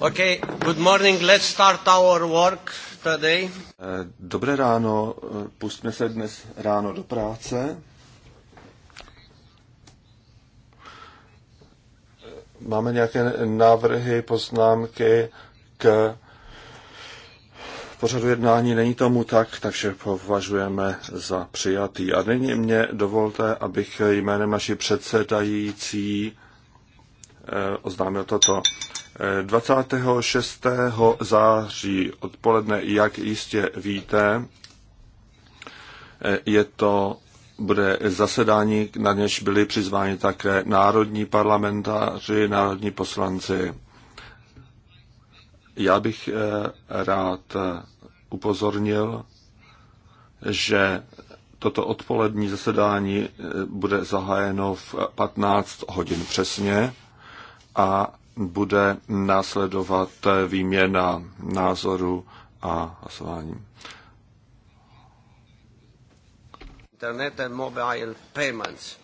Okay, good morning, let's start our work today. Eh, dobré ráno, eh, pustme se dnes ráno do práce. Eh, máme nějaké návrhy, poznámky k pořadu jednání není tomu tak, takže považujeme za přijatý. A nyní mě dovolte, abych jménem naší předsedající oznámil toto. 26. září odpoledne, jak jistě víte, je to bude zasedání, na něž byli přizváni také národní parlamentáři, národní poslanci. Já bych eh, rád upozornil, že toto odpolední zasedání eh, bude zahájeno v 15 hodin přesně a bude následovat výměna názoru a hlasování. Internet and mobile payments.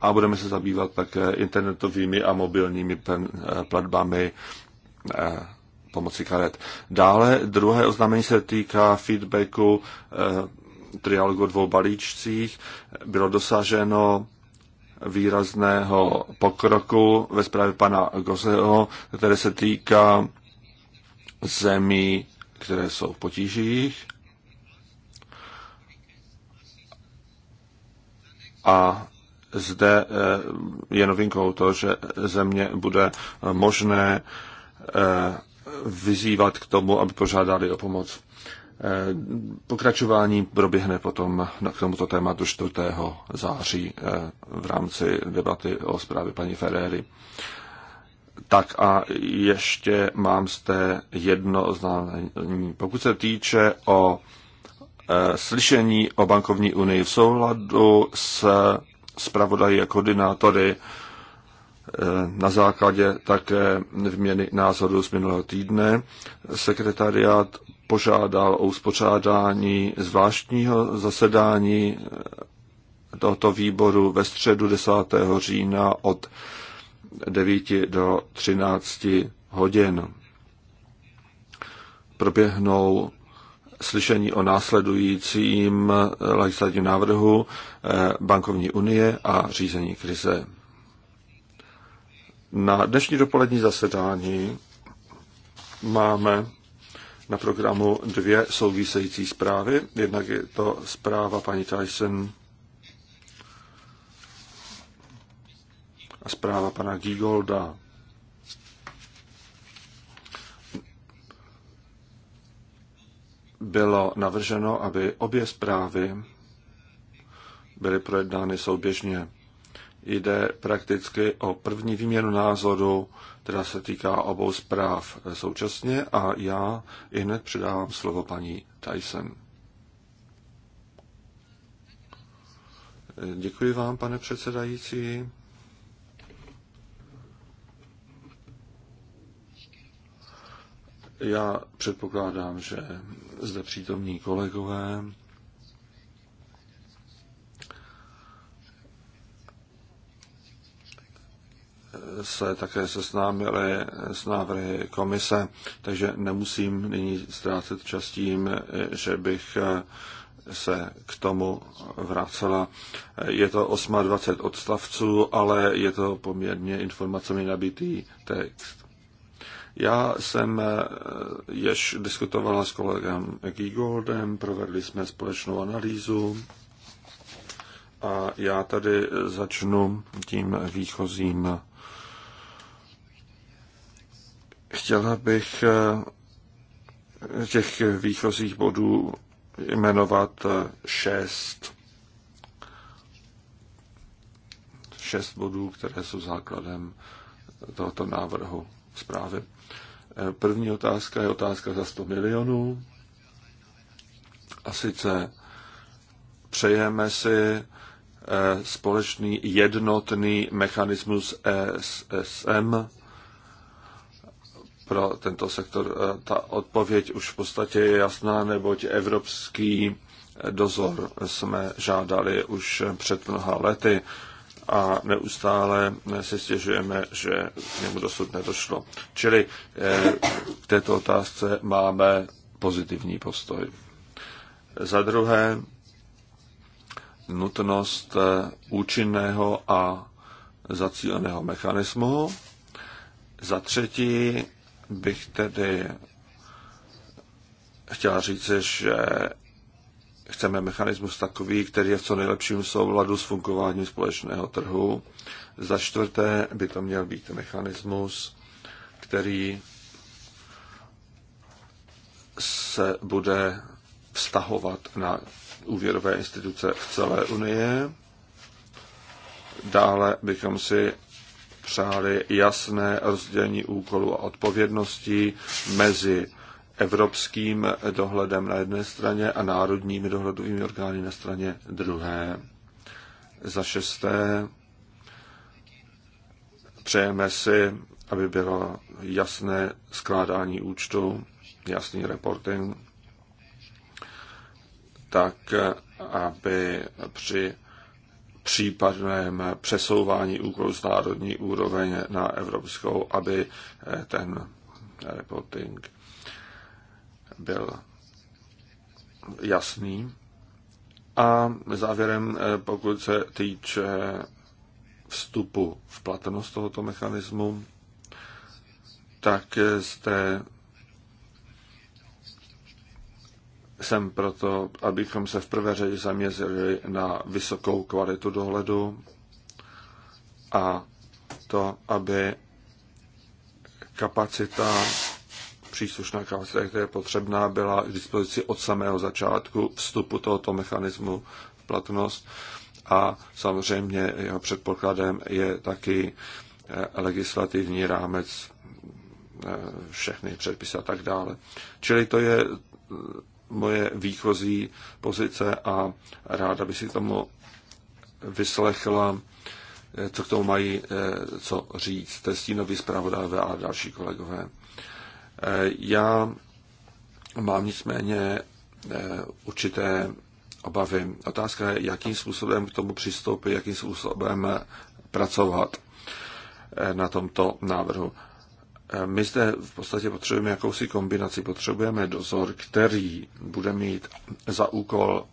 A budeme se zabývat také internetovými a mobilními eh, platbami eh, pomocí karet. Dále druhé oznámení se týká feedbacku eh, trialogu dvou balíčcích. Bylo dosaženo výrazného pokroku ve zprávě pana Gozeho, které se týká zemí, které jsou v potížích. A zde eh, je novinkou to, že země bude možné eh, vyzývat k tomu, aby požádali o pomoc. Eh, pokračování proběhne potom k tomuto tématu 4. září eh, v rámci debaty o zprávě paní Ferrery. Tak a ještě mám zde jedno oznámení. Pokud se týče o eh, slyšení o bankovní unii v souladu s zpravodají a koordinátory na základě také vměny názoru z minulého týdne. Sekretariát požádal o uspořádání zvláštního zasedání tohoto výboru ve středu 10. října od 9 do 13 hodin. Proběhnou slyšení o následujícím legislativním návrhu eh, bankovní unie a řízení krize. Na dnešní dopolední zasedání máme na programu dvě související zprávy. Jednak je to zpráva paní Tyson a zpráva pana Gigolda. Bylo navrženo, aby obě zprávy byly projednány souběžně. Jde prakticky o první výměnu názoru která se týká obou zpráv současně a já i hned předávám slovo paní Tyson. Děkuji vám, pane předsedající. Já předpokládám, že zde přítomní kolegové se také seznámili s návrhy komise, takže nemusím nyní ztrácet čas tím, že bych se k tomu vracela. Je to 28 odstavců, ale je to poměrně informacemi nabitý text. Já jsem jež diskutovala s kolegem Giegoldem, provedli jsme společnou analýzu a já tady začnu tím výchozím Chtěla bych eh, těch výchozích bodů jmenovat eh, šest. Šest bodů, které jsou základem tohoto návrhu zprávy. Eh, první otázka je otázka za 100 milionů. A sice přejeme si společný jednotný mechanismus ESSM pro tento sektor. Eh, ta odpověď už v podstatě je jasná, neboť evropský eh, dozor jsme žádali už před mnoha lety a neustále eh, se stěžujeme, že k němu dosud nedošlo. Čili k této otázce máme pozitivní postoj. Za druhé, nutnost účinného a zacíleného mechanismu. Za třetí, bych tedy chtěla říct, že chceme mechanismus takový, který je v co nejlepším souladu s fungováním společného trhu. Za čtvrté by to měl být mechanismus, který se bude vztahovat na úvěrové instituce v celé Unii. Dále bychom si přáli jasné rozdělení úkolů a odpovědností mezi evropským dohledem na jedné straně a národními dohledovými orgány na straně druhé. Za šesté přejeme si, aby bylo jasné skládání účtu, jasný reporting, tak aby při případném přesouvání úkolů z národní úroveň na evropskou, aby eh, ten reporting byl jasný. A závěrem, eh, pokud se týče vstupu v platnost tohoto mechanismu, tak zde eh, jsem proto, abychom se v prvé řadě zaměřili na vysokou kvalitu dohledu a to, aby kapacita, příslušná kapacita, která je potřebná, byla k dispozici od samého začátku vstupu tohoto mechanismu v platnost. A samozřejmě jeho předpokladem je taky eh, legislativní rámec, eh, všechny předpisy a tak dále. Čili to je moje výchozí pozice a ráda by si k tomu vyslechla, eh, co k tomu mají eh, co říct, testínový zpravodajové a další kolegové. Eh, já mám nicméně určité obavy. Otázka je, jakým způsobem k tomu přistoupit, jakým způsobem pracovat na tomto návrhu. Eh, my zde v podstatě potřebujeme jakousi kombinaci. Potřebujeme dozor, který bude mít za úkol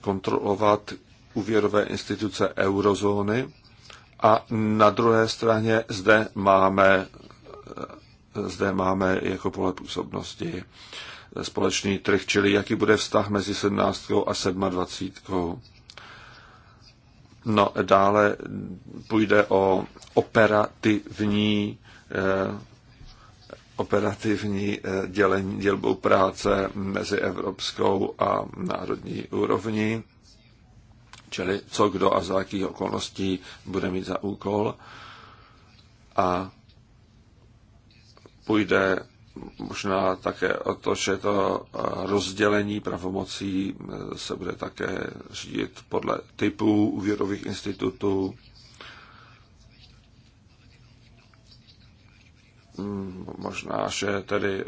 kontrolovat úvěrové instituce eurozóny a na druhé straně zde máme, eh, zde máme jako pole působnosti společný trh, čili jaký bude vztah mezi 17. a 27. No dále půjde o operativní Eh, operativní eh, dělení, dělbou práce mezi evropskou a národní úrovní, čili co kdo a za jakých okolností bude mít za úkol. A půjde možná také o to, že to eh, rozdělení pravomocí se bude také řídit podle typů úvěrových institutů, Mm, možná, že tedy eh,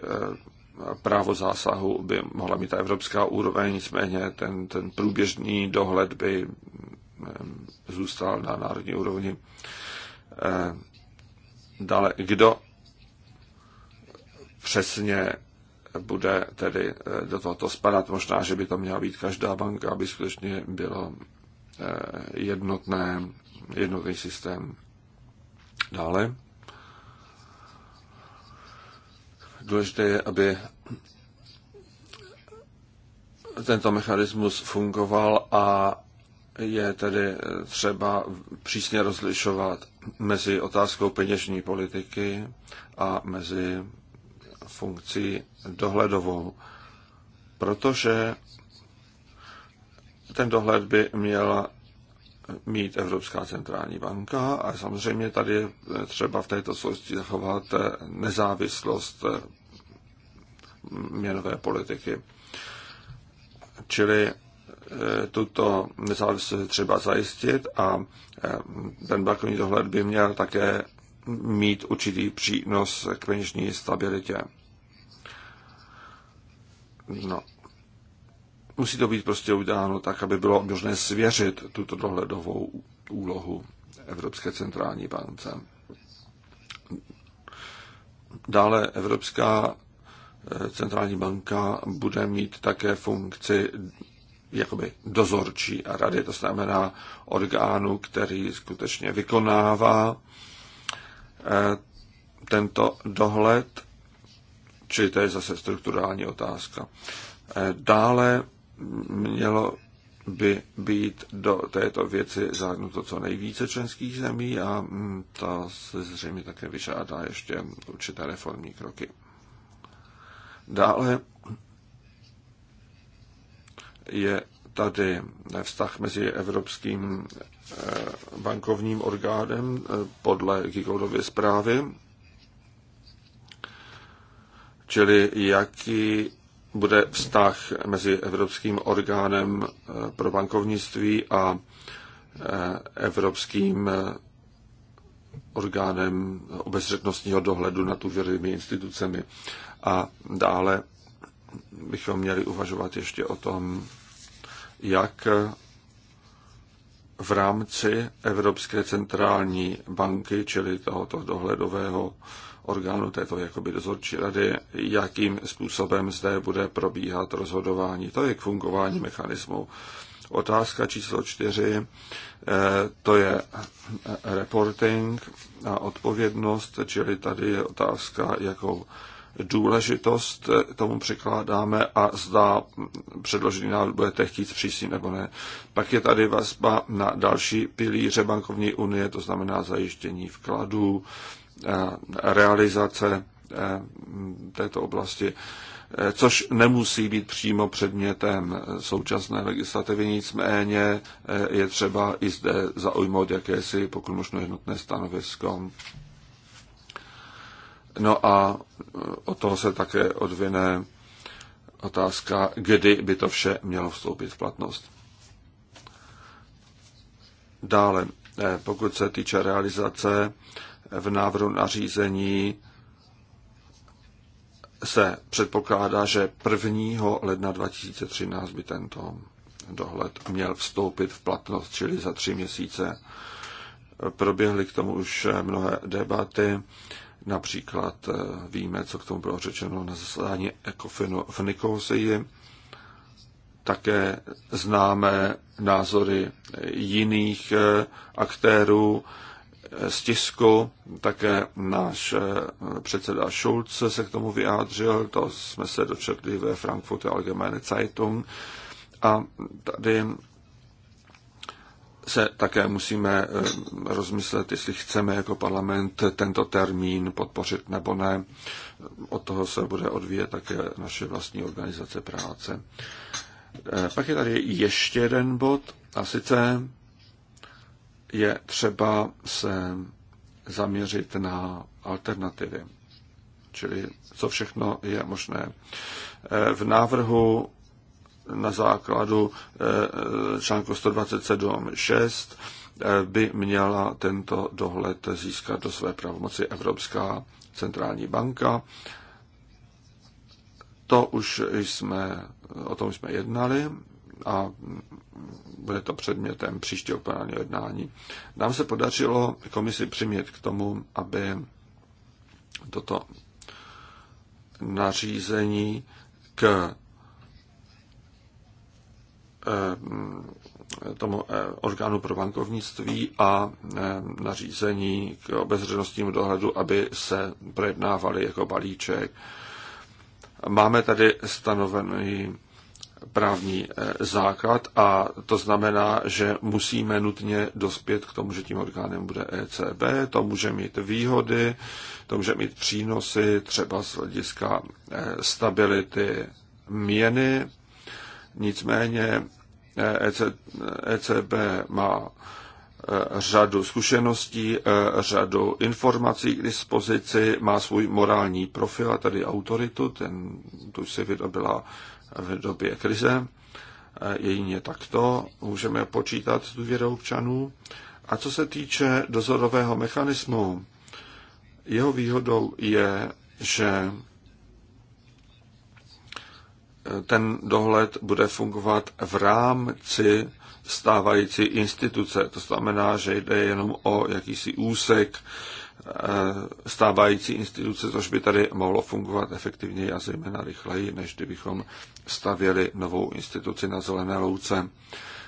právo zásahu by mohla mít ta evropská úroveň, nicméně ten, ten průběžný dohled by eh, zůstal na národní úrovni. Eh, dále, kdo přesně bude tedy do tohoto spadat. Možná, že by to měla být každá banka, aby skutečně bylo jednotné, jednotný systém. Dále. Důležité je, aby tento mechanismus fungoval a je tedy třeba přísně rozlišovat mezi otázkou peněžní politiky a mezi funkcí dohledovou, protože ten dohled by měla mít Evropská centrální banka a samozřejmě tady je třeba v této souvislosti zachovat nezávislost měnové politiky. Čili eh, tuto nezávislost třeba zajistit a eh, ten bankovní dohled by měl také mít určitý přínos k peněžní stabilitě. No. Musí to být prostě uděláno tak, aby bylo možné svěřit tuto dohledovou úlohu Evropské centrální bance. Dále Evropská Eh, centrální banka bude mít také funkci jakoby dozorčí a rady, to znamená orgánu, který skutečně vykonává eh, tento dohled, čili to je zase strukturální otázka. Eh, dále mělo by být do této věci zahrnuto co nejvíce členských zemí a mm, to se zřejmě také vyžádá ještě určité reformní kroky. Dále je tady vztah mezi Evropským eh, bankovním orgánem eh, podle Gigoldovy zprávy, čili jaký bude vztah mezi Evropským orgánem eh, pro bankovnictví a Evropským orgánem obezřetnostního dohledu nad úvěrovými institucemi. A dále bychom měli uvažovat ještě o tom, jak v rámci Evropské centrální banky, čili tohoto dohledového orgánu, této jakoby dozorčí rady, jakým způsobem zde bude probíhat rozhodování. To je k fungování mechanismu Otázka číslo čtyři, eh, to je eh, reporting a odpovědnost, čili tady je otázka, jakou důležitost eh, tomu překládáme a zda předložený návrh budete chtít zpřísnit nebo ne. Pak je tady vazba na další pilíře bankovní unie, to znamená zajištění vkladů, realizace této oblasti. Eh, což nemusí být přímo předmětem eh, současné legislativy, nicméně eh, je třeba i zde zaujmout jakési, pokud možno jednotné stanovisko. No a od toho se také odvine otázka, kdy by to vše mělo vstoupit v platnost. Dále, pokud se týče realizace v návrhu nařízení, se předpokládá, že 1. ledna 2013 by tento dohled měl vstoupit v platnost, čili za tři měsíce. Proběhly k tomu už mnohé debaty, například eh, víme, co k tomu bylo řečeno na zasedání Ecofinu v Nikosii, také známe názory jiných eh, aktérů, z tisku, také náš eh, předseda Schulz se k tomu vyjádřil, to jsme se dočetli ve Frankfurter Allgemeine Zeitung. A tady se také musíme eh, rozmyslet, jestli chceme jako parlament tento termín podpořit nebo ne. Od toho se bude odvíjet také naše vlastní organizace práce. Eh, pak je tady ještě jeden bod, a sice je třeba se zaměřit na alternativy, čili co všechno je možné. Eh, v návrhu na základu eh, článku 127.6 eh, by měla tento dohled získat do své pravomoci Evropská centrální banka. To už jsme, o tom jsme jednali a bude to předmětem příštího plenárního jednání. Nám se podařilo komisi přimět k tomu, aby toto nařízení k eh, tomu eh, orgánu pro bankovnictví a eh, nařízení k obezřenostnímu dohledu, aby se projednávali jako balíček. Máme tady stanovený právní eh, základ a to znamená, že musíme nutně dospět k tomu, že tím orgánem bude ECB. To může mít výhody, to může mít přínosy třeba z hlediska eh, stability měny. Nicméně ECB eh, e e má řadu zkušeností, řadu informací k dispozici, má svůj morální profil a tady autoritu, ten, tu si vydobila v době krize. Jedině takto můžeme počítat s důvěrou občanů. A co se týče dozorového mechanismu, jeho výhodou je, že ten dohled bude fungovat v rámci stávající instituce. To znamená, že jde jenom o jakýsi úsek Eh, stávající instituce, což by tady mohlo fungovat efektivněji a zejména rychleji, než kdybychom stavěli novou instituci na zelené louce.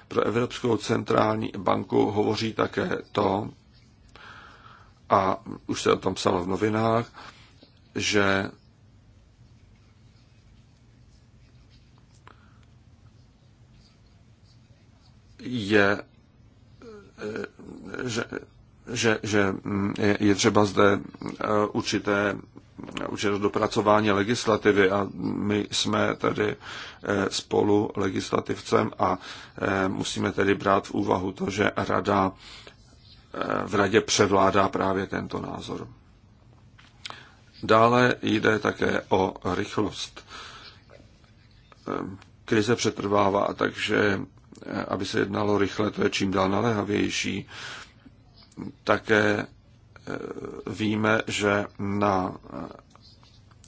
Pro Evropskou centrální banku hovoří také to, a už se o tom psalo v novinách, že je eh, že že, že mm, je třeba zde e, určité, e, určité dopracování legislativy a my jsme tedy e, spolu legislativcem a musíme tedy brát v úvahu to, že rada v radě převládá právě tento názor. Dále jde také o rychlost. Krize přetrvává, takže aby se jednalo rychle, to je čím dál naléhavější. Také eh, víme, že na eh,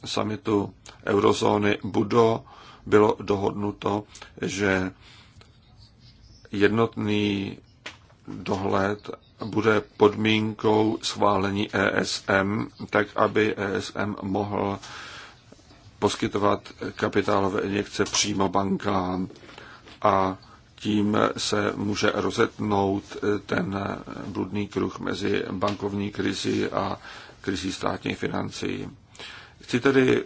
samitu eurozóny Budo bylo dohodnuto, že jednotný dohled bude podmínkou schválení ESM, tak aby ESM mohl poskytovat kapitálové injekce přímo bankám a tím se může rozetnout eh, ten eh, bludný kruh mezi bankovní krizi a krizí státních financí. Chci tedy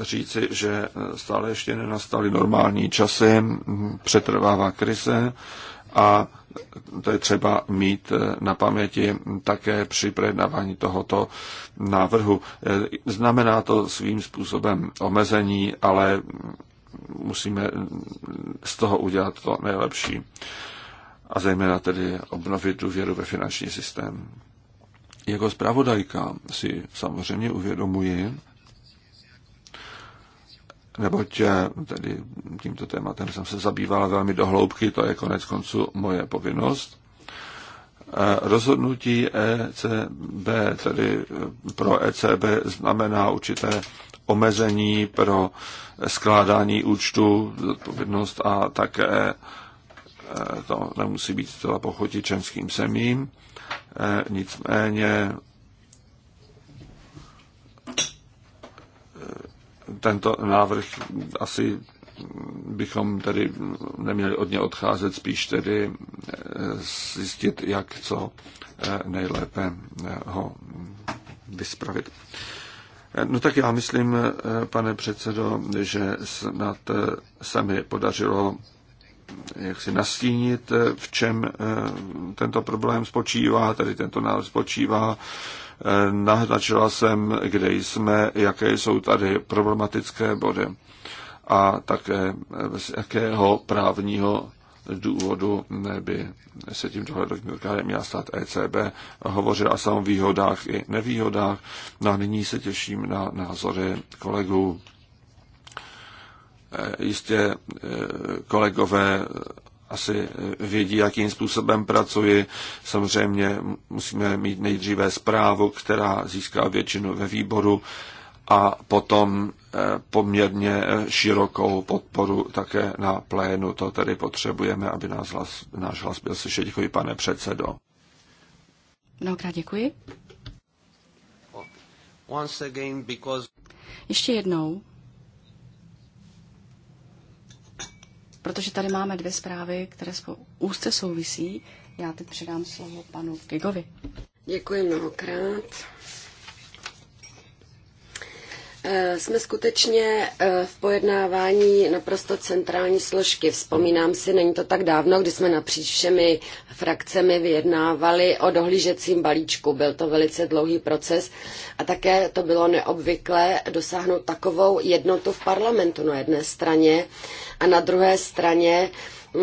říci, že eh, stále ještě nenastaly normální časy, hm, přetrvává krize a to je třeba mít na paměti také při projednávání tohoto návrhu. Znamená to svým způsobem omezení, ale hm, musíme z toho udělat to nejlepší a zejména tedy obnovit důvěru ve finanční systém. Jako zpravodajka si samozřejmě uvědomuji, neboť eh, tedy tímto tématem jsem se zabývala velmi dohloubky, to je konec konců moje povinnost. Eh, rozhodnutí ECB, tedy pro ECB, znamená určité omezení pro skládání účtu, odpovědnost a také eh, to nemusí být zcela pochotí členským semím. Eh, nicméně eh, tento návrh asi bychom tedy neměli od ně odcházet, spíš tedy zjistit, jak co nejlépe ho vyspravit. No tak já myslím, pane předsedo, že snad se mi podařilo jak si nastínit, v čem eh, tento problém spočívá, tedy tento návrh spočívá. Eh, naznačila jsem, kde jsme, jaké jsou tady problematické body a také z jakého právního důvodu by se tím dohledovým orgánem měla stát ECB. hovořil a o výhodách i nevýhodách. No a nyní se těším na názory kolegů. E, jistě e, kolegové e, asi vědí, jakým způsobem pracuji. Samozřejmě musíme mít nejdříve zprávu, která získá většinu ve výboru a potom eh, poměrně eh, širokou podporu také na plénu. To tedy potřebujeme, aby nás hlas, náš hlas byl slyšet. Děkuji, pane předsedo. Mnohokrát děkuji. Once again, because... Ještě jednou, protože tady máme dvě zprávy, které spolu úzce souvisí. Já teď předám slovo panu Gigovi. Děkuji mnohokrát. Eh, jsme skutečně eh, v pojednávání naprosto centrální složky. Vzpomínám si, není to tak dávno, kdy jsme napříč všemi frakcemi vyjednávali o dohlížecím balíčku. Byl to velice dlouhý proces a také to bylo neobvyklé dosáhnout takovou jednotu v parlamentu na jedné straně a na druhé straně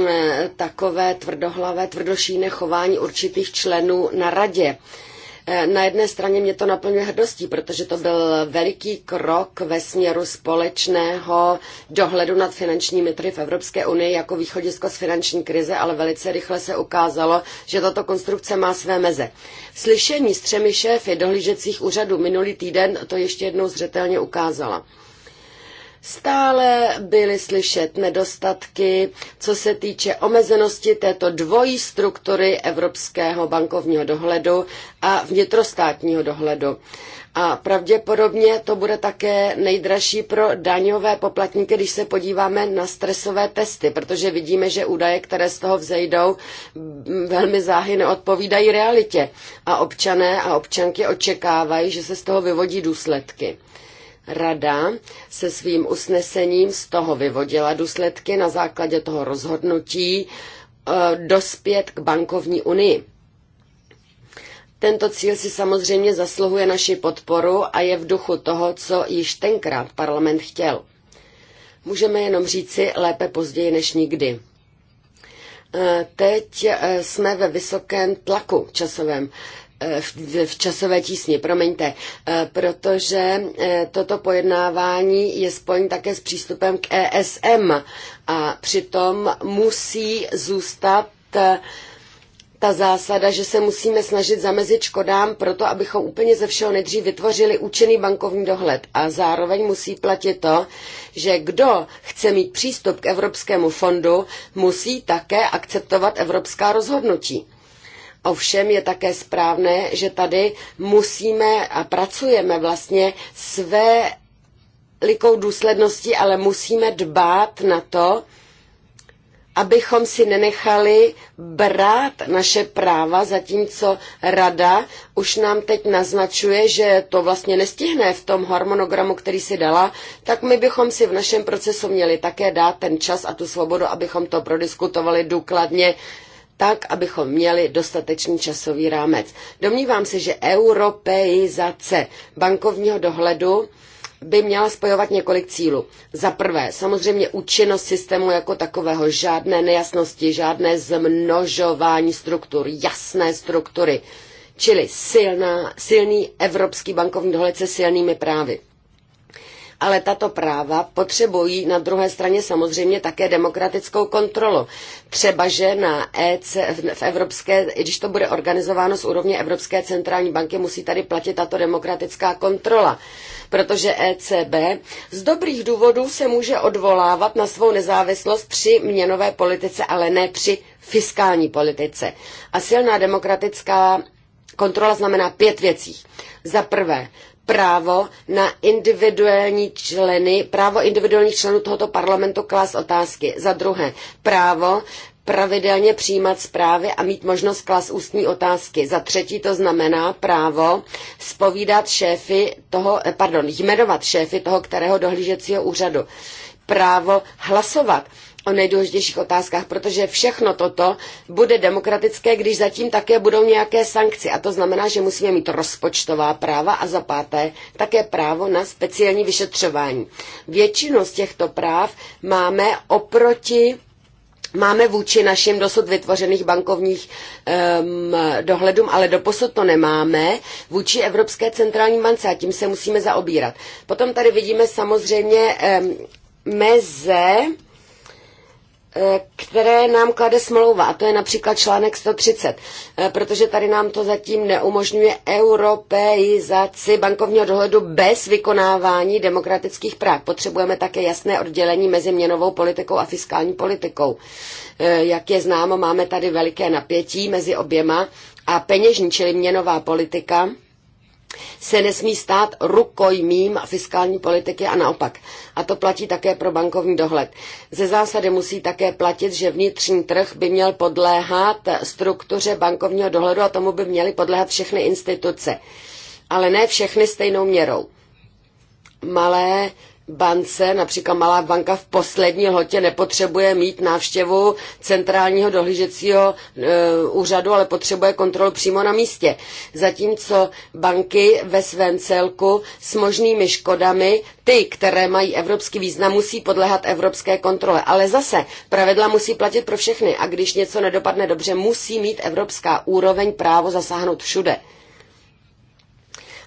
eh, takové tvrdohlavé, tvrdošíné chování určitých členů na radě Eh, na jedné straně mě to naplňuje hrdostí, protože to byl veliký krok ve směru společného dohledu nad finančními trhy v Evropské unii jako východisko z finanční krize, ale velice rychle se ukázalo, že tato konstrukce má své meze. Slyšení s třemi šéfy dohlížecích úřadů minulý týden to ještě jednou zřetelně ukázala. Stále byly slyšet nedostatky, co se týče omezenosti této dvojí struktury evropského bankovního dohledu a vnitrostátního dohledu. A pravděpodobně to bude také nejdražší pro daňové poplatníky, když se podíváme na stresové testy, protože vidíme, že údaje, které z toho vzejdou, velmi záhy neodpovídají realitě. A občané a občanky očekávají, že se z toho vyvodí důsledky. Rada se svým usnesením z toho vyvodila důsledky na základě toho rozhodnutí eh, dospět k bankovní unii. Tento cíl si samozřejmě zasluhuje naši podporu a je v duchu toho, co již tenkrát parlament chtěl. Můžeme jenom říci lépe později než nikdy. Eh, teď eh, jsme ve vysokém tlaku časovém. Eh, v, v časové tísni, promiňte, eh, protože eh, toto pojednávání je spojen také s přístupem k ESM a přitom musí zůstat ta zásada, že se musíme snažit zamezit škodám proto, abychom úplně ze všeho nejdřív vytvořili účinný bankovní dohled. A zároveň musí platit to, že kdo chce mít přístup k Evropskému fondu, musí také akceptovat evropská rozhodnutí. Ovšem je také správné, že tady musíme a pracujeme vlastně své likou důsledností, ale musíme dbát na to, abychom si nenechali brát naše práva, zatímco rada už nám teď naznačuje, že to vlastně nestihne v tom harmonogramu, který si dala, tak my bychom si v našem procesu měli také dát ten čas a tu svobodu, abychom to prodiskutovali důkladně tak, abychom měli dostatečný časový rámec. Domnívám se, že europeizace bankovního dohledu by měla spojovat několik cílů. Za prvé, samozřejmě účinnost systému jako takového, žádné nejasnosti, žádné zmnožování struktur, jasné struktury, čili silná, silný evropský bankovní dohled se silnými právy ale tato práva potřebují na druhé straně samozřejmě také demokratickou kontrolu. Třeba, že na EC, v Evropské, i když to bude organizováno z úrovně Evropské centrální banky, musí tady platit tato demokratická kontrola, protože ECB z dobrých důvodů se může odvolávat na svou nezávislost při měnové politice, ale ne při fiskální politice. A silná demokratická Kontrola znamená pět věcí. Za prvé, právo na individuální členy, právo individuálních členů tohoto parlamentu klást otázky. Za druhé, právo pravidelně přijímat zprávy a mít možnost klas ústní otázky. Za třetí to znamená právo spovídat šéfy toho, eh, pardon, jmenovat šéfy toho, kterého dohlížecího úřadu. Právo hlasovat o nejdůležitějších otázkách, protože všechno toto bude demokratické, když zatím také budou nějaké sankce. A to znamená, že musíme mít rozpočtová práva a za páté také právo na speciální vyšetřování. Většinu z těchto práv máme oproti máme vůči našim dosud vytvořených bankovních um, dohledům, ale doposud to nemáme, vůči Evropské centrální bance a tím se musíme zaobírat. Potom tady vidíme samozřejmě um, meze Eh, které nám klade smlouva, a to je například článek 130, eh, protože tady nám to zatím neumožňuje europeizaci bankovního dohledu bez vykonávání demokratických práv. Potřebujeme také jasné oddělení mezi měnovou politikou a fiskální politikou. Eh, jak je známo, máme tady veliké napětí mezi oběma a peněžní, čili měnová politika, se nesmí stát rukojmím fiskální politiky a naopak. A to platí také pro bankovní dohled. Ze zásady musí také platit, že vnitřní trh by měl podléhat struktuře bankovního dohledu a tomu by měly podléhat všechny instituce. Ale ne všechny stejnou měrou. Malé bance, například malá banka v poslední lhotě nepotřebuje mít návštěvu centrálního dohlížecího e, úřadu, ale potřebuje kontrolu přímo na místě. Zatímco banky ve svém celku s možnými škodami, ty, které mají evropský význam, musí podléhat evropské kontrole. Ale zase pravidla musí platit pro všechny a když něco nedopadne dobře, musí mít evropská úroveň právo zasáhnout všude.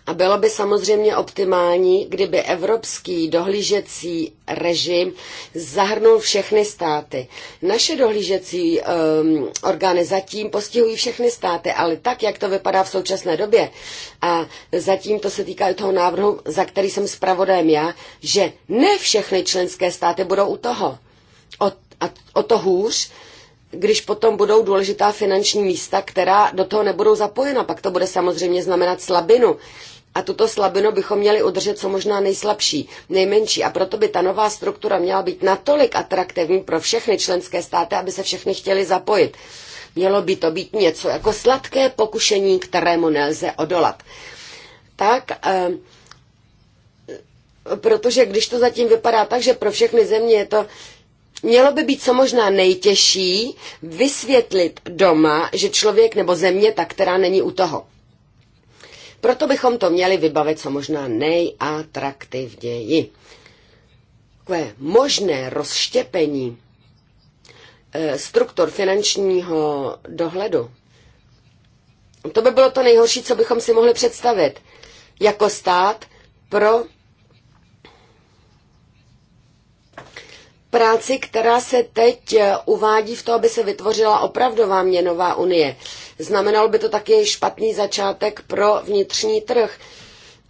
A bylo by samozřejmě optimální, kdyby evropský dohlížecí režim zahrnul všechny státy. Naše dohlížecí um, orgány zatím postihují všechny státy, ale tak, jak to vypadá v současné době, a zatím to se týká i toho návrhu, za který jsem zpravodajem já, že ne všechny členské státy budou u toho. O, a, o to hůř, když potom budou důležitá finanční místa, která do toho nebudou zapojena. Pak to bude samozřejmě znamenat slabinu a tuto slabinu bychom měli udržet co možná nejslabší, nejmenší. A proto by ta nová struktura měla být natolik atraktivní pro všechny členské státy, aby se všechny chtěli zapojit. Mělo by to být něco jako sladké pokušení, kterému nelze odolat. Tak, ehm, protože když to zatím vypadá tak, že pro všechny země je to Mělo by být co možná nejtěžší vysvětlit doma, že člověk nebo země ta, která není u toho. Proto bychom to měli vybavit co možná nejatraktivněji. Takové možné rozštěpení eh, struktur finančního dohledu. To by bylo to nejhorší, co bychom si mohli představit. Jako stát pro práci, která se teď eh, uvádí v to, aby se vytvořila opravdová měnová unie. Znamenalo by to taky špatný začátek pro vnitřní trh.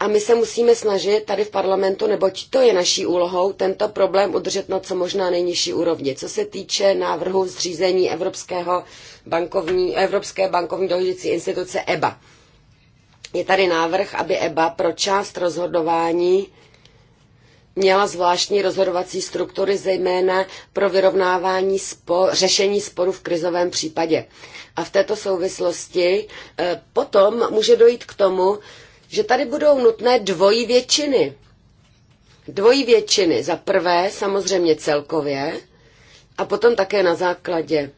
A my se musíme snažit tady v parlamentu, neboť to je naší úlohou, tento problém udržet na co možná nejnižší úrovni. Co se týče návrhu zřízení Evropského bankovní, Evropské bankovní dohlížecí instituce EBA. Je tady návrh, aby EBA pro část rozhodování měla zvláštní rozhodovací struktury, zejména pro vyrovnávání spo, řešení sporu v krizovém případě. A v této souvislosti e, potom může dojít k tomu, že tady budou nutné dvojí většiny. Dvojí většiny. Za prvé samozřejmě celkově a potom také na základě.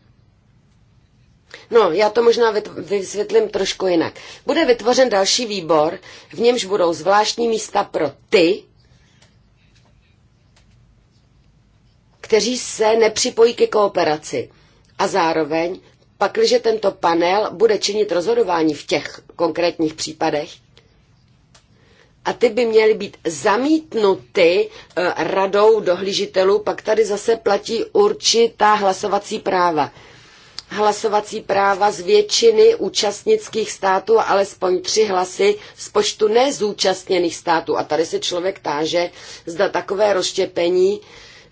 No, já to možná vysvětlím trošku jinak. Bude vytvořen další výbor, v němž budou zvláštní místa pro ty, kteří se nepřipojí ke kooperaci. A zároveň, pakliže tento panel bude činit rozhodování v těch konkrétních případech, a ty by měly být zamítnuty eh, radou dohlížitelů, pak tady zase platí určitá hlasovací práva. Hlasovací práva z většiny účastnických států, alespoň tři hlasy z počtu nezúčastněných států. A tady se člověk táže, zda takové rozštěpení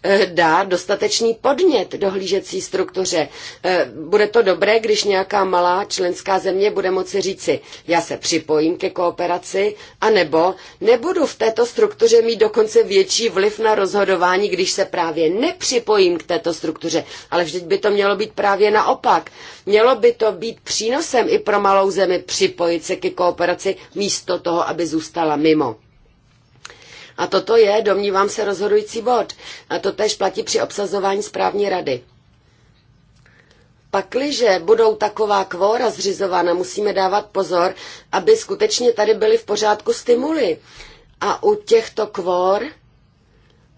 Eh, dá dostatečný podnět dohlížecí struktuře. Eh, bude to dobré, když nějaká malá členská země bude moci říci, já se připojím ke kooperaci, anebo nebudu v této struktuře mít dokonce větší vliv na rozhodování, když se právě nepřipojím k této struktuře. Ale vždyť by to mělo být právě naopak. Mělo by to být přínosem i pro malou zemi připojit se ke kooperaci místo toho, aby zůstala mimo. A toto je, domnívám se, rozhodující bod. A to tež platí při obsazování správní rady. Pakliže budou taková kvóra zřizována, musíme dávat pozor, aby skutečně tady byly v pořádku stimuly. A u těchto kvór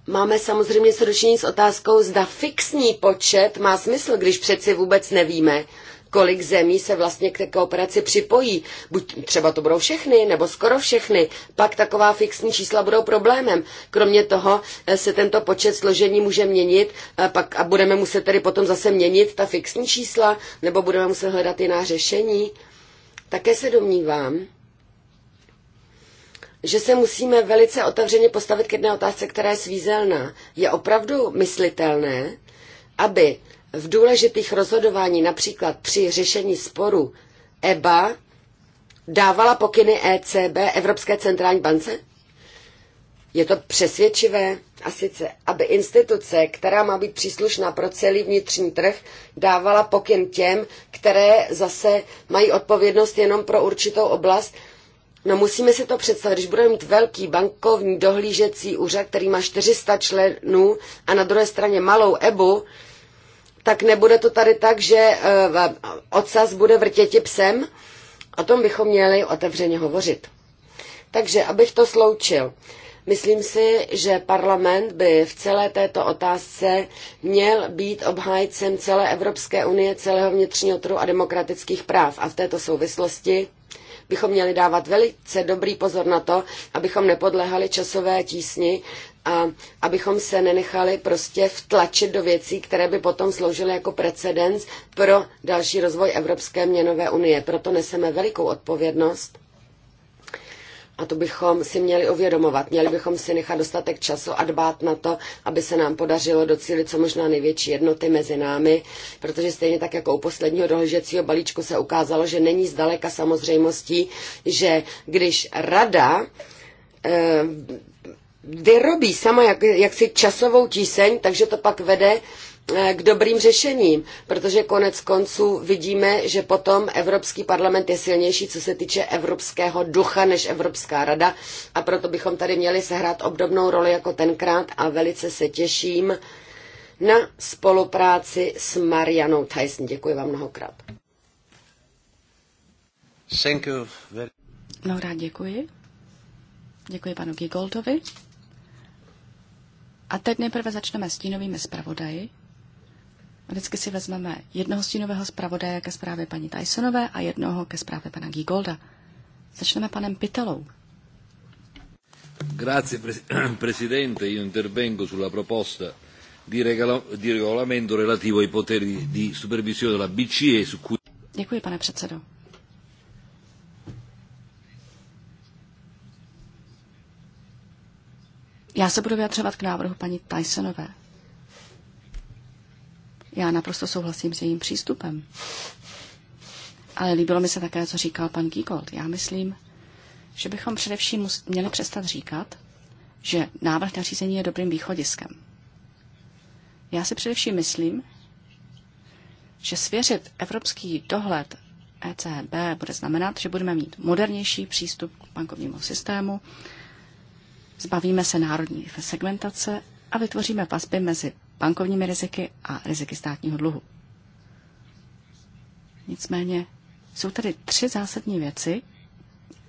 máme samozřejmě sročení s otázkou, zda fixní počet má smysl, když přeci vůbec nevíme, kolik zemí se vlastně k té kooperaci připojí. Buď třeba to budou všechny, nebo skoro všechny. Pak taková fixní čísla budou problémem. Kromě toho eh, se tento počet složení může měnit a eh, pak a budeme muset tedy potom zase měnit ta fixní čísla, nebo budeme muset hledat jiná řešení. Také se domnívám, že se musíme velice otevřeně postavit k jedné otázce, která je svízelná. Je opravdu myslitelné, aby v důležitých rozhodování, například při řešení sporu EBA, dávala pokyny ECB, Evropské centrální bance? Je to přesvědčivé a sice, aby instituce, která má být příslušná pro celý vnitřní trh, dávala pokyn těm, které zase mají odpovědnost jenom pro určitou oblast. No musíme si to představit, když budeme mít velký bankovní dohlížecí úřad, který má 400 členů a na druhé straně malou EBU, tak nebude to tady tak, že eh, ocas bude vrtěti psem? O tom bychom měli otevřeně hovořit. Takže, abych to sloučil. Myslím si, že parlament by v celé této otázce měl být obhájcem celé Evropské unie, celého vnitřního trhu a demokratických práv. A v této souvislosti bychom měli dávat velice dobrý pozor na to, abychom nepodléhali časové tísni, a abychom se nenechali prostě vtlačit do věcí, které by potom sloužily jako precedens pro další rozvoj Evropské měnové unie. Proto neseme velikou odpovědnost a to bychom si měli uvědomovat. Měli bychom si nechat dostatek času a dbát na to, aby se nám podařilo docílit co možná největší jednoty mezi námi, protože stejně tak jako u posledního dohlížecího balíčku se ukázalo, že není zdaleka samozřejmostí, že když rada eh, vyrobí sama jak, jaksi časovou tíseň, takže to pak vede eh, k dobrým řešením, protože konec konců vidíme, že potom Evropský parlament je silnější, co se týče evropského ducha než Evropská rada a proto bychom tady měli sehrát obdobnou roli jako tenkrát a velice se těším na spolupráci s Marianou Tyson. Děkuji vám mnohokrát. Thank you very... No rád děkuji. Děkuji panu Gigoldovi. A teď nejprve začneme stínovými zpravodaji. Vždycky si vezmeme jednoho stínového zpravodaje ke zprávě paní Tysonové a jednoho ke zprávě pana Gigolda. Začneme panem Pitelou. Grazie Presidente, io intervengo sulla proposta di, regalo, di regolamento relativo ai poteri di supervisione della BCE su cui... Děkuji, pane předsedo. Já se budu vyjadřovat k návrhu paní Tysonové. Já naprosto souhlasím s jejím přístupem. Ale líbilo mi se také, co říkal pan Giegold. Já myslím, že bychom především měli přestat říkat, že návrh nařízení je dobrým východiskem. Já si především myslím, že svěřit evropský dohled ECB bude znamenat, že budeme mít modernější přístup k bankovnímu systému, Zbavíme se národní segmentace a vytvoříme vazby mezi bankovními riziky a riziky státního dluhu. Nicméně jsou tady tři zásadní věci,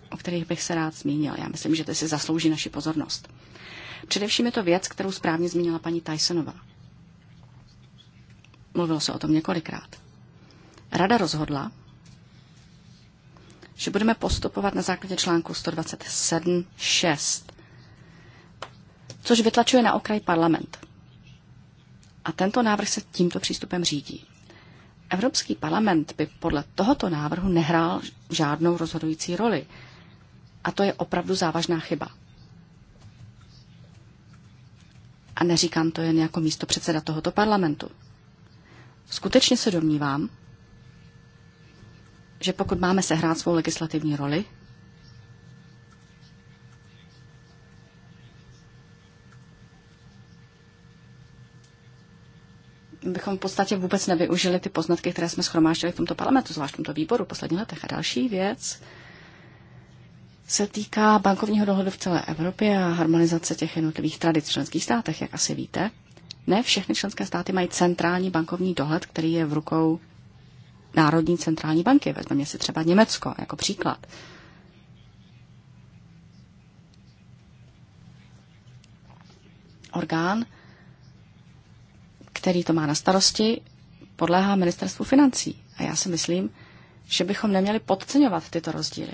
o kterých bych se rád zmínil. Já myslím, že ty si zaslouží naši pozornost. Především je to věc, kterou správně zmínila paní Tysonová. Mluvilo se o tom několikrát. Rada rozhodla, že budeme postupovat na základě článku 127.6 což vytlačuje na okraj parlament. A tento návrh se tímto přístupem řídí. Evropský parlament by podle tohoto návrhu nehrál žádnou rozhodující roli. A to je opravdu závažná chyba. A neříkám to jen jako místo předseda tohoto parlamentu. Skutečně se domnívám, že pokud máme sehrát svou legislativní roli, bychom v podstatě vůbec nevyužili ty poznatky, které jsme schromáždili v tomto parlamentu, zvlášť v tomto výboru v posledních letech. A další věc se týká bankovního dohledu v celé Evropě a harmonizace těch jednotlivých tradic v členských státech, jak asi víte. Ne všechny členské státy mají centrální bankovní dohled, který je v rukou Národní centrální banky. Vezmeme si třeba Německo jako příklad. Orgán, který to má na starosti, podléhá ministerstvu financí. A já si myslím, že bychom neměli podceňovat tyto rozdíly.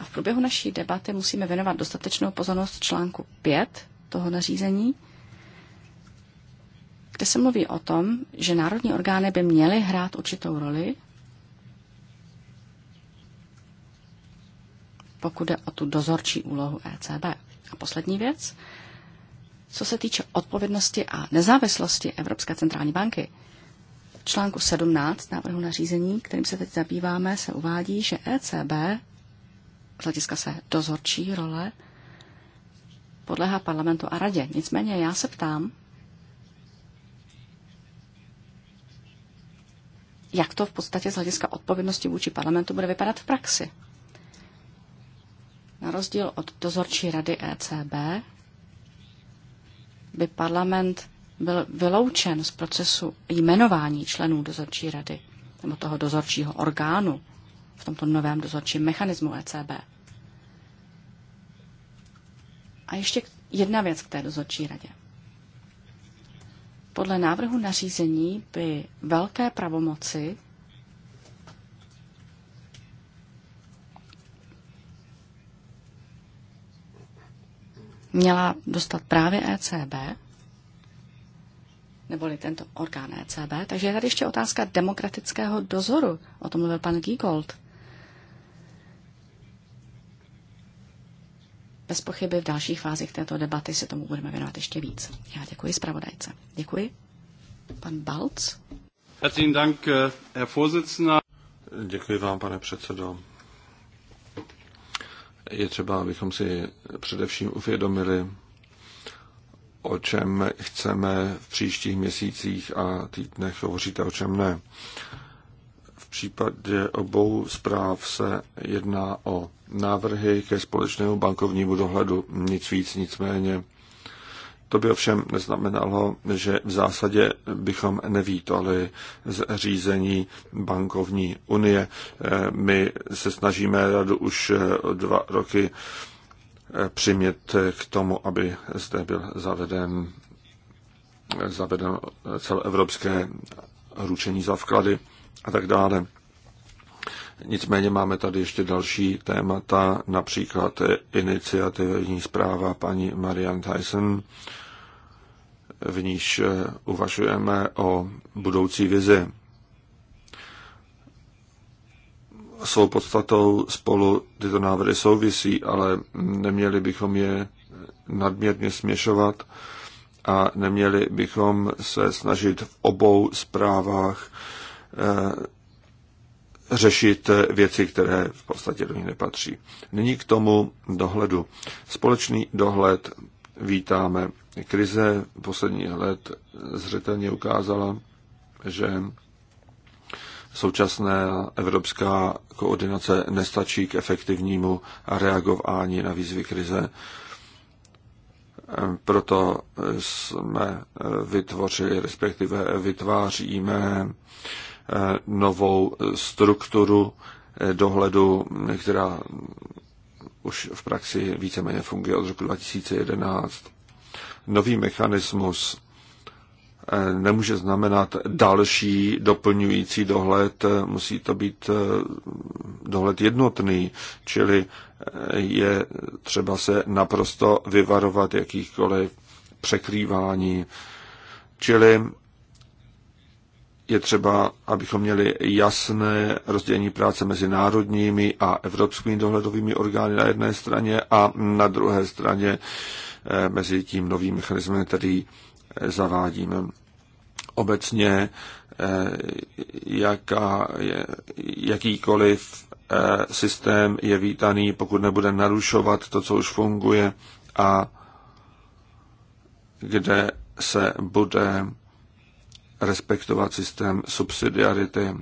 A v průběhu naší debaty musíme věnovat dostatečnou pozornost článku 5 toho nařízení, kde se mluví o tom, že národní orgány by měly hrát určitou roli, pokud jde o tu dozorčí úlohu ECB. A poslední věc, co se týče odpovědnosti a nezávislosti Evropské centrální banky, v článku 17 návrhu nařízení, kterým se teď zabýváme, se uvádí, že ECB z hlediska se dozorčí role podléhá parlamentu a radě. Nicméně já se ptám, jak to v podstatě z hlediska odpovědnosti vůči parlamentu bude vypadat v praxi. Na rozdíl od dozorčí rady ECB, by parlament byl vyloučen z procesu jmenování členů dozorčí rady nebo toho dozorčího orgánu v tomto novém dozorčím mechanismu ECB. A ještě jedna věc k té dozorčí radě. Podle návrhu nařízení by velké pravomoci měla dostat právě ECB, neboli tento orgán ECB. Takže je tady ještě otázka demokratického dozoru. O tom mluvil pan Giegold. Bez pochyby v dalších fázích této debaty se tomu budeme věnovat ještě víc. Já děkuji zpravodajce. Děkuji. Pan Balc. Eh, děkuji vám, pane předsedo je třeba, abychom si především uvědomili, o čem chceme v příštích měsících a týdnech hovořit a o čem ne. V případě obou zpráv se jedná o návrhy ke společnému bankovnímu dohledu, nic víc, nic méně. To by ovšem neznamenalo, že v zásadě bychom nevítali zřízení bankovní unie. My se snažíme radu už dva roky přimět k tomu, aby zde byl zaveden, zaveden celoevropské ručení za vklady a tak dále. Nicméně máme tady ještě další témata, například iniciativní zpráva paní Marian Tyson, v níž eh, uvažujeme o budoucí vizi. Svou podstatou spolu tyto návrhy souvisí, ale neměli bychom je nadměrně směšovat a neměli bychom se snažit v obou zprávách eh, řešit věci, které v podstatě do ní nepatří. Nyní k tomu dohledu. Společný dohled vítáme. Krize posledních let zřetelně ukázala, že současná evropská koordinace nestačí k efektivnímu reagování na výzvy krize. Proto jsme vytvořili, respektive vytváříme Eh, novou strukturu eh, dohledu, která už v praxi víceméně funguje od roku 2011. Nový mechanismus eh, nemůže znamenat další doplňující dohled, musí to být dohled jednotný, čili je třeba se naprosto vyvarovat jakýchkoliv překrývání. Čili je třeba, abychom měli jasné rozdělení práce mezi národními a evropskými dohledovými orgány na jedné straně a na druhé straně eh, mezi tím novým mechanismem, který eh, zavádíme. Obecně eh, jaká, jakýkoliv systém je vítaný, pokud nebude narušovat to, co už funguje a kde se bude respektovat systém subsidiarity.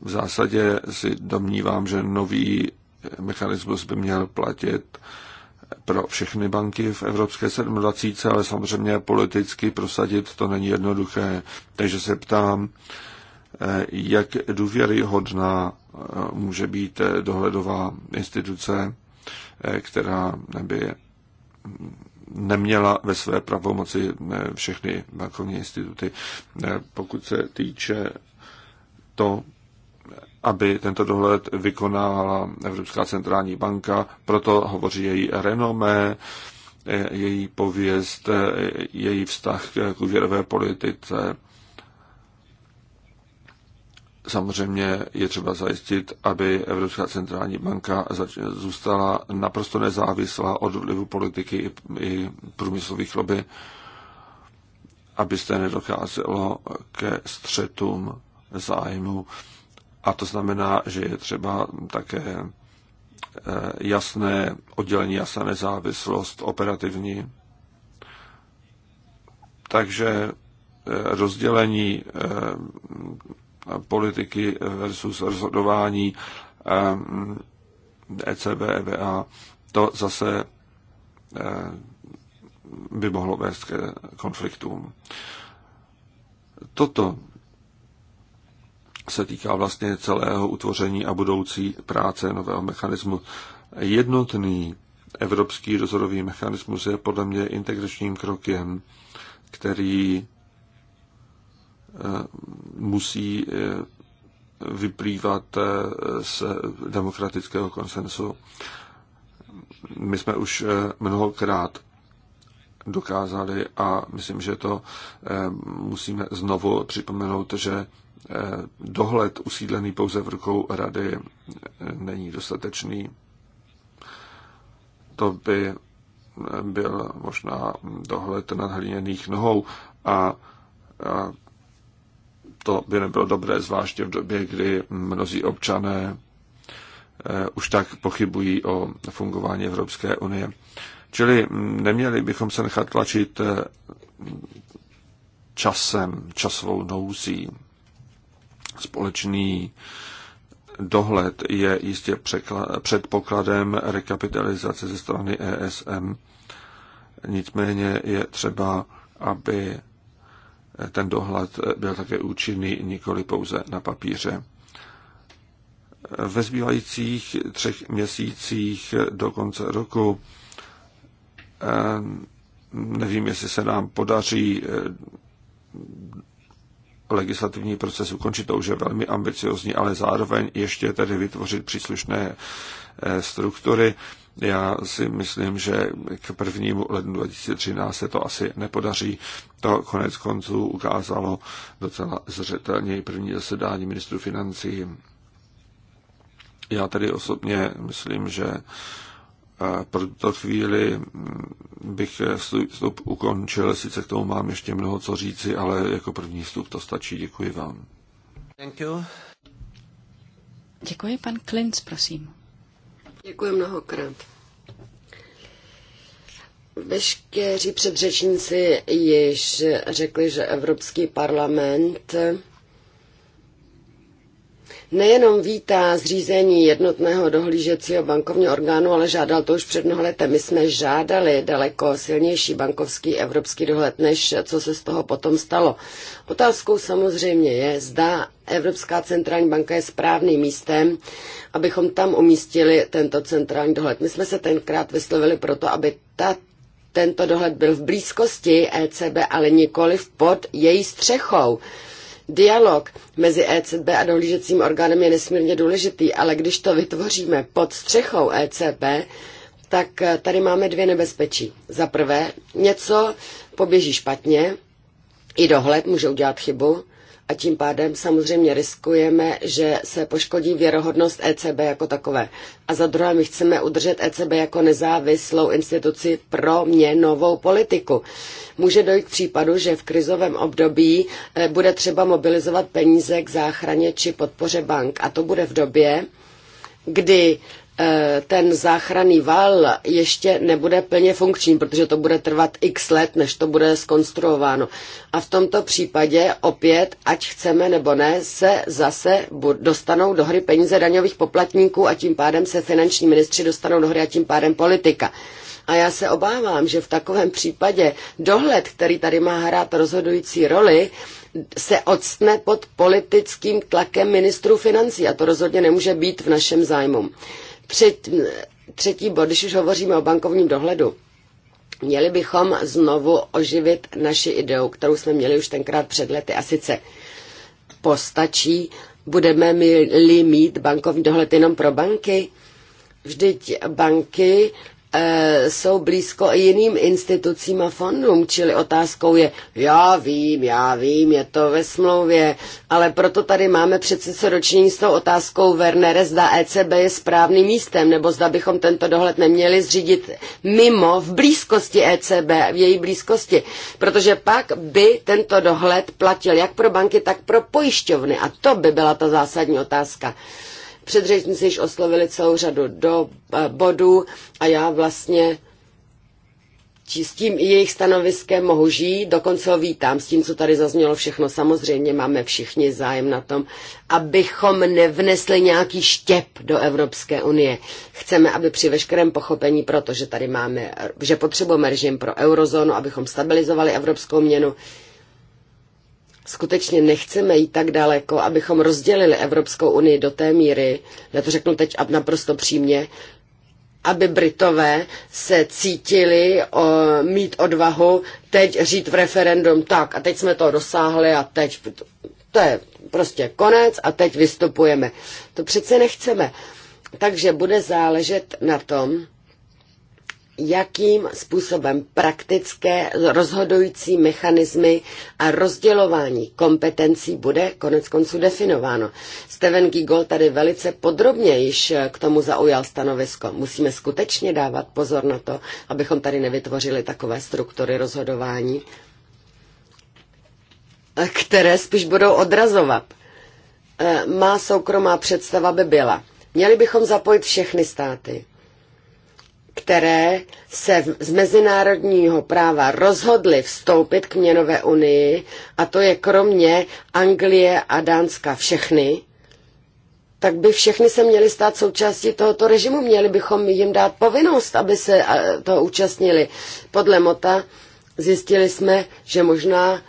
V zásadě si domnívám, že nový mechanismus by měl platit pro všechny banky v Evropské 27, ale samozřejmě politicky prosadit to není jednoduché. Takže se ptám, jak důvěryhodná může být dohledová instituce, která by neměla ve své pravomoci eh, všechny bankovní instituty. Eh, pokud se týče to, aby tento dohled vykonávala Evropská centrální banka, proto hovoří její renomé, eh, její pověst, její vztah k úvěrové politice Samozřejmě je třeba zajistit, aby Evropská centrální banka zůstala naprosto nezávislá od vlivu politiky i průmyslových lobby, abyste nedocházelo ke střetům zájmu. A to znamená, že je třeba také eh, jasné oddělení, jasná nezávislost operativní. Takže eh, rozdělení eh, politiky versus rozhodování ECB, eh, e EBA, to zase eh, by mohlo vést ke konfliktům. Toto se týká vlastně celého utvoření a budoucí práce nového mechanismu. Jednotný evropský dozorový mechanismus je podle mě integračním krokem, který Eh, musí eh, vyplývat eh, z demokratického konsensu. My jsme už mnohokrát dokázali a myslím, že to musíme znovu připomenout, že dohled usídlený pouze v rukou rady není dostatečný. To by byl možná dohled nad hliněných nohou a, a to by nebylo dobré, zvláště v době, kdy mnozí občané eh, už tak pochybují o fungování Evropské unie. Čili neměli bychom se nechat tlačit eh, časem, časovou nouzí. Společný dohled je jistě předpokladem rekapitalizace ze strany ESM. Nicméně je třeba, aby ten dohled byl také účinný nikoli pouze na papíře. Ve zbývajících třech měsících do konce roku eh, nevím, jestli se nám podaří eh, legislativní proces ukončit, to už je velmi ambiciozní, ale zároveň ještě tedy vytvořit příslušné eh, struktury já si myslím, že k prvnímu lednu 2013 se to asi nepodaří. To konec konců ukázalo docela zřetelně první zasedání ministru financí. Já tedy osobně myslím, že eh, pro tuto chvíli hm, bych vstup ukončil, sice k tomu mám ještě mnoho co říci, ale jako první vstup to stačí. Děkuji vám. Thank you. Děkuji, pan Klinc, prosím. Děkuji mnohokrát. Veškeří předřečníci již řekli, že Evropský parlament nejenom vítá zřízení jednotného dohlížecího bankovního orgánu, ale žádal to už před mnoha lety. My jsme žádali daleko silnější bankovský evropský dohled, než co se z toho potom stalo. Otázkou samozřejmě je, zda Evropská centrální banka je správným místem, abychom tam umístili tento centrální dohled. My jsme se tenkrát vyslovili proto, aby ta tento dohled byl v blízkosti ECB, ale nikoli pod její střechou. Dialog mezi ECB a dohlížecím orgánem je nesmírně důležitý, ale když to vytvoříme pod střechou ECB, tak eh, tady máme dvě nebezpečí. Za prvé, něco poběží špatně, i dohled může udělat chybu, a tím pádem samozřejmě riskujeme, že se poškodí věrohodnost ECB jako takové. A za druhé, my chceme udržet ECB jako nezávislou instituci pro měnovou politiku. Může dojít k případu, že v krizovém období eh, bude třeba mobilizovat peníze k záchraně či podpoře bank. A to bude v době, kdy Eh, ten záchranný val ještě nebude plně funkční, protože to bude trvat x let, než to bude skonstruováno. A v tomto případě opět, ať chceme nebo ne, se zase dostanou do hry peníze daňových poplatníků a tím pádem se finanční ministři dostanou do hry a tím pádem politika. A já se obávám, že v takovém případě dohled, který tady má hrát rozhodující roli, se odstne pod politickým tlakem ministrů financí a to rozhodně nemůže být v našem zájmu. Před, třetí bod, když už hovoříme o bankovním dohledu, měli bychom znovu oživit naši ideu, kterou jsme měli už tenkrát před lety a sice postačí, budeme-li mít bankovní dohled jenom pro banky, Vždyť banky E, jsou blízko i jiným institucím a fondům, čili otázkou je, já vím, já vím, je to ve smlouvě, ale proto tady máme přece co dočinění s tou otázkou Wernere, zda ECB je správným místem, nebo zda bychom tento dohled neměli zřídit mimo, v blízkosti ECB, v její blízkosti, protože pak by tento dohled platil jak pro banky, tak pro pojišťovny a to by byla ta zásadní otázka. Předřečníci již oslovili celou řadu do e, bodů a já vlastně s tím i jejich stanoviskem mohu žít, dokonce ho vítám s tím, co tady zaznělo všechno. Samozřejmě máme všichni zájem na tom, abychom nevnesli nějaký štěp do Evropské unie. Chceme, aby při veškerém pochopení, protože tady máme, že potřebujeme režim pro eurozónu, abychom stabilizovali evropskou měnu, skutečně nechceme jít tak daleko, abychom rozdělili Evropskou unii do té míry, já to řeknu teď naprosto přímě, aby Britové se cítili o, mít odvahu teď říct v referendum tak a teď jsme to dosáhli a teď to je prostě konec a teď vystupujeme. To přece nechceme. Takže bude záležet na tom, jakým způsobem praktické rozhodující mechanismy a rozdělování kompetencí bude konec konců definováno. Steven Gigol tady velice podrobně již k tomu zaujal stanovisko. Musíme skutečně dávat pozor na to, abychom tady nevytvořili takové struktury rozhodování, které spíš budou odrazovat. E, má soukromá představa by byla. Měli bychom zapojit všechny státy které se z mezinárodního práva rozhodly vstoupit k měnové unii, a to je kromě Anglie a Dánska všechny, tak by všechny se měly stát součástí tohoto režimu. Měli bychom jim dát povinnost, aby se toho účastnili. Podle Mota zjistili jsme, že možná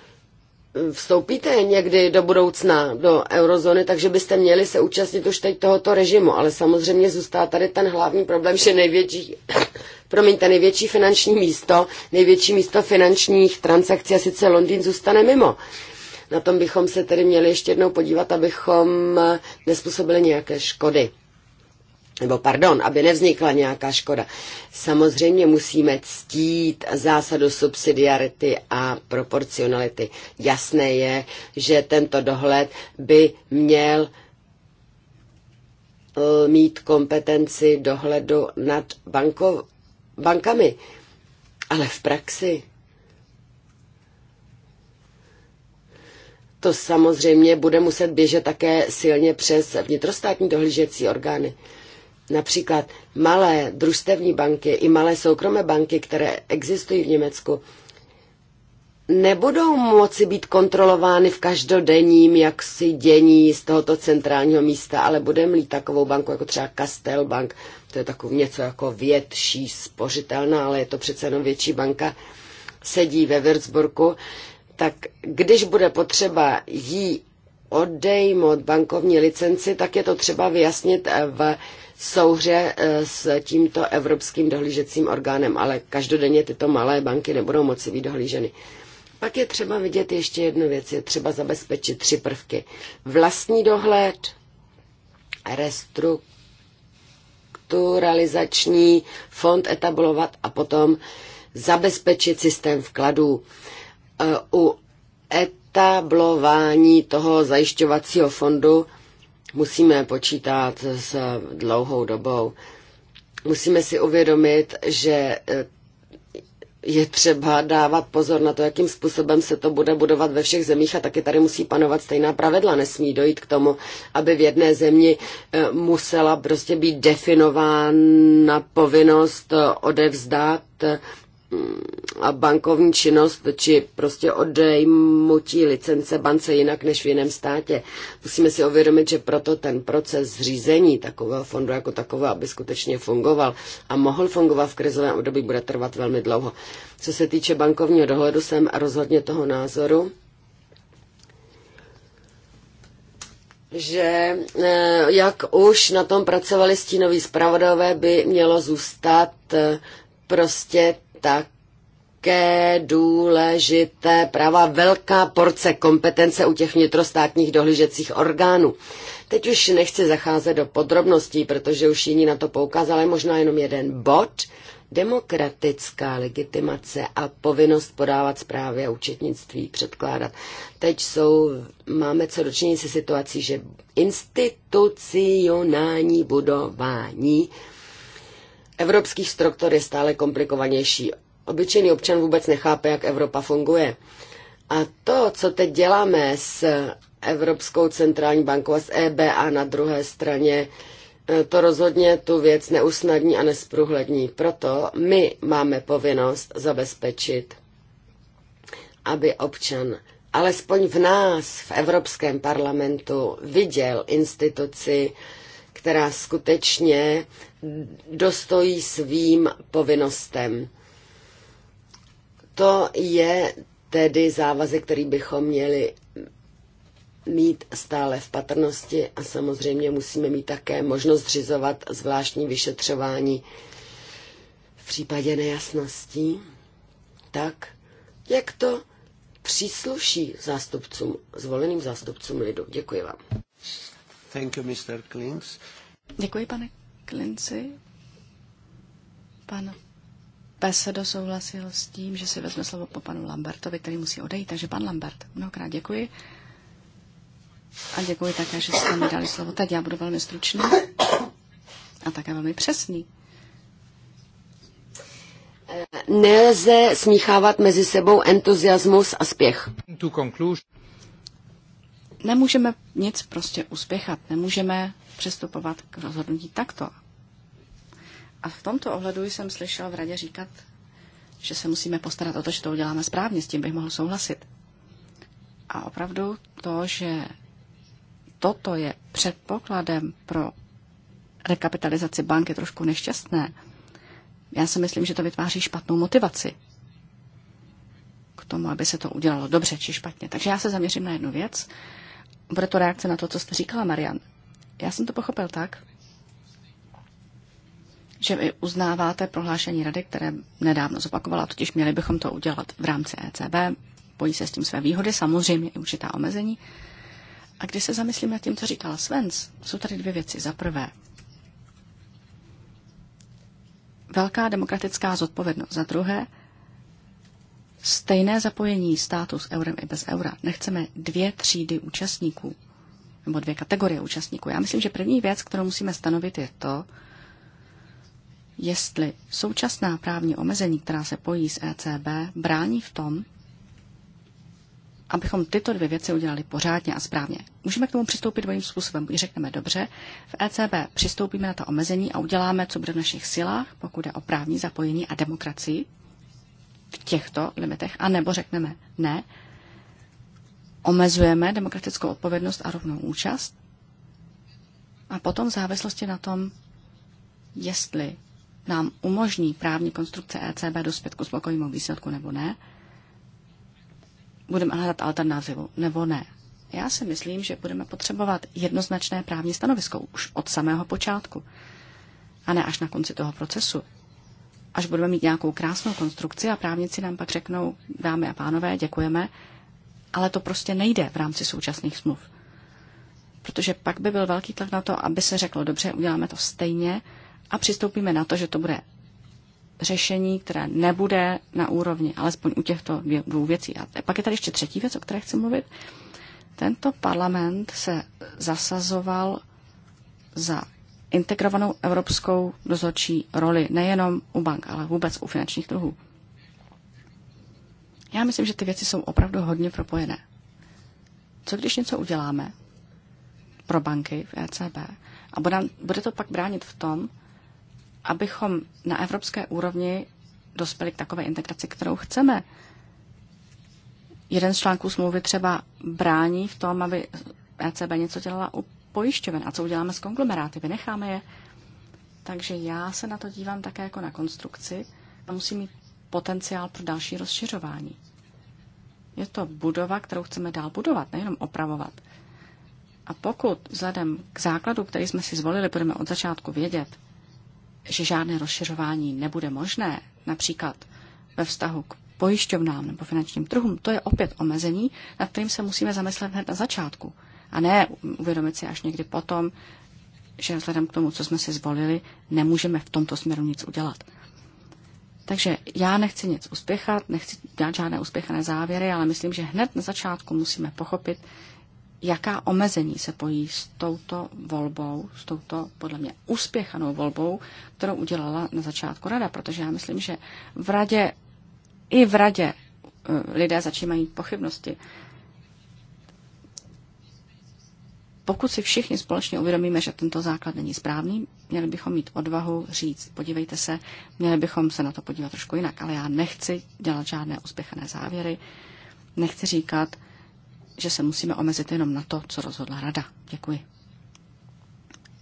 vstoupíte někdy do budoucna do eurozóny, takže byste měli se účastnit už teď tohoto režimu, ale samozřejmě zůstává tady ten hlavní problém, že největší, promiňte, největší finanční místo, největší místo finančních transakcí a sice Londýn zůstane mimo. Na tom bychom se tedy měli ještě jednou podívat, abychom eh, nespůsobili nějaké škody nebo pardon, aby nevznikla nějaká škoda. Samozřejmě musíme ctít zásadu subsidiarity a proporcionality. Jasné je, že tento dohled by měl eh, mít kompetenci dohledu nad banko, bankami. Ale v praxi to samozřejmě bude muset běžet také silně přes vnitrostátní dohlížecí orgány například malé družstevní banky i malé soukromé banky, které existují v Německu, nebudou moci být kontrolovány v každodenním jaksi dění z tohoto centrálního místa, ale budeme mít takovou banku jako třeba Castel Bank, to je takový něco jako větší, spořitelná, ale je to přece jenom větší banka, sedí ve Würzburgu, tak když bude potřeba jí odejmout bankovní licenci, tak je to třeba vyjasnit v souhře eh, s tímto evropským dohlížecím orgánem, ale každodenně tyto malé banky nebudou moci být dohlíženy. Pak je třeba vidět ještě jednu věc, je třeba zabezpečit tři prvky. Vlastní dohled, restrukturalizační fond etablovat a potom zabezpečit systém vkladů. Eh, u etablování toho zajišťovacího fondu musíme počítat s dlouhou dobou. Musíme si uvědomit, že eh, je třeba dávat pozor na to, jakým způsobem se to bude budovat ve všech zemích a taky tady musí panovat stejná pravidla. Nesmí dojít k tomu, aby v jedné zemi eh, musela prostě být definována povinnost eh, odevzdat a bankovní činnost, či prostě odejmutí licence bance jinak než v jiném státě. Musíme si uvědomit, že proto ten proces zřízení takového fondu jako takového, aby skutečně fungoval a mohl fungovat v krizovém období, bude trvat velmi dlouho. Co se týče bankovního dohledu, jsem rozhodně toho názoru, že eh, jak už na tom pracovali stínoví zpravodové, by mělo zůstat eh, prostě také důležité práva, velká porce kompetence u těch vnitrostátních dohlížecích orgánů. Teď už nechci zacházet do podrobností, protože už jiní na to poukázali, možná jenom jeden bod. Demokratická legitimace a povinnost podávat zprávy a účetnictví předkládat. Teď jsou, máme co dočinit se situací, že institucionální budování evropských struktur je stále komplikovanější. Obyčejný občan vůbec nechápe, jak Evropa funguje. A to, co teď děláme s Evropskou centrální bankou a s EBA na druhé straně, e, to rozhodně tu věc neusnadní a nesprůhlední. Proto my máme povinnost zabezpečit, aby občan alespoň v nás, v Evropském parlamentu, viděl instituci, která skutečně dostojí svým povinnostem. To je tedy závazek, který bychom měli mít stále v patrnosti a samozřejmě musíme mít také možnost zřizovat zvláštní vyšetřování v případě nejasností, tak, jak to přísluší zástupcům, zvoleným zástupcům lidu. Děkuji vám. Thank you, Mr. Klings. Děkuji, pane Klinci. Pan Pesedo souhlasil s tím, že si vezme slovo po panu Lambertovi, který musí odejít. Takže pan Lambert, mnohokrát děkuji. A děkuji také, že jste mi dali slovo. Teď já budu velmi stručný a také velmi přesný. Nelze smíchávat mezi sebou entuziasmus a spěch. Nemůžeme nic prostě uspěchat, nemůžeme přistupovat k rozhodnutí takto. A v tomto ohledu jsem slyšel v radě říkat, že se musíme postarat o to, že to uděláme správně, s tím bych mohl souhlasit. A opravdu to, že toto je předpokladem pro rekapitalizaci banky trošku nešťastné. Já si myslím, že to vytváří špatnou motivaci k tomu, aby se to udělalo dobře či špatně. Takže já se zaměřím na jednu věc, bude to reakce na to, co jste říkala, Marian. Já jsem to pochopil tak, že vy uznáváte prohlášení rady, které nedávno zopakovala, totiž měli bychom to udělat v rámci ECB, pojí se s tím své výhody, samozřejmě i určitá omezení. A když se zamyslím nad tím, co říkala Svens, jsou tady dvě věci. Za prvé, velká demokratická zodpovědnost. Za druhé, stejné zapojení státu s eurem i bez eura. Nechceme dvě třídy účastníků nebo dvě kategorie účastníků. Já myslím, že první věc, kterou musíme stanovit, je to, jestli současná právní omezení, která se pojí s ECB, brání v tom, abychom tyto dvě věci udělali pořádně a správně. Můžeme k tomu přistoupit dvojím způsobem. Když řekneme dobře, v ECB přistoupíme na ta omezení a uděláme, co bude v našich silách, pokud je o právní zapojení a demokracii v těchto limitech, anebo řekneme ne, omezujeme demokratickou odpovědnost a rovnou účast a potom v závislosti na tom, jestli nám umožní právní konstrukce ECB dospět k uspokojivému výsledku nebo ne, budeme hledat alternativu nebo ne. Já si myslím, že budeme potřebovat jednoznačné právní stanovisko už od samého počátku a ne až na konci toho procesu, až budeme mít nějakou krásnou konstrukci a právníci nám pak řeknou, dámy a pánové, děkujeme, ale to prostě nejde v rámci současných smluv. Protože pak by byl velký tlak na to, aby se řeklo, dobře, uděláme to stejně a přistoupíme na to, že to bude řešení, které nebude na úrovni, alespoň u těchto dvou věcí. A pak je tady ještě třetí věc, o které chci mluvit. Tento parlament se zasazoval za integrovanou evropskou dozorčí roli, nejenom u bank, ale vůbec u finančních trhů. Já myslím, že ty věci jsou opravdu hodně propojené. Co když něco uděláme pro banky v ECB a bude, to pak bránit v tom, abychom na evropské úrovni dospěli k takové integraci, kterou chceme. Jeden z článků smlouvy třeba brání v tom, aby ECB něco dělala u pojišťoven a co uděláme s konglomeráty, vynecháme je. Takže já se na to dívám také jako na konstrukci a musí mít potenciál pro další rozšiřování. Je to budova, kterou chceme dál budovat, nejenom opravovat. A pokud vzhledem k základu, který jsme si zvolili, budeme od začátku vědět, že žádné rozšiřování nebude možné, například ve vztahu k pojišťovnám nebo finančním trhům, to je opět omezení, nad kterým se musíme zamyslet hned na začátku. A ne uvědomit si až někdy potom, že vzhledem k tomu, co jsme si zvolili, nemůžeme v tomto směru nic udělat. Takže já nechci nic uspěchat, nechci dělat žádné uspěchané závěry, ale myslím, že hned na začátku musíme pochopit, jaká omezení se pojí s touto volbou, s touto podle mě uspěchanou volbou, kterou udělala na začátku rada, protože já myslím, že v radě, i v radě eh, lidé začínají pochybnosti. Pokud si všichni společně uvědomíme, že tento základ není správný, měli bychom mít odvahu říct, podívejte se, měli bychom se na to podívat trošku jinak, ale já nechci dělat žádné uspěchané závěry, nechci říkat, že se musíme omezit jenom na to, co rozhodla rada. Děkuji.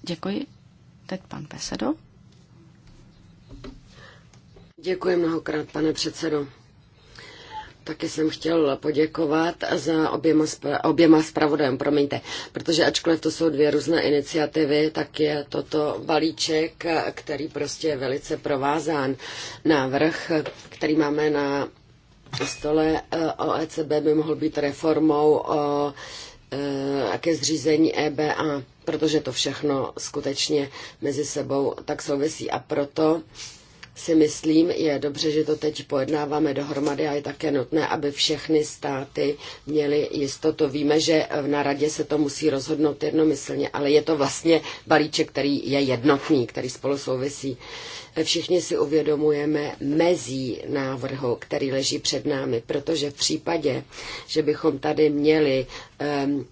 Děkuji. Teď pan Pesedo. Děkuji mnohokrát, pane předsedo. Taky jsem chtěl poděkovat za oběma, oběma zpravodajům, promiňte, protože ačkoliv to jsou dvě různé iniciativy, tak je toto balíček, který prostě je velice provázán. Návrh, který máme na stole ECB eh, e by mohl být reformou o, eh, eh, ke zřízení EBA, protože to všechno skutečně mezi sebou tak souvisí a proto si myslím, je dobře, že to teď pojednáváme dohromady a je také nutné, aby všechny státy měly jistotu. Víme, že na radě se to musí rozhodnout jednomyslně, ale je to vlastně balíček, který je jednotný, který spolu souvisí. Všichni si uvědomujeme mezí návrhu, který leží před námi, protože v případě, že bychom tady měli um,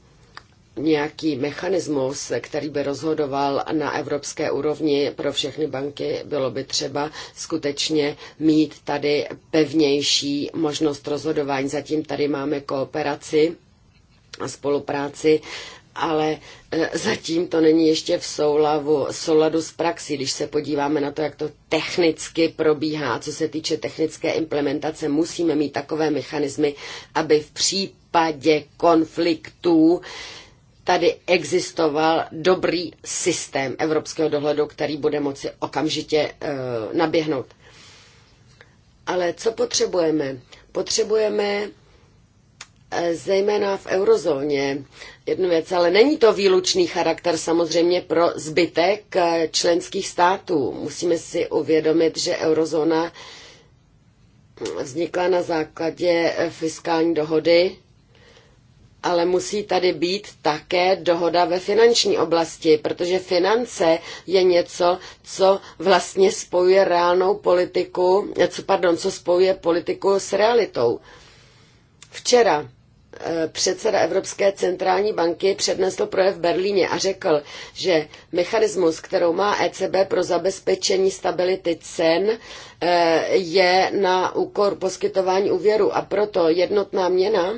nějaký mechanismus, který by rozhodoval na evropské úrovni pro všechny banky, bylo by třeba skutečně mít tady pevnější možnost rozhodování. Zatím tady máme kooperaci a spolupráci, ale e, zatím to není ještě v souladu, souladu s praxí, když se podíváme na to, jak to technicky probíhá. A co se týče technické implementace, musíme mít takové mechanismy, aby v případě konfliktů eh, tady existoval dobrý systém evropského dohledu, který bude moci okamžitě eh, naběhnout. Ale co potřebujeme? Potřebujeme eh, zejména v eurozóně jednu věc, ale není to výlučný charakter samozřejmě pro zbytek eh, členských států. Musíme si uvědomit, že eurozóna mm, vznikla na základě fiskální dohody ale musí tady být také dohoda ve finanční oblasti, protože finance je něco, co vlastně spojuje reálnou politiku, co, pardon, co spojuje politiku s realitou. Včera eh, předseda Evropské centrální banky přednesl projev v Berlíně a řekl, že mechanismus, kterou má ECB pro zabezpečení stability cen, eh, je na úkor poskytování úvěru a proto jednotná měna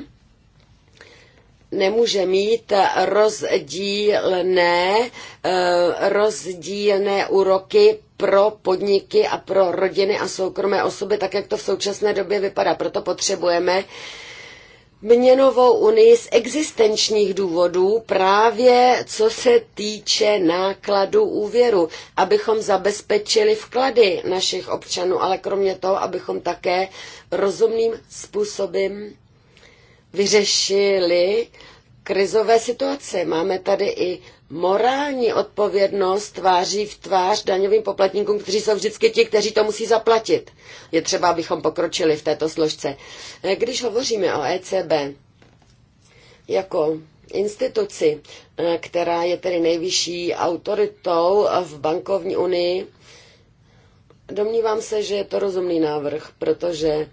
nemůže mít rozdílné, eh, rozdílné úroky pro podniky a pro rodiny a soukromé osoby, tak jak to v současné době vypadá. Proto potřebujeme měnovou unii z existenčních důvodů, právě co se týče nákladu úvěru, abychom zabezpečili vklady našich občanů, ale kromě toho, abychom také rozumným způsobem vyřešili krizové situace. Máme tady i morální odpovědnost tváří v tvář daňovým poplatníkům, kteří jsou vždycky ti, kteří to musí zaplatit. Je třeba, abychom pokročili v této složce. Eh, když hovoříme o ECB jako instituci, eh, která je tedy nejvyšší autoritou v bankovní unii, domnívám se, že je to rozumný návrh, protože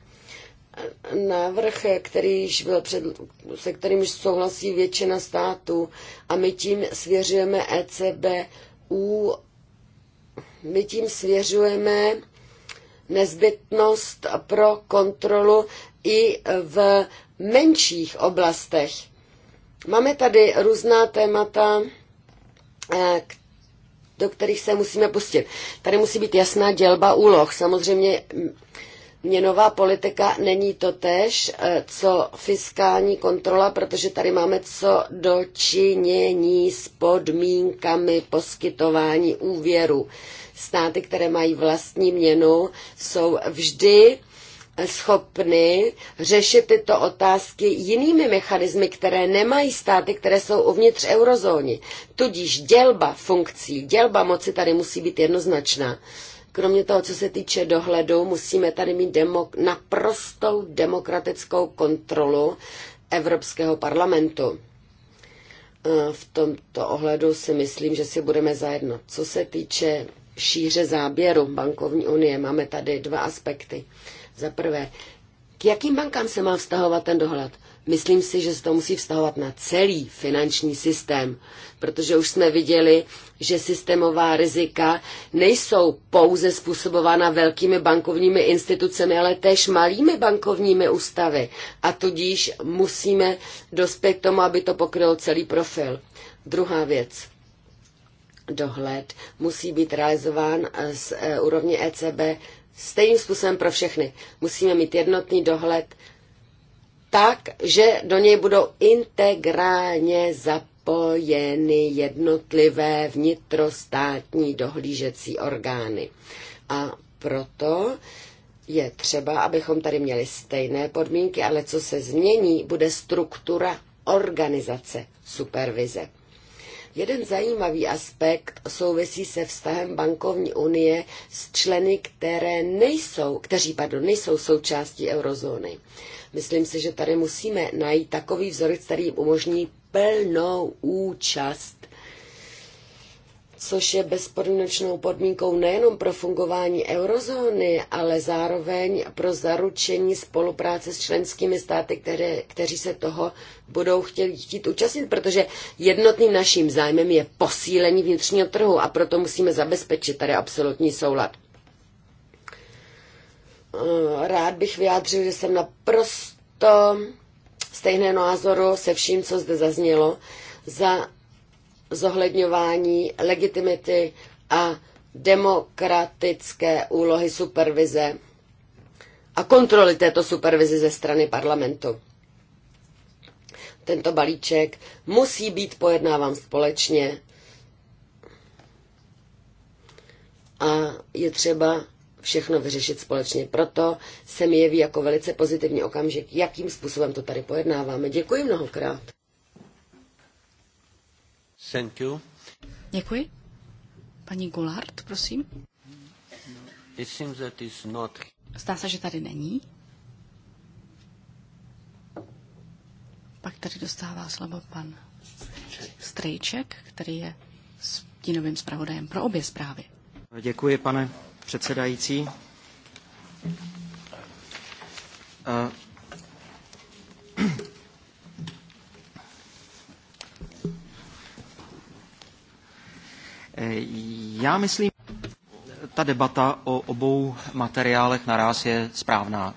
návrh, který již byl před, se kterým souhlasí většina států a my tím svěřujeme ECB u, my tím svěřujeme nezbytnost pro kontrolu i v menších oblastech. Máme tady různá témata, eh, do kterých se musíme pustit. Tady musí být jasná dělba úloh. Samozřejmě měnová politika není to eh, co fiskální kontrola, protože tady máme co dočinění s podmínkami poskytování úvěru. Státy, které mají vlastní měnu, jsou vždy schopny řešit tyto otázky jinými mechanismy, které nemají státy, které jsou uvnitř eurozóny. Tudíž dělba funkcí, dělba moci tady musí být jednoznačná. Kromě toho, co se týče dohledu, musíme tady mít demok- naprostou demokratickou kontrolu Evropského parlamentu. E, v tomto ohledu si myslím, že si budeme zajedno. Co se týče šíře záběru bankovní unie, máme tady dva aspekty. Za prvé, k jakým bankám se má vztahovat ten dohled? Myslím si, že se to musí vztahovat na celý finanční systém, protože už jsme viděli, že systémová rizika nejsou pouze způsobována velkými bankovními institucemi, ale též malými bankovními ústavy. A tudíž musíme dospět k tomu, aby to pokrylo celý profil. Druhá věc dohled musí být realizován eh, z eh, úrovně ECB stejným způsobem pro všechny. Musíme mít jednotný dohled tak, že do něj budou integrálně zapojeny jednotlivé vnitrostátní dohlížecí orgány. A proto je třeba, abychom tady měli stejné podmínky, ale co se změní, bude struktura organizace supervize. Jeden zajímavý aspekt souvisí se vztahem bankovní unie s členy, které nejsou, kteří pardon, nejsou součástí eurozóny. Myslím si, že tady musíme najít takový vzorec, který umožní plnou účast což je bezpodmínečnou podmínkou nejenom pro fungování eurozóny, ale zároveň pro zaručení spolupráce s členskými státy, které, kteří se toho budou chtít účastnit, protože jednotným naším zájmem je posílení vnitřního trhu a proto musíme zabezpečit tady absolutní soulad. Eh, rád bych vyjádřil, že jsem naprosto stejného názoru se vším, co zde zaznělo. Za zohledňování legitimity a demokratické úlohy supervize a kontroly této supervize ze strany parlamentu. Tento balíček musí být pojednáván společně a je třeba všechno vyřešit společně. Proto se mi jeví jako velice pozitivní okamžik, jakým způsobem to tady pojednáváme. Děkuji mnohokrát. Thank you. Děkuji. Paní Goulart, prosím. It seems that it's not... Zdá se, že tady není. Pak tady dostává slovo pan Strejček, který je s tínovým zpravodajem pro obě zprávy. Děkuji, pane předsedající. Eh, Já myslím, ta debata o obou materiálech naraz je správná,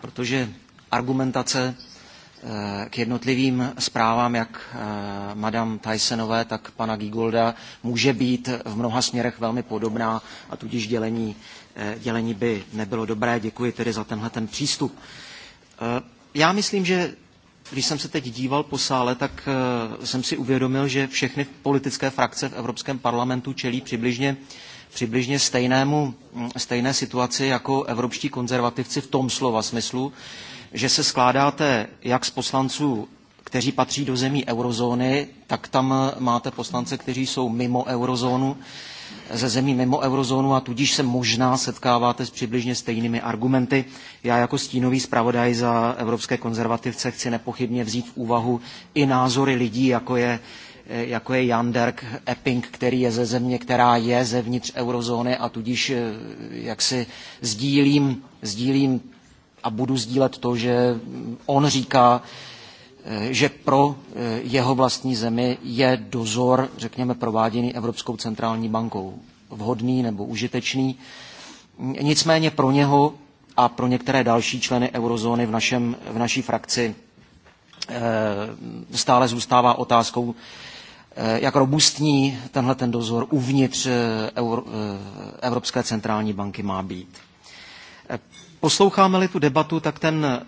protože argumentace eh, k jednotlivým zprávám, jak eh, Madame Tysonové, tak pana Gigolda, může být v mnoha směrech velmi podobná a tudíž dělení, eh, dělení by nebylo dobré. Děkuji tedy za tenhle ten přístup. Já myslím, že když jsem se teď díval po sále, tak eh, jsem si uvědomil, že všechny politické frakce v Evropském parlamentu čelí přibližně, přibližně stejnému, hm, stejné situaci jako evropští konzervativci v tom slova smyslu, že se skládáte jak z poslanců kteří patří do zemí eurozóny, tak tam eh, máte poslance, kteří jsou mimo eurozónu ze zemí mimo eurozónu a tudíž se možná setkáváte s přibližně stejnými argumenty. Já jako stínový zpravodaj za evropské konzervativce chci nepochybně vzít v úvahu i názory lidí, jako je jako je Janderk Epping, který je ze země, která je zevnitř eurozóny a tudíž eh, jak si sdílím, sdílím a budu sdílet to, že on říká, Eh, že pro eh, jeho vlastní zemi je dozor, řekněme, prováděný Evropskou centrální bankou vhodný nebo užitečný. Nicméně pro něho a pro některé další členy eurozóny v, našem, v naší frakci eh, stále zůstává otázkou, jak robustní tenhle ten dozor uvnitř Evropské centrální banky má být. Posloucháme-li tu debatu, tak ten,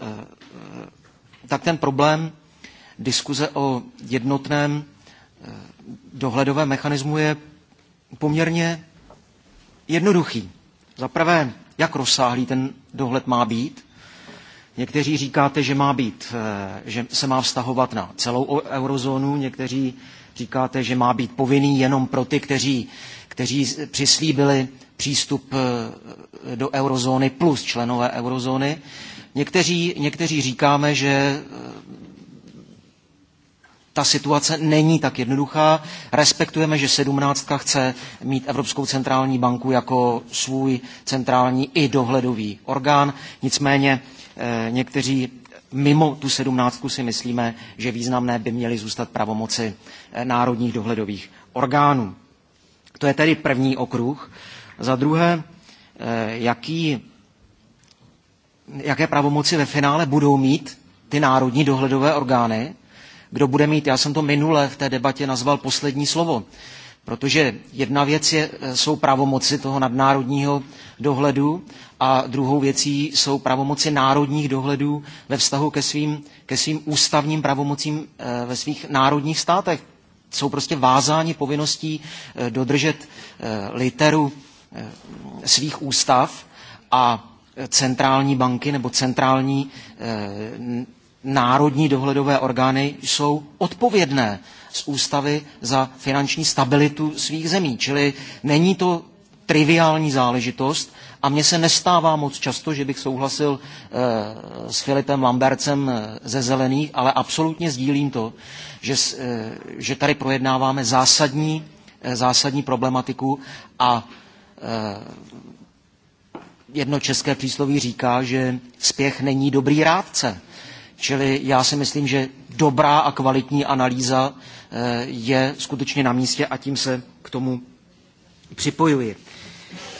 tak ten problém diskuze o jednotném eh, dohledovém mechanismu je poměrně jednoduchý. Za prvé, jak rozsáhlý ten dohled má být. Někteří říkáte, že má být, eh, že se má vztahovat na celou eurozónu, někteří říkáte, že má být povinný jenom pro ty, kteří, kteří přislíbili přístup eh, do eurozóny plus členové eurozóny. Někteří, někteří říkáme, že ta situace není tak jednoduchá. Respektujeme, že sedmnáctka chce mít Evropskou centrální banku jako svůj centrální i dohledový orgán. Nicméně eh, někteří mimo tu sedmnáctku si myslíme, že významné by měly zůstat pravomoci eh, národních dohledových orgánů. To je tedy první okruh. Za druhé, eh, jaký, jaké pravomoci ve finále budou mít ty národní dohledové orgány, kdo bude mít, já jsem to minule v té debatě nazval poslední slovo, protože jedna věc je, e, jsou pravomoci toho nadnárodního dohledu a druhou věcí jsou pravomoci národních dohledů ve vztahu ke svým, ke svým ústavním pravomocím e, ve svých národních státech. Jsou prostě vázáni povinností e, dodržet literu svých ústav a centrální banky nebo centrální národní dohledové orgány jsou odpovědné z ústavy za finanční stabilitu svých zemí. Čili není to triviální záležitost a mně se nestává moc často, že bych souhlasil e, s Filipem Lambercem eh, ze Zelených, ale absolutně sdílím to, že, e, že tady projednáváme zásadní, e, zásadní problematiku a e, jedno české přísloví říká, že spěch není dobrý rádce. Čili já si myslím, že dobrá a kvalitní analýza eh, je skutečně na místě a tím se k tomu připojuji.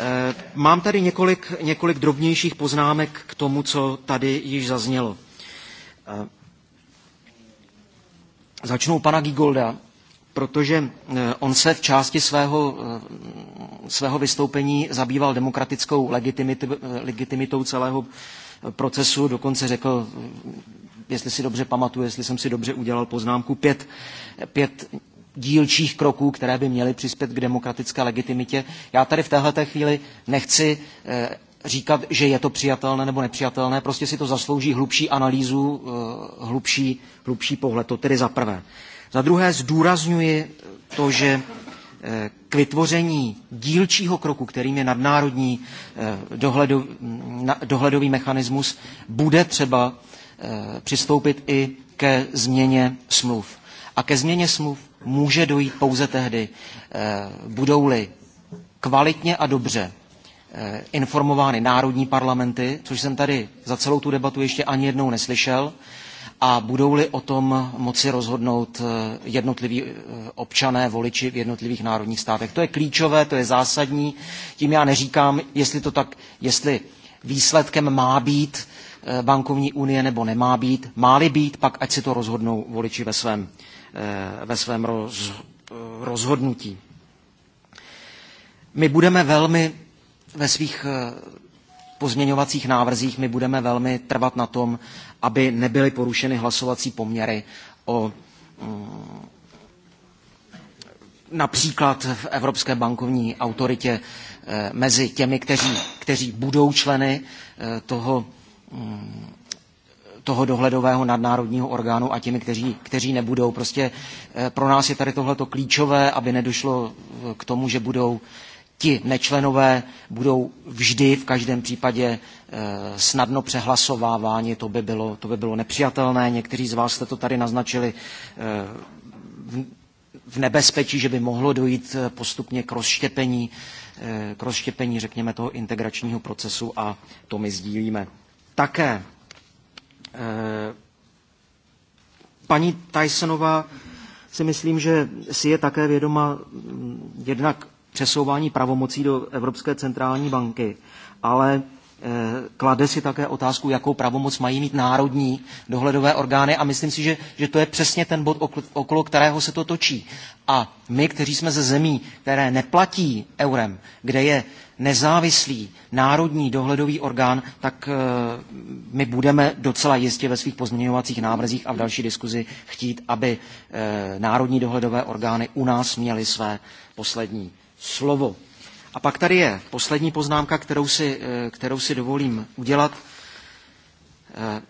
Eh, mám tady několik, několik drobnějších poznámek k tomu, co tady již zaznělo. Eh, začnu pana Gigolda, protože on se v části svého, svého vystoupení zabýval demokratickou legitimit, legitimitou celého procesu, dokonce řekl jestli si dobře pamatuju, jestli jsem si dobře udělal poznámku, pět, pět dílčích kroků, které by měly přispět k demokratické legitimitě. Já tady v této chvíli nechci eh, říkat, že je to přijatelné nebo nepřijatelné, prostě si to zaslouží hlubší analýzu, eh, hlubší, hlubší pohled, to tedy za prvé. Za druhé zdůrazňuji to, že eh, k vytvoření dílčího kroku, kterým je nadnárodní dohledový, dohledový mechanismus, bude třeba Eh, přistoupit i ke změně smluv. A ke změně smluv může dojít pouze tehdy, eh, budou-li kvalitně a dobře eh, informovány národní parlamenty, což jsem tady za celou tu debatu ještě ani jednou neslyšel, a budou-li o tom moci rozhodnout jednotliví občané, voliči v jednotlivých národních státech. To je klíčové, to je zásadní. Tím já neříkám, jestli to tak, jestli výsledkem má být uh, Eh, bankovní unie nebo nemá být. Máli být, pak ať si to rozhodnou voliči ve svém, eh, ve svém roz, eh, rozhodnutí. My budeme velmi ve svých pozměňovacích návrzích, my budeme velmi trvat na tom, aby nebyly porušeny hlasovací poměry o mm, například v Evropské bankovní autoritě mezi těmi, kteří, kteří budou členy toho Mm, toho dohledového nadnárodního orgánu a těmi, kteří, kteří nebudou. Prostě eh, pro nás je tady tohleto klíčové, aby nedošlo eh, k tomu, že budou ti nečlenové budou vždy v každém případě eh, snadno přehlasováváni, to by bylo, to by bylo nepřijatelné. Někteří z vás jste to tady naznačili v nebezpečí, že by mohlo dojít postupně k rozštěpení, k rozštěpení, řekněme, toho integračního procesu a to my sdílíme také. Eh, paní Tysonová si myslím, že si je také vědoma mm, jednak přesouvání pravomocí do Evropské centrální banky, ale Eh, klade si také otázku, jakou pravomoc mají mít národní dohledové orgány a myslím si, že, že to je přesně ten bod, okolo kterého se to točí. A my, kteří jsme ze zemí, které neplatí eurem, kde je nezávislý národní dohledový orgán, tak eh, my budeme docela jistě ve svých pozměňovacích návrzích a v další diskuzi chtít, aby eh, národní dohledové orgány u nás měly své poslední slovo. A pak tady je poslední poznámka, kterou si, eh, kterou si dovolím udělat. Eh,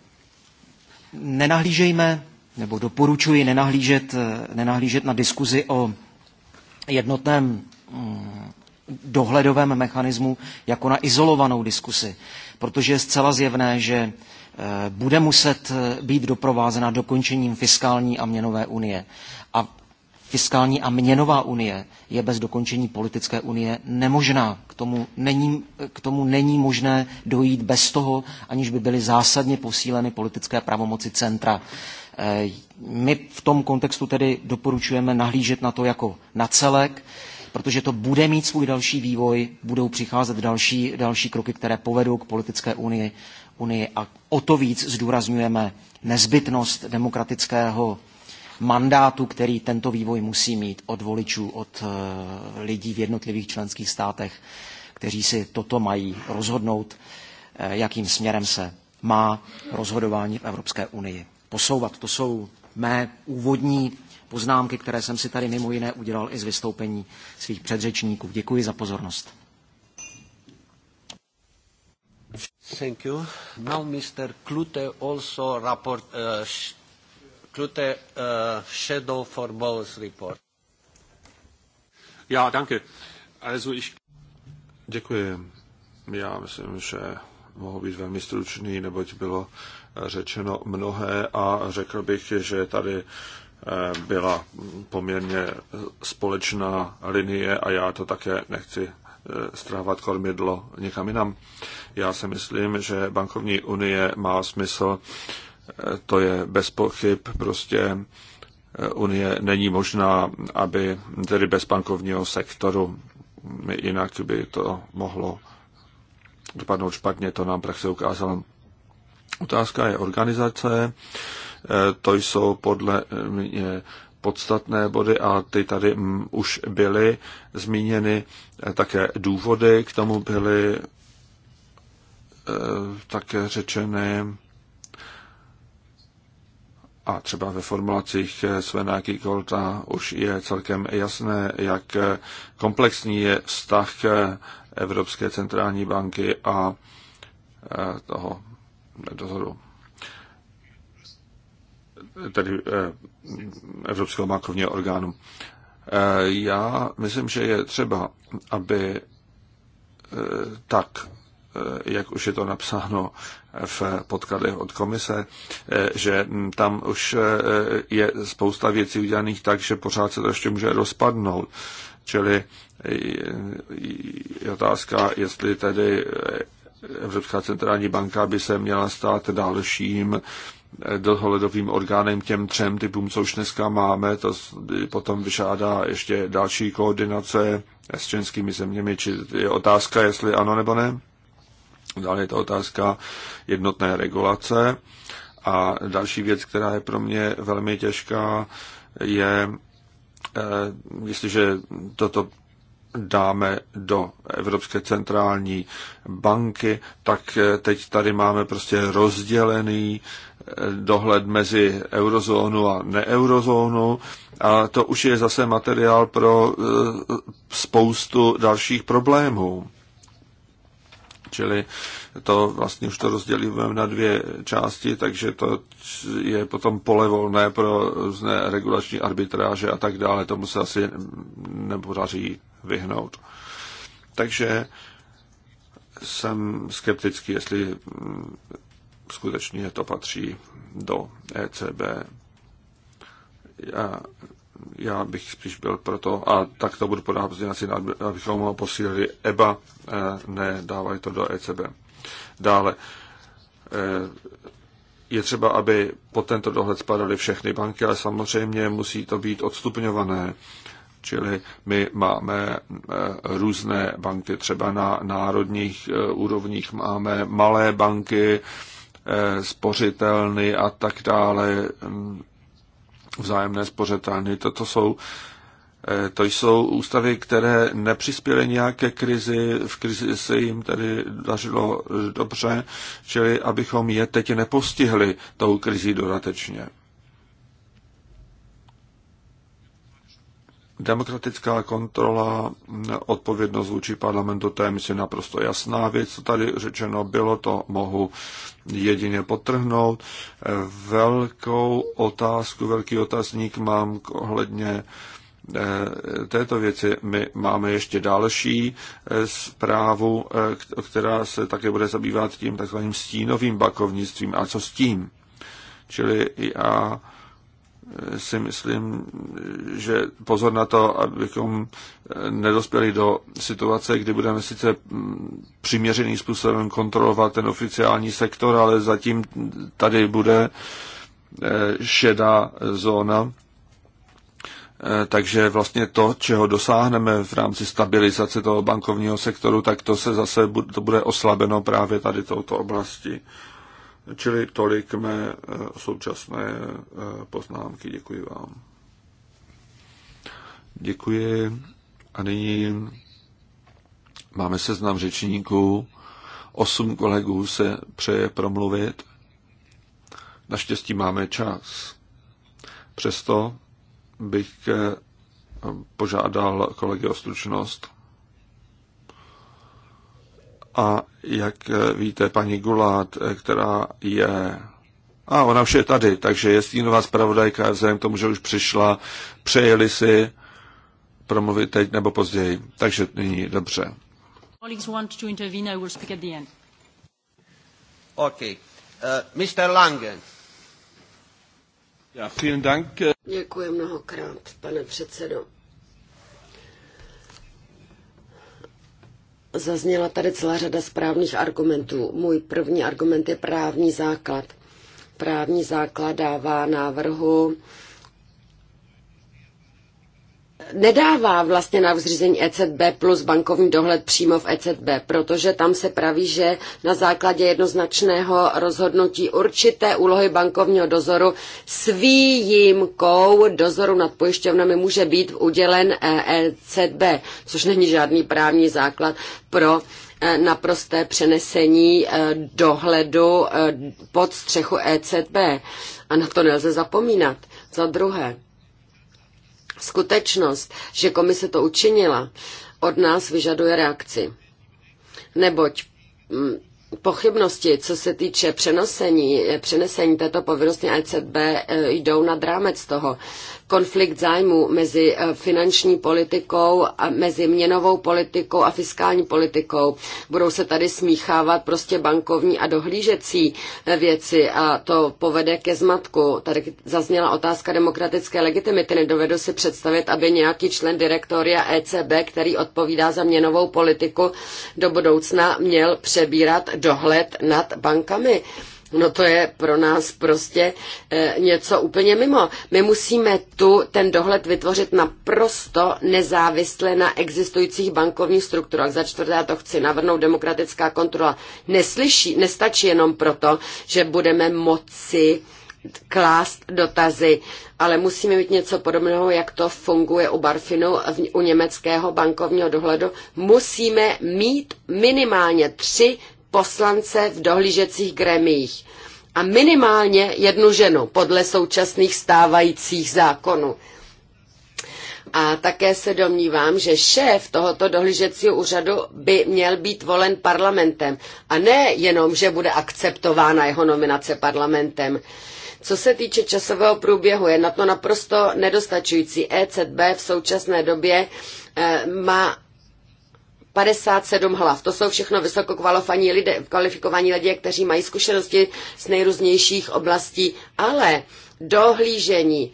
nenahlížejme, nebo doporučuji nenahlížet, eh, nenahlížet na diskuzi o jednotném mm, dohledovém mechanismu jako na izolovanou diskusi, protože je zcela zjevné, že bude muset být doprovázena dokončením fiskální a měnové unie. A fiskální a měnová unie je bez dokončení politické unie nemožná. K tomu není, k tomu není možné dojít bez toho, aniž by byly zásadně posíleny politické pravomoci centra. Eh, my v tom kontextu tedy doporučujeme nahlížet na to jako na celek protože to bude mít svůj další vývoj, budou přicházet další, další kroky, které povedou k politické unii, unii a o to víc zdůrazňujeme nezbytnost demokratického mandátu, který tento vývoj musí mít od voličů, od eh, lidí v jednotlivých členských státech, kteří si toto mají rozhodnout, eh, jakým směrem se má rozhodování v Evropské unii posouvat. To jsou mé úvodní poznámky, které jsem si tady mimo jiné udělal i z vystoupení svých předřečníků. Děkuji za pozornost. Thank you. Now Mr. Klute also rapport, uh, Klute, uh, Shadow for both Report. Ja, danke. Also ich... Děkuji. Já myslím, že mohu být velmi stručný, neboť bylo uh, řečeno mnohé a řekl bych, že tady uh, byla poměrně společná linie a já to také nechci uh, strávat kormidlo někam jinam. Já si myslím, že bankovní unie má smysl to je bez pochyb prostě eh, Unie není možná, aby tedy bez bankovního sektoru, jinak by to mohlo dopadnout špatně, to nám praxe ukázala. Otázka je organizace, eh, to jsou podle mě podstatné body a ty tady mm, už byly zmíněny, eh, také důvody k tomu byly také řečeny a třeba ve formulacích Svena Kikolta už je celkem jasné, jak komplexní je vztah Evropské centrální banky a e, toho dozoru tedy e, Evropského bankovního orgánu. E, já myslím, že je třeba, aby tak Eh, jak už je to napsáno v podkladech od komise, eh, že tam už eh, je spousta věcí udělaných tak, že pořád se to ještě může rozpadnout. Čili je otázka, jestli tedy Evropská centrální banka by se měla stát dalším dohledovým orgánem těm třem typům, co už dneska máme, to potom vyžádá ještě další koordinace s členskými zeměmi, či je otázka, jestli ano nebo ne. Dále je to otázka jednotné regulace. A další věc, která je pro mě velmi těžká, je, eh, jestliže toto dáme do Evropské centrální banky, tak eh, teď tady máme prostě rozdělený eh, dohled mezi eurozónu a neeurozónu a to už je zase materiál pro spoustu dalších problémů. Čili to vlastně už to rozdělíme na dvě části, takže to je potom pole volné pro různé regulační arbitráže a tak dále. Tomu se asi nepodaří vyhnout. Takže jsem skeptický, jestli skutečně to patří do ECB. Já já bych spíš byl proto, a tak to budu podávat pozdělací, abychom ho posílili EBA, eh, ne dávali to do ECB. Dále, eh, je třeba, aby po tento dohled spadaly všechny banky, ale samozřejmě musí to být odstupňované. Čili my máme eh, různé banky, třeba na národních úrovních máme malé banky, spořitelny a tak dále, vzájemné spořetelny. Toto jsou, eh, to jsou ústavy, které nepřispěly nějaké krizi, v krizi se jim tedy dařilo dobře, čili abychom je teď nepostihli tou krizí dodatečně. Demokratická kontrola, odpovědnost vůči parlamentu, to je myslím naprosto jasná věc, co tady řečeno bylo, to mohu jedině potrhnout. Velkou otázku, velký otazník mám ohledně eh, této věci. My máme ještě další eh, zprávu, eh, která se také bude zabývat tím takzvaným stínovým bakovnictvím. A co s tím? Čili já si myslím, že pozor na to, abychom nedospěli do situace, kdy budeme sice přiměřeným způsobem kontrolovat ten oficiální sektor, ale zatím tady bude eh, šedá zóna. Eh, takže vlastně to, čeho dosáhneme v rámci stabilizace toho bankovního sektoru, tak to se zase bude oslabeno právě tady touto oblasti. Čili tolik mé eh, současné eh, poznámky. Děkuji vám. Děkuji. A nyní máme seznam řečníků. Osm kolegů se přeje promluvit. Naštěstí máme čas. Přesto bych eh, požádal kolegy o stručnost. A jak víte, paní Gulát, která je... A ona už je tady, takže je stínová zpravodajka, vzhledem k tomu, že už přišla, přejeli si promluvit teď nebo později. Takže nyní, dobře. Okay. Uh, eh, Mr. Lange. Ja, vielen Dank. Děkuji mnohokrát, pane předsedo. Zazněla tady celá řada správných argumentů. Můj první argument je právní základ. Právní základ dává návrhu nedává vlastně na vzřízení ECB plus bankovní dohled přímo v ECB, protože tam se praví, že na základě jednoznačného rozhodnutí určité úlohy bankovního dozoru s výjimkou dozoru nad pojišťovnami může být udělen ECB, eh, e což není žádný právní základ pro eh, naprosté přenesení eh, dohledu pod střechu ECB. A na to nelze zapomínat. Za druhé, Skutečnost, že komise to učinila, od nás vyžaduje reakci. Neboť mm, pochybnosti, co se týče přenosení, přenesení této povinnosti ECB, e, jdou nad rámec toho konflikt zájmu mezi eh, finanční politikou a mezi měnovou politikou a fiskální politikou. Budou se tady smíchávat prostě bankovní a dohlížecí eh, věci a to povede ke zmatku. Tady zazněla otázka demokratické legitimity. Nedovedu si představit, aby nějaký člen direktoria ECB, který odpovídá za měnovou politiku, do budoucna měl přebírat dohled nad bankami No to je pro nás prostě e, něco úplně mimo. My musíme tu ten dohled vytvořit naprosto nezávisle na existujících bankovních strukturách. Za čtvrté, já to chci navrhnout, demokratická kontrola neslyší, nestačí jenom proto, že budeme moci klást dotazy, ale musíme mít něco podobného, jak to funguje u Barfinu, u německého bankovního dohledu. Musíme mít minimálně tři poslance v dohlížecích gremiích a minimálně jednu ženu podle současných stávajících zákonů. A také se domnívám, že šéf tohoto dohlížecího úřadu by měl být volen parlamentem a ne jenom, že bude akceptována jeho nominace parlamentem. Co se týče časového průběhu, je na to naprosto nedostačující. ECB v současné době eh, má 57 hlav. To jsou všechno vysokokvalifikovaní lidé, kvalifikovaní lidé, kteří mají zkušenosti z nejrůznějších oblastí, ale dohlížení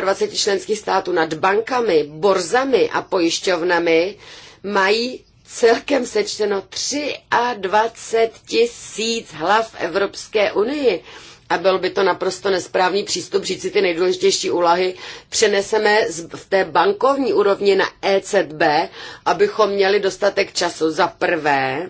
27 členských států nad bankami, borzami a pojišťovnami mají celkem sečteno 23 tisíc hlav Evropské unii a byl by to naprosto nesprávný přístup říct si ty nejdůležitější úlahy, přeneseme v té bankovní úrovni na ECB, abychom měli dostatek času za prvé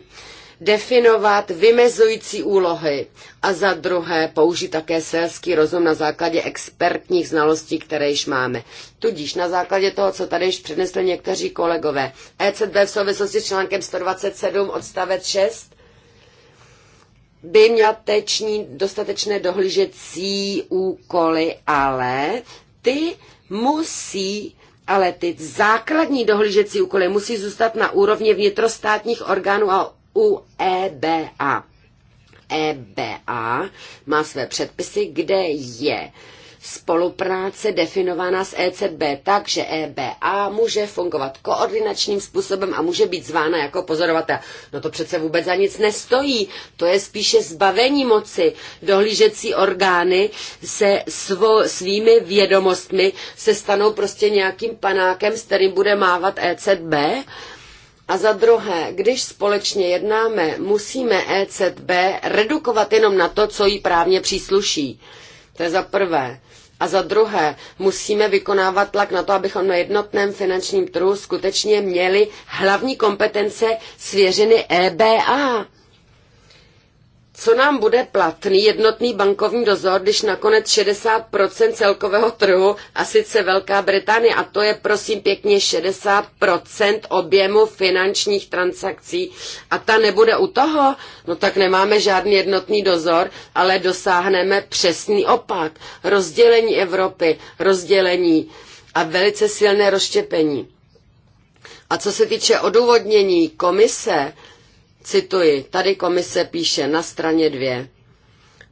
definovat vymezující úlohy a za druhé použít také selský rozum na základě expertních znalostí, které již máme. Tudíž na základě toho, co tady již přednesli někteří kolegové. ECB v souvislosti s článkem 127 odstavec 6 by měl teční dostatečné dohlížecí úkoly, ale ty musí ale ty základní dohlížecí úkoly musí zůstat na úrovni vnitrostátních orgánů a u EBA. EBA má své předpisy, kde je uh, spolupráce definovaná s ECB tak, že EBA může fungovat koordinačním způsobem a může být zvána jako pozorovatel. No to přece vůbec za nic nestojí. To je spíše zbavení moci. Dohlížecí orgány se svo, svými vědomostmi se stanou prostě nějakým panákem, s kterým bude mávat ECB. A za druhé, když společně jednáme, musíme ECB redukovat jenom na to, co jí právně přísluší. To je za prvé. A za druhé, musíme vykonávat tlak na to, abychom na jednotném finančním trhu skutečně měli hlavní kompetence svěřeny EBA co nám bude platný jednotný bankovní dozor, když nakonec 60% celkového trhu, a sice Velká Británie, a to je prosím pěkně 60% objemu finančních transakcí, a ta nebude u toho, no tak nemáme žádný jednotný dozor, ale dosáhneme přesný opak. Rozdělení Evropy, rozdělení a velice silné rozštěpení. A co se týče odůvodnění komise, Cituji, tady komise píše na straně dvě.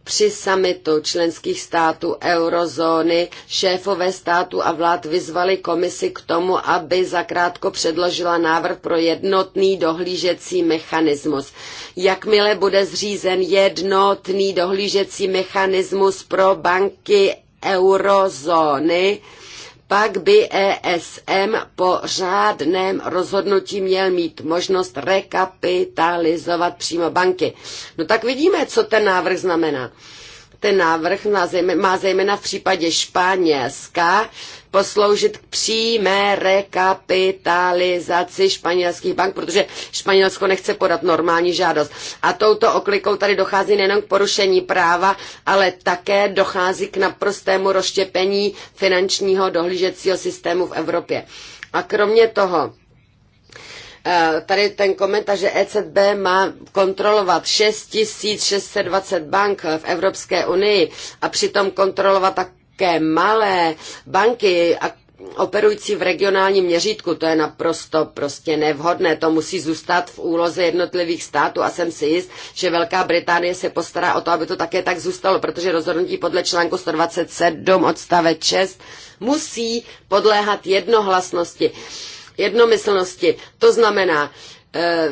Při samitu členských států eurozóny šéfové států a vlád vyzvali komisi k tomu, aby zakrátko předložila návrh pro jednotný dohlížecí mechanismus. Jakmile bude zřízen jednotný dohlížecí mechanismus pro banky eurozóny, pak by ESM po řádném rozhodnutí měl mít možnost rekapitalizovat přímo banky. No tak vidíme, co ten návrh znamená ten návrh má zejména v případě Španělska posloužit k přímé rekapitalizaci španělských bank, protože Španělsko nechce podat normální žádost. A touto oklikou tady dochází nejenom k porušení práva, ale také dochází k naprostému rozštěpení finančního dohlížecího systému v Evropě. A kromě toho, Eh, tady ten komentář, že ECB má kontrolovat 6620 bank v Evropské unii a přitom kontrolovat také malé banky a operující v regionálním měřítku, to je naprosto prostě nevhodné, to musí zůstat v úloze jednotlivých států a jsem si jist, že Velká Británie se postará o to, aby to také tak zůstalo, protože rozhodnutí podle článku 127 odstavec 6 musí podléhat jednohlasnosti. Uh, jednomyslnosti. To znamená, eh,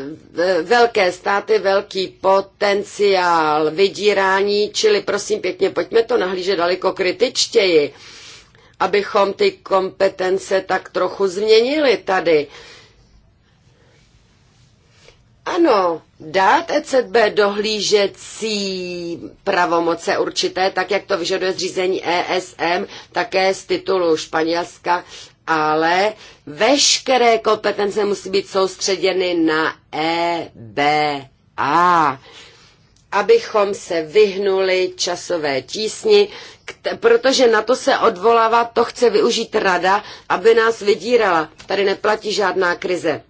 velké státy, velký potenciál vydírání, čili prosím pěkně, pojďme to nahlížet daleko kritičtěji, abychom ty kompetence tak trochu změnili tady. Ano, dát ECB dohlížecí pravomoce určité, tak jak to vyžaduje zřízení ESM, také z titulu Španělska ale veškeré kompetence musí být soustředěny na EBA, abychom se vyhnuli časové tísni, protože na to se odvolává, to chce využít rada, aby nás vydírala. Tady neplatí žádná krize.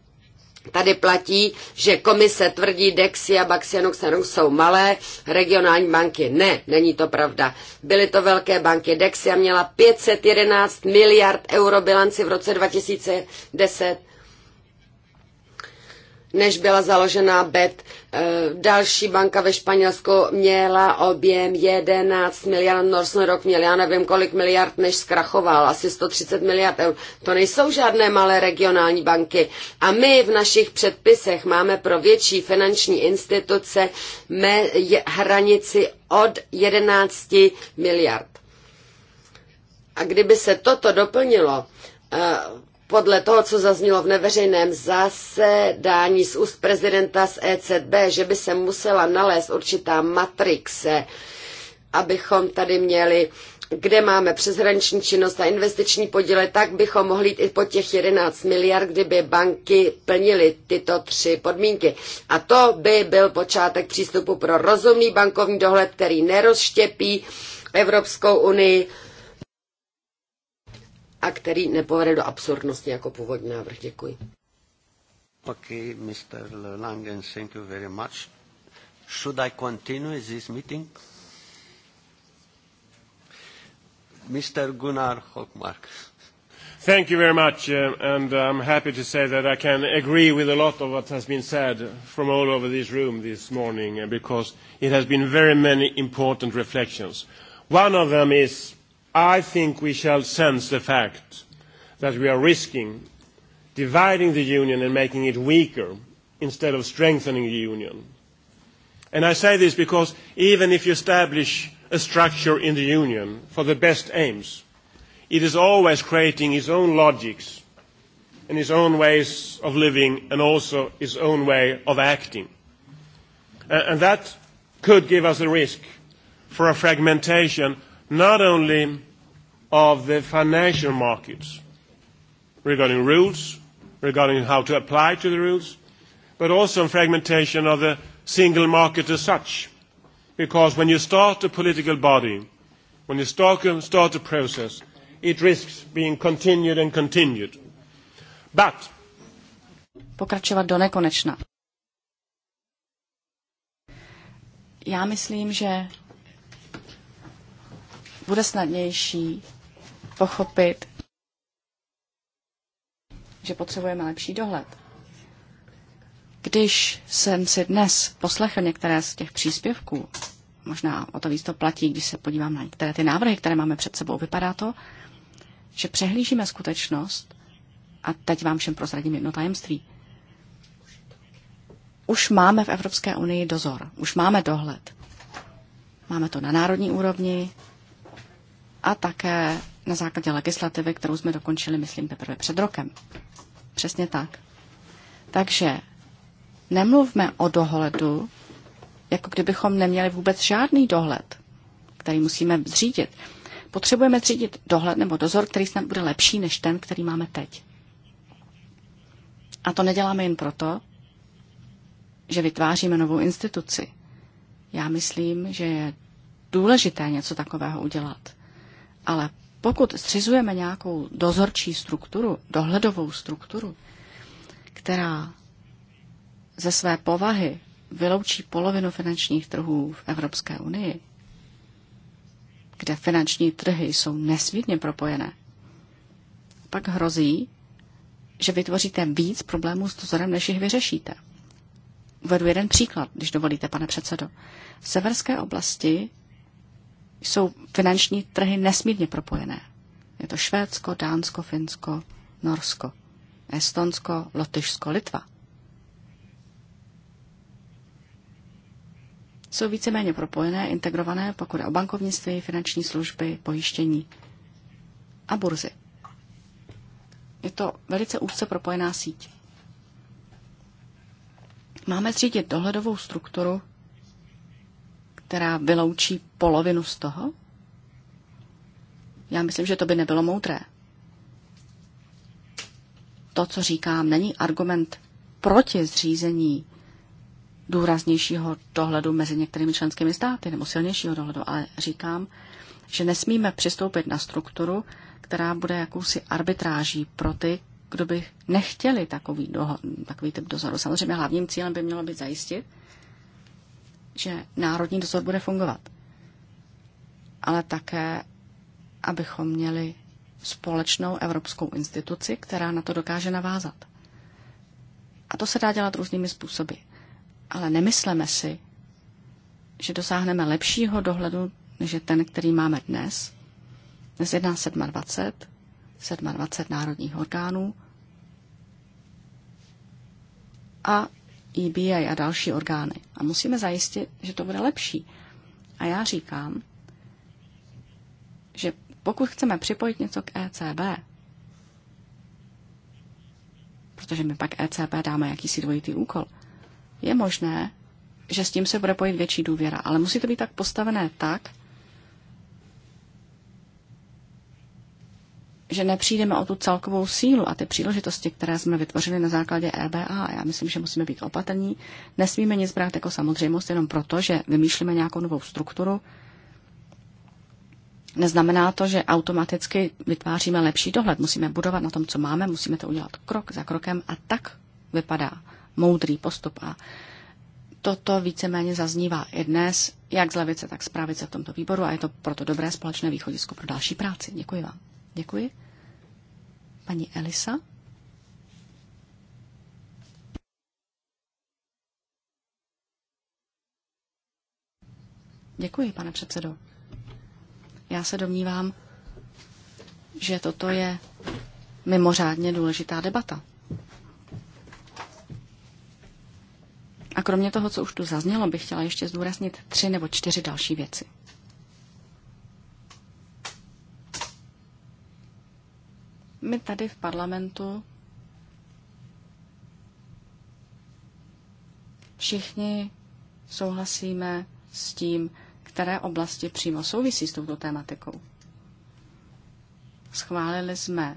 Tady platí, že komise tvrdí Dexia, a Xenu jsou malé, regionální banky ne, není to pravda. Byly to velké banky. Dexia měla 511 miliard euro bilanci v roce 2010 než byla založena BET. E, další banka ve Španělsku měla objem 11 miliard, Norsen rok měl, já nevím kolik miliard, než zkrachoval, asi 130 miliard eur. To nejsou žádné malé regionální banky. A my v našich předpisech máme pro větší finanční instituce hranici od 11 miliard. A kdyby se toto doplnilo, e, podle toho, co zaznělo v neveřejném zasedání z úst prezidenta z ECB, že by se musela nalézt určitá matrixe, abychom tady měli kde máme přeshraniční činnost a investiční podíle, tak bychom mohli jít i po těch 11 miliard, kdyby banky plnily tyto tři podmínky. A to by byl počátek přístupu pro rozumný bankovní dohled, který nerozštěpí Evropskou unii a který nepovede do absurdnosti jako původní návrh. Děkuji. Okay, Mr. Langen, thank you very much. Should I continue this meeting? Mr. Gunnar Hockmark. Thank you very much, uh, and I'm happy to say that I can agree with a lot of what has been said from all over this room this morning, uh, because it has been very many important reflections. One of them is i think we shall sense the fact that we are risking dividing the union and making it weaker instead of strengthening the union. And I say this because even if you establish a structure in the union for the best aims, it is always creating its own logics and its own ways of living and also its own way of acting. And that could give us a risk for a fragmentation not only of the financial markets regarding rules, regarding how to apply to the rules, but also fragmentation of the single market as such. Because when you start a political body, when you start, a, start a process, it risks being continued and continued. But pokračovat do nekonečna. Já myslím, že bude snadnější pochopit, že potřebujeme lepší dohled. Když jsem si dnes poslechl některé z těch příspěvků, možná o to víc to platí, když se podívám na některé ty návrhy, které máme před sebou, vypadá to, že přehlížíme skutečnost, a teď vám všem prozradím jedno tajemství, už máme v Evropské unii dozor, už máme dohled. Máme to na národní úrovni a také na základě legislativy, kterou jsme dokončili, myslím, teprve před rokem. Přesně tak. Takže nemluvme o dohledu, jako kdybychom neměli vůbec žádný dohled, který musíme zřídit. Potřebujeme zřídit dohled nebo dozor, který snad bude lepší než ten, který máme teď. A to neděláme jen proto, že vytváříme novou instituci. Já myslím, že je důležité něco takového udělat. Ale pokud zřizujeme nějakou dozorčí strukturu, dohledovou strukturu, která ze své povahy vyloučí polovinu finančních trhů v Evropské unii, kde finanční trhy jsou nesmírně propojené, pak hrozí, že vytvoříte víc problémů s dozorem, než jich vyřešíte. Uvedu jeden příklad, když dovolíte, pane předsedo. V severské oblasti jsou finanční trhy nesmírně propojené. Je to Švédsko, Dánsko, Finsko, Norsko, Estonsko, Lotyšsko, Litva. Jsou víceméně propojené, integrované, pokud o bankovnictví, finanční služby, pojištění a burzy. Je to velice úzce propojená síť. Máme zřídit dohledovou strukturu, která vyloučí polovinu z toho? Já myslím, že to by nebylo moudré. To, co říkám, není argument proti zřízení důraznějšího dohledu mezi některými členskými státy nebo silnějšího dohledu, ale říkám, že nesmíme přistoupit na strukturu, která bude jakousi arbitráží pro ty, kdo by nechtěli takový, doho- takový typ dozoru. Samozřejmě hlavním cílem by mělo být zajistit, že národní dozor bude fungovat. Ale také, abychom měli společnou evropskou instituci, která na to dokáže navázat. A to se dá dělat různými způsoby. Ale nemysleme si, že dosáhneme lepšího dohledu, než je ten, který máme dnes. Dnes jedná 27, 27 národních orgánů a EBA a další orgány. A musíme zajistit, že to bude lepší. A já říkám, že pokud chceme připojit něco k ECB, protože my pak ECB dáme jakýsi dvojitý úkol, je možné, že s tím se bude pojít větší důvěra, ale musí to být tak postavené tak, že nepřijdeme o tu celkovou sílu a ty příležitosti, které jsme vytvořili na základě EBA. Já myslím, že musíme být opatrní. Nesmíme nic brát jako samozřejmost jenom proto, že vymýšlíme nějakou novou strukturu. Neznamená to, že automaticky vytváříme lepší dohled. Musíme budovat na tom, co máme, musíme to udělat krok za krokem a tak vypadá moudrý postup. A toto víceméně zaznívá i dnes, jak z levice, tak z pravice v tomto výboru a je to proto dobré společné východisko pro další práci. Děkuji vám. Děkuji. Paní Elisa. Děkuji, pane předsedo. Já se domnívám, že toto je mimořádně důležitá debata. A kromě toho, co už tu zaznělo, bych chtěla ještě zdůraznit tři nebo čtyři další věci. My tady v parlamentu všichni souhlasíme s tím, které oblasti přímo souvisí s touto tématikou. Schválili jsme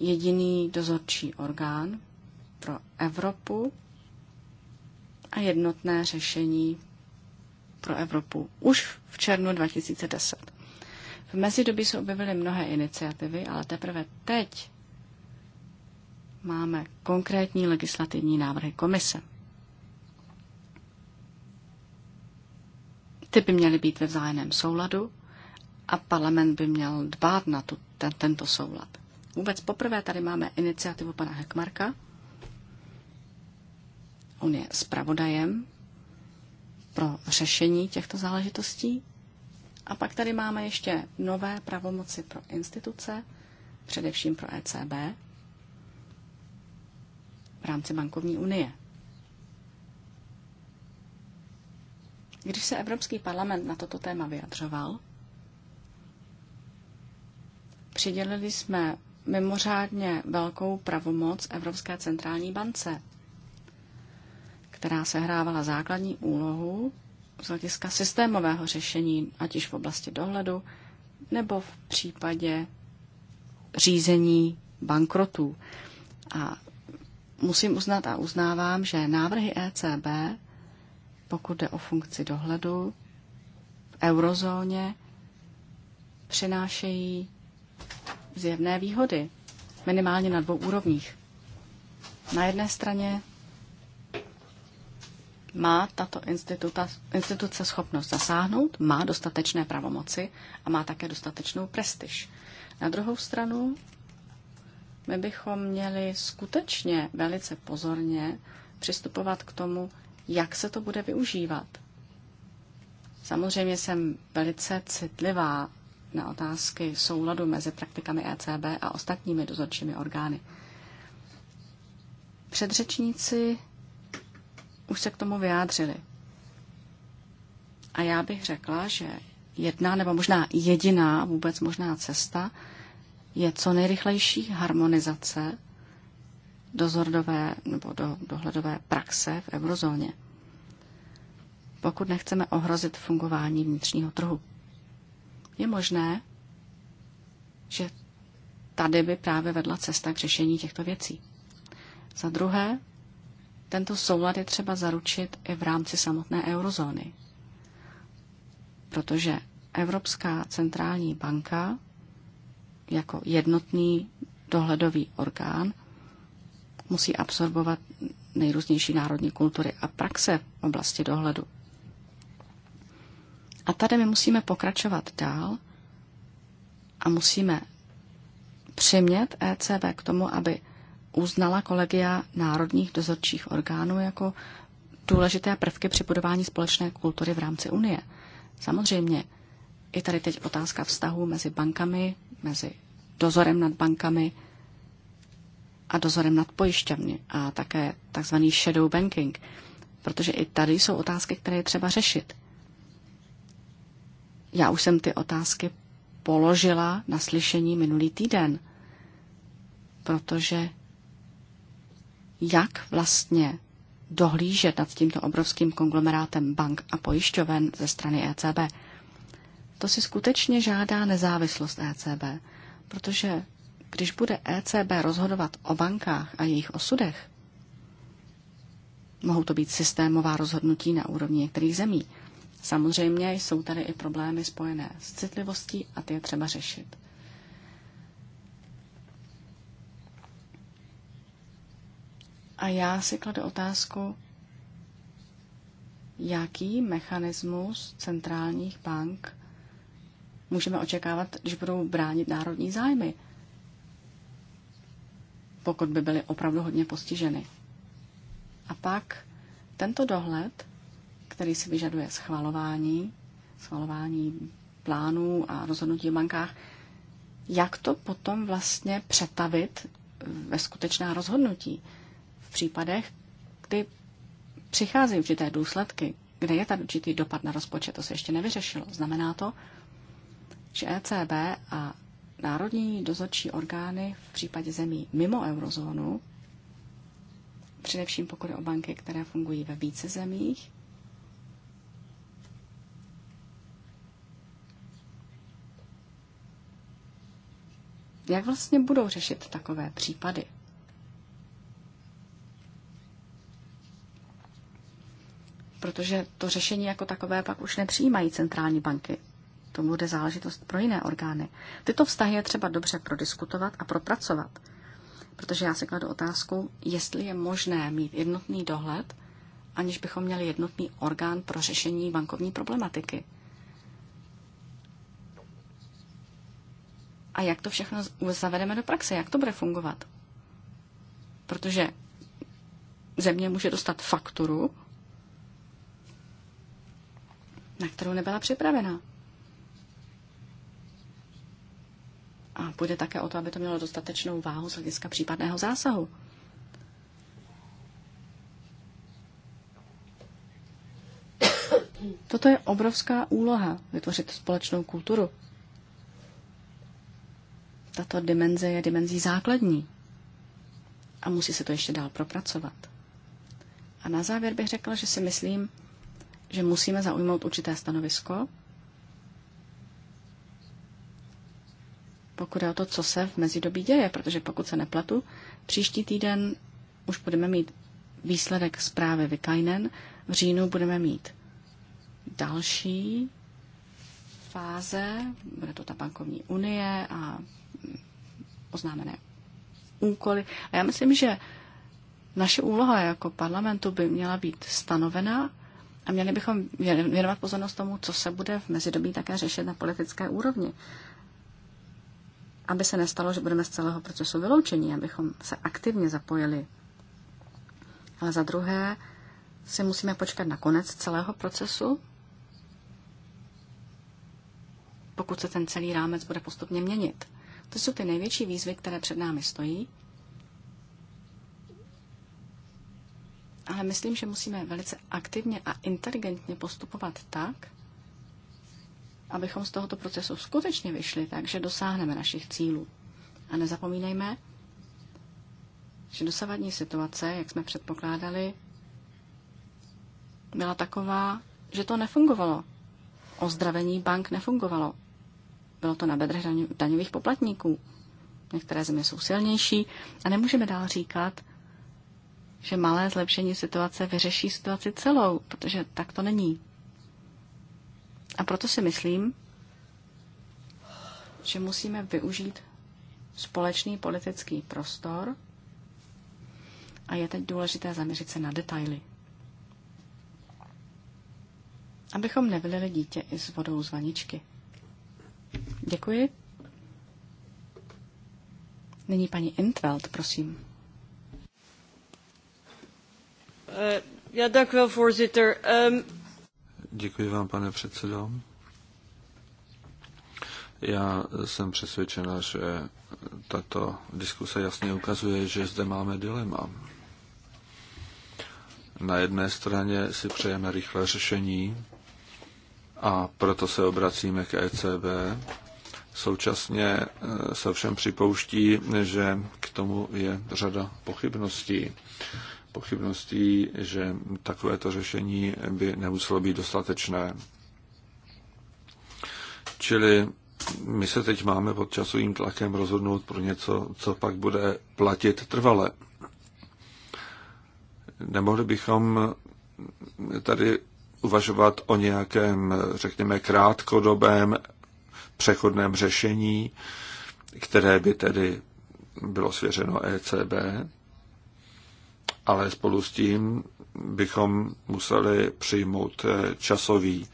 jediný dozorčí orgán pro Evropu a jednotné řešení pro Evropu už v červnu 2010. V mezidobí se objevily mnohé iniciativy, ale teprve teď máme konkrétní legislativní návrhy komise. Ty by měly být ve vzájemném souladu a parlament by měl dbát na tu, ten, tento soulad. Vůbec poprvé tady máme iniciativu pana Hekmarka. On je zpravodajem pro řešení těchto záležitostí. A pak tady máme ještě nové pravomoci pro instituce, především pro ECB, v rámci bankovní unie. Když se Evropský parlament na toto téma vyjadřoval, přidělili jsme mimořádně velkou pravomoc Evropské centrální bance, která sehrávala základní úlohu z hlediska systémového řešení, ať již v oblasti dohledu nebo v případě řízení bankrotů. A musím uznat a uznávám, že návrhy ECB, pokud jde o funkci dohledu v eurozóně, přinášejí zjevné výhody, minimálně na dvou úrovních. Na jedné straně má tato instituce schopnost zasáhnout, má dostatečné pravomoci a má také dostatečnou prestiž. Na druhou stranu, my bychom měli skutečně velice pozorně přistupovat k tomu, jak se to bude využívat. Samozřejmě jsem velice citlivá na otázky souladu mezi praktikami ECB a ostatními dozorčími orgány. Předřečníci už se k tomu vyjádřili. A já bych řekla, že jedna nebo možná jediná vůbec možná cesta je co nejrychlejší harmonizace dozordové nebo do, dohledové praxe v eurozóně, pokud nechceme ohrozit fungování vnitřního trhu. Je možné, že tady by právě vedla cesta k řešení těchto věcí. Za druhé, tento soulad je třeba zaručit i v rámci samotné eurozóny, protože Evropská centrální banka jako jednotný dohledový orgán musí absorbovat nejrůznější národní kultury a praxe v oblasti dohledu. A tady my musíme pokračovat dál a musíme přimět ECB k tomu, aby uznala kolegia národních dozorčích orgánů jako důležité prvky při budování společné kultury v rámci Unie. Samozřejmě je tady teď otázka vztahu mezi bankami, mezi dozorem nad bankami a dozorem nad pojišťovny a také takzvaný shadow banking, protože i tady jsou otázky, které je třeba řešit. Já už jsem ty otázky položila na slyšení minulý týden, protože jak vlastně dohlížet nad tímto obrovským konglomerátem bank a pojišťoven ze strany ECB. To si skutečně žádá nezávislost ECB, protože když bude ECB rozhodovat o bankách a jejich osudech, mohou to být systémová rozhodnutí na úrovni některých zemí. Samozřejmě jsou tady i problémy spojené s citlivostí a ty je třeba řešit. A já si kladu otázku, jaký mechanismus centrálních bank můžeme očekávat, když budou bránit národní zájmy, pokud by byly opravdu hodně postiženy. A pak tento dohled, který si vyžaduje schvalování, schvalování plánů a rozhodnutí o bankách, jak to potom vlastně přetavit ve skutečná rozhodnutí v případech, kdy přichází určité důsledky, kde je tady určitý dopad na rozpočet, to se ještě nevyřešilo. Znamená to, že ECB a národní dozorčí orgány v případě zemí mimo eurozónu, především pokud je o banky, které fungují ve více zemích, Jak vlastně budou řešit takové případy? protože to řešení jako takové pak už nepřijímají centrální banky. To bude záležitost pro jiné orgány. Tyto vztahy je třeba dobře prodiskutovat a propracovat, protože já si kladu otázku, jestli je možné mít jednotný dohled, aniž bychom měli jednotný orgán pro řešení bankovní problematiky. A jak to všechno zavedeme do praxe, jak to bude fungovat. Protože země může dostat fakturu na kterou nebyla připravena. A půjde také o to, aby to mělo dostatečnou váhu z hlediska případného zásahu. Toto je obrovská úloha vytvořit společnou kulturu. Tato dimenze je dimenzí základní a musí se to ještě dál propracovat. A na závěr bych řekla, že si myslím, že musíme zaujmout určité stanovisko, pokud je o to, co se v mezidobí děje, protože pokud se nepletu, příští týden už budeme mít výsledek zprávy Vikainen, v říjnu budeme mít další fáze, bude to ta bankovní unie a oznámené úkoly. A já myslím, že naše úloha jako parlamentu by měla být stanovená a měli bychom věnovat pozornost tomu, co se bude v mezidobí také řešit na politické úrovni. Aby se nestalo, že budeme z celého procesu vyloučení, abychom se aktivně zapojili. Ale za druhé si musíme počkat na konec celého procesu, pokud se ten celý rámec bude postupně měnit. To jsou ty největší výzvy, které před námi stojí ale myslím, že musíme velice aktivně a inteligentně postupovat tak, abychom z tohoto procesu skutečně vyšli tak, že dosáhneme našich cílů. A nezapomínejme, že dosavadní situace, jak jsme předpokládali, byla taková, že to nefungovalo. Ozdravení bank nefungovalo. Bylo to na bedrech daňových poplatníků. Některé země jsou silnější a nemůžeme dál říkat, že malé zlepšení situace vyřeší situaci celou, protože tak to není. A proto si myslím, že musíme využít společný politický prostor a je teď důležité zaměřit se na detaily. Abychom nevylili dítě i s vodou z vaničky. Děkuji. Nyní paní Intveld, prosím. Eh, Já voorzitter. Ehm, Děkuji vám, pane předsedo. Já jsem přesvědčena, že tato diskuse jasně ukazuje, že zde máme dilema. Na jedné straně si přejeme rychlé řešení a proto se obracíme k ECB. Současně eh, se všem připouští, že k tomu je řada pochybností pochybností, že takovéto řešení by nemuselo být dostatečné. Čili my se teď máme pod časovým tlakem rozhodnout pro něco, co pak bude platit trvale. Nemohli bychom tady uvažovat o nějakém, řekněme, krátkodobém přechodném řešení, které by tedy bylo svěřeno ECB, ale spolu s tím bychom museli přijmout eh, časový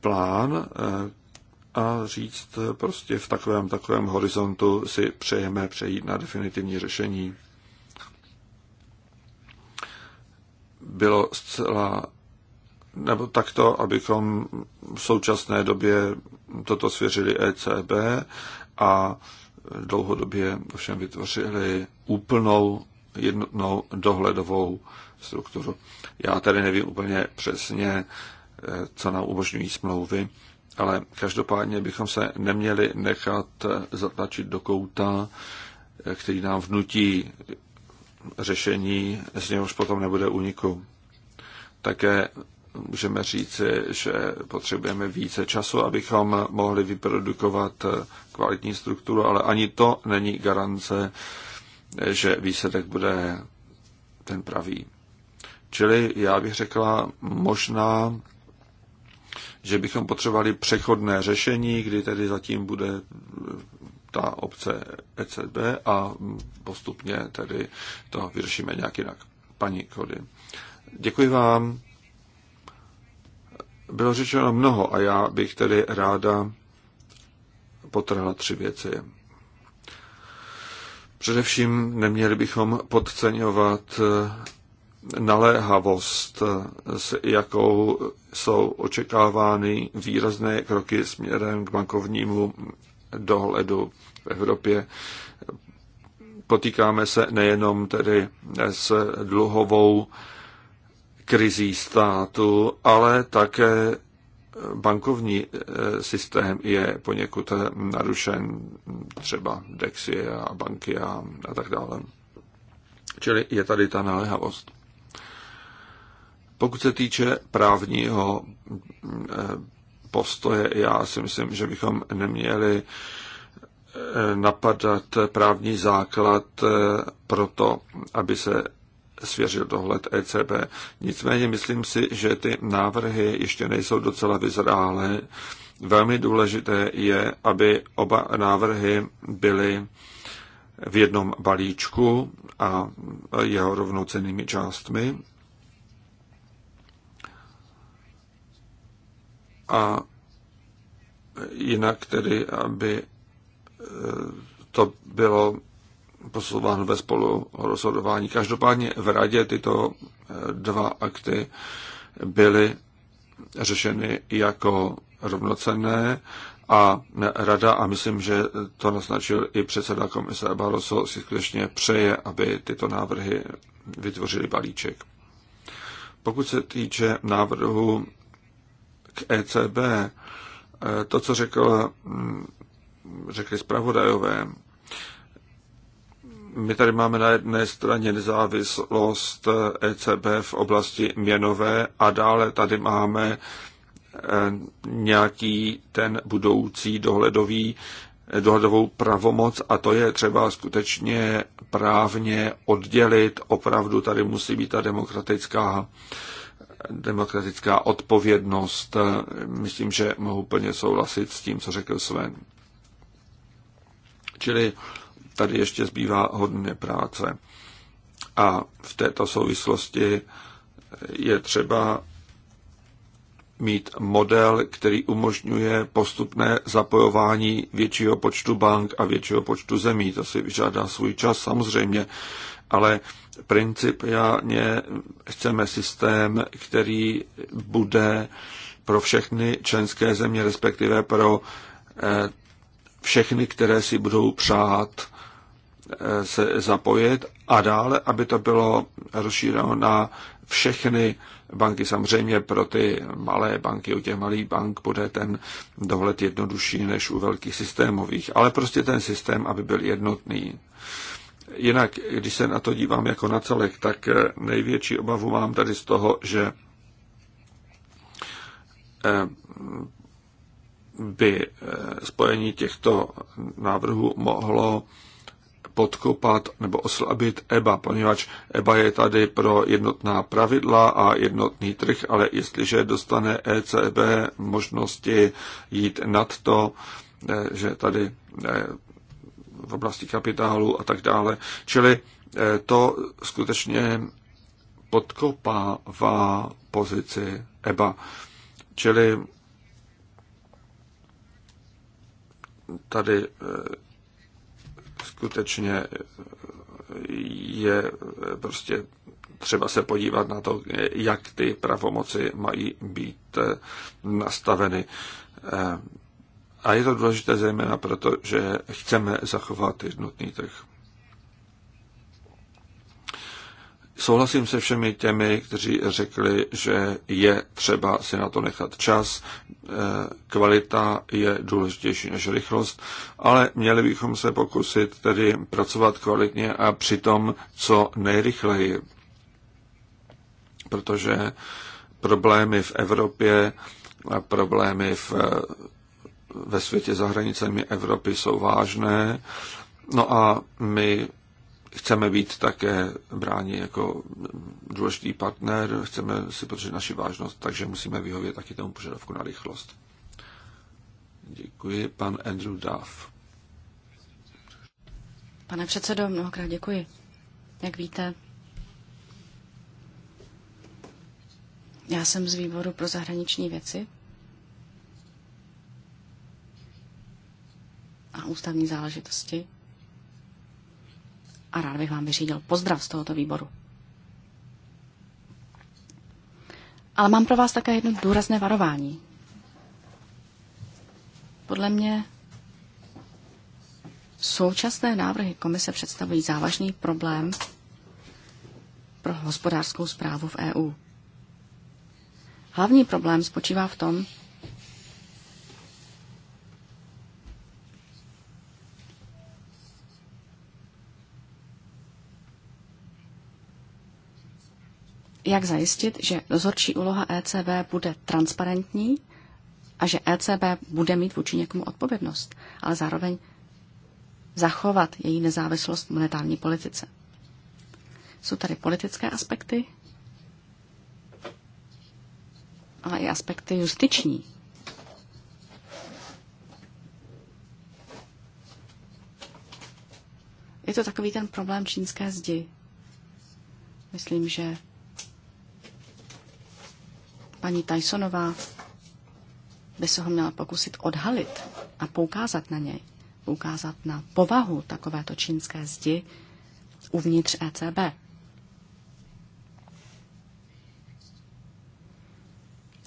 plán eh, a říct eh, prostě v takovém takovém horizontu si přejeme přejít na definitivní řešení. Bylo zcela nebo takto, abychom v současné době toto svěřili ECB a dlouhodobě ovšem vytvořili úplnou jednotnou dohledovou strukturu. Já tady nevím úplně přesně, eh, co nám umožňují smlouvy, ale každopádně bychom se neměli nechat eh, zatlačit do kouta, eh, který nám vnutí řešení, z něhož potom nebude úniku. Také můžeme říci, že potřebujeme více času, abychom mohli vyprodukovat kvalitní strukturu, ale ani to není garance že výsledek bude ten pravý. Čili já bych řekla možná, že bychom potřebovali přechodné řešení, kdy tedy zatím bude ta obce ECB a postupně tedy to vyřešíme nějak jinak. Paní Kody, děkuji vám. Bylo řečeno mnoho a já bych tedy ráda potrhla tři věci. Především neměli bychom podceňovat eh, naléhavost, eh, s jakou jsou očekávány výrazné kroky směrem k bankovnímu dohledu v Evropě. Potýkáme se nejenom tedy s dluhovou krizí státu, ale také bankovní eh, systém je poněkud eh, narušen třeba Dexy a banky a, a tak dále. Čili je tady ta naléhavost. Pokud se týče právního eh, postoje, já si myslím, že bychom neměli napadat právní základ proto, aby se svěřil dohled ECB. Nicméně myslím si, že ty návrhy ještě nejsou docela vyzrálé. Velmi důležité je, aby oba návrhy byly v jednom balíčku a jeho rovnocenými částmi. A jinak tedy, aby eh, to bylo posouváno ve spolu rozhodování. Každopádně v radě tyto eh, dva akty byly řešeny jako rovnocenné a rada, a myslím, že to naznačil i předseda komise Barroso, si skutečně přeje, aby tyto návrhy vytvořily balíček. Pokud se týče návrhu k ECB, eh, to, co řekl, hm, řekli zpravodajové, my tady máme na jedné straně nezávislost ECB eh, e v oblasti měnové a dále tady máme eh, nějaký ten budoucí dohledový, eh, dohledovou pravomoc a to je třeba skutečně právně oddělit. Opravdu tady musí být ta demokratická demokratická odpovědnost. Myslím, že mohu plně souhlasit s tím, co řekl Sven. Čili tady ještě zbývá hodně práce. A v této souvislosti je třeba mít model, který umožňuje postupné zapojování většího počtu bank a většího počtu zemí. To si vyžádá svůj čas samozřejmě, ale principiálně chceme systém, který bude pro všechny členské země, respektive pro eh, všechny, které si budou přát Eh, se zapojit a dále, aby to bylo rozšířeno na všechny banky. Samozřejmě pro ty malé banky, u těch malých bank bude ten dohled jednodušší než u velkých systémových, ale prostě ten systém, aby byl jednotný. Jinak, když se na to dívám jako na celek, tak eh, největší obavu mám tady z toho, že eh, by spojení těchto návrhů mohlo podkopat nebo oslabit EBA, poněvadž EBA je tady pro jednotná pravidla a jednotný trh, ale jestliže dostane ECB možnosti jít nad to, eh, že tady eh, v oblasti kapitálu a tak dále. Čili eh, to skutečně podkopává pozici EBA. Čili tady skutečně je prostě třeba se podívat na to, jak ty pravomoci mají být eh, nastaveny. Eh, a je to důležité zejména proto, že chceme zachovat jednotný trh. Souhlasím se všemi těmi, kteří řekli, že je třeba si na to nechat čas, e, kvalita je důležitější než rychlost, ale měli bychom se pokusit tedy pracovat kvalitně a přitom co nejrychleji. Protože problémy v Evropě a problémy v, ve světě za hranicemi Evropy jsou vážné. No a my chceme být také bráni jako důležitý partner, chceme si podržet naši vážnost, takže musíme vyhovět taky tomu požadavku na rychlost. Děkuji, pan Andrew Duff. Pane předsedo, mnohokrát děkuji. Jak víte, já jsem z výboru pro zahraniční věci a ústavní záležitosti a rád bych vám vyřídil pozdrav z tohoto výboru. Ale mám pro vás také jedno důrazné varování. Podle mě současné návrhy komise představují závažný problém pro hospodářskou zprávu v EU. Hlavní problém spočívá v tom, jak zajistit, že dozorčí úloha ECB bude transparentní a že ECB bude mít vůči někomu odpovědnost, ale zároveň zachovat její nezávislost v monetární politice. Jsou tady politické aspekty, ale i aspekty justiční. Je to takový ten problém čínské zdi. Myslím, že Paní Tysonová by se ho měla pokusit odhalit a poukázat na něj, poukázat na povahu takovéto čínské zdi uvnitř ECB.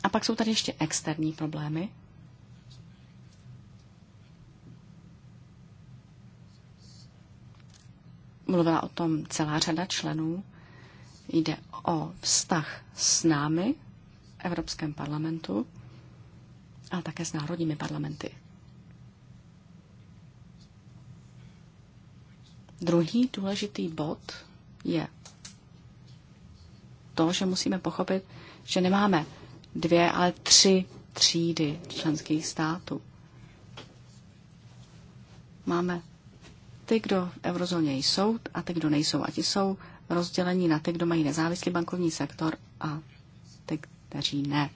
A pak jsou tady ještě externí problémy. Mluvila o tom celá řada členů. Jde o vztah s námi, Evropském parlamentu, ale také s národními parlamenty. Druhý důležitý bod je to, že musíme pochopit, že nemáme dvě, ale tři třídy členských států. Máme ty, kdo v eurozóně jsou a ty, kdo nejsou. A ti jsou rozdělení na ty, kdo mají nezávislý bankovní sektor a kteří ne.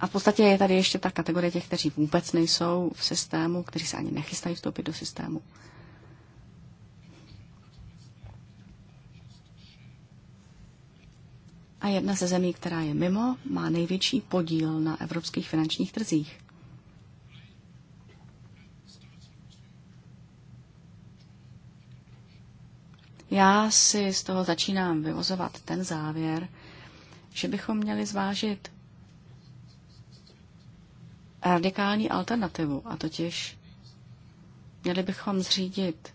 A v podstatě je tady ještě ta kategorie těch, kteří vůbec nejsou v systému, kteří se ani nechystají vstoupit do systému. A jedna ze zemí, která je mimo, má největší podíl na evropských finančních trzích. Já si z toho začínám vyvozovat ten závěr, že bychom měli zvážit radikální alternativu, a totiž měli bychom zřídit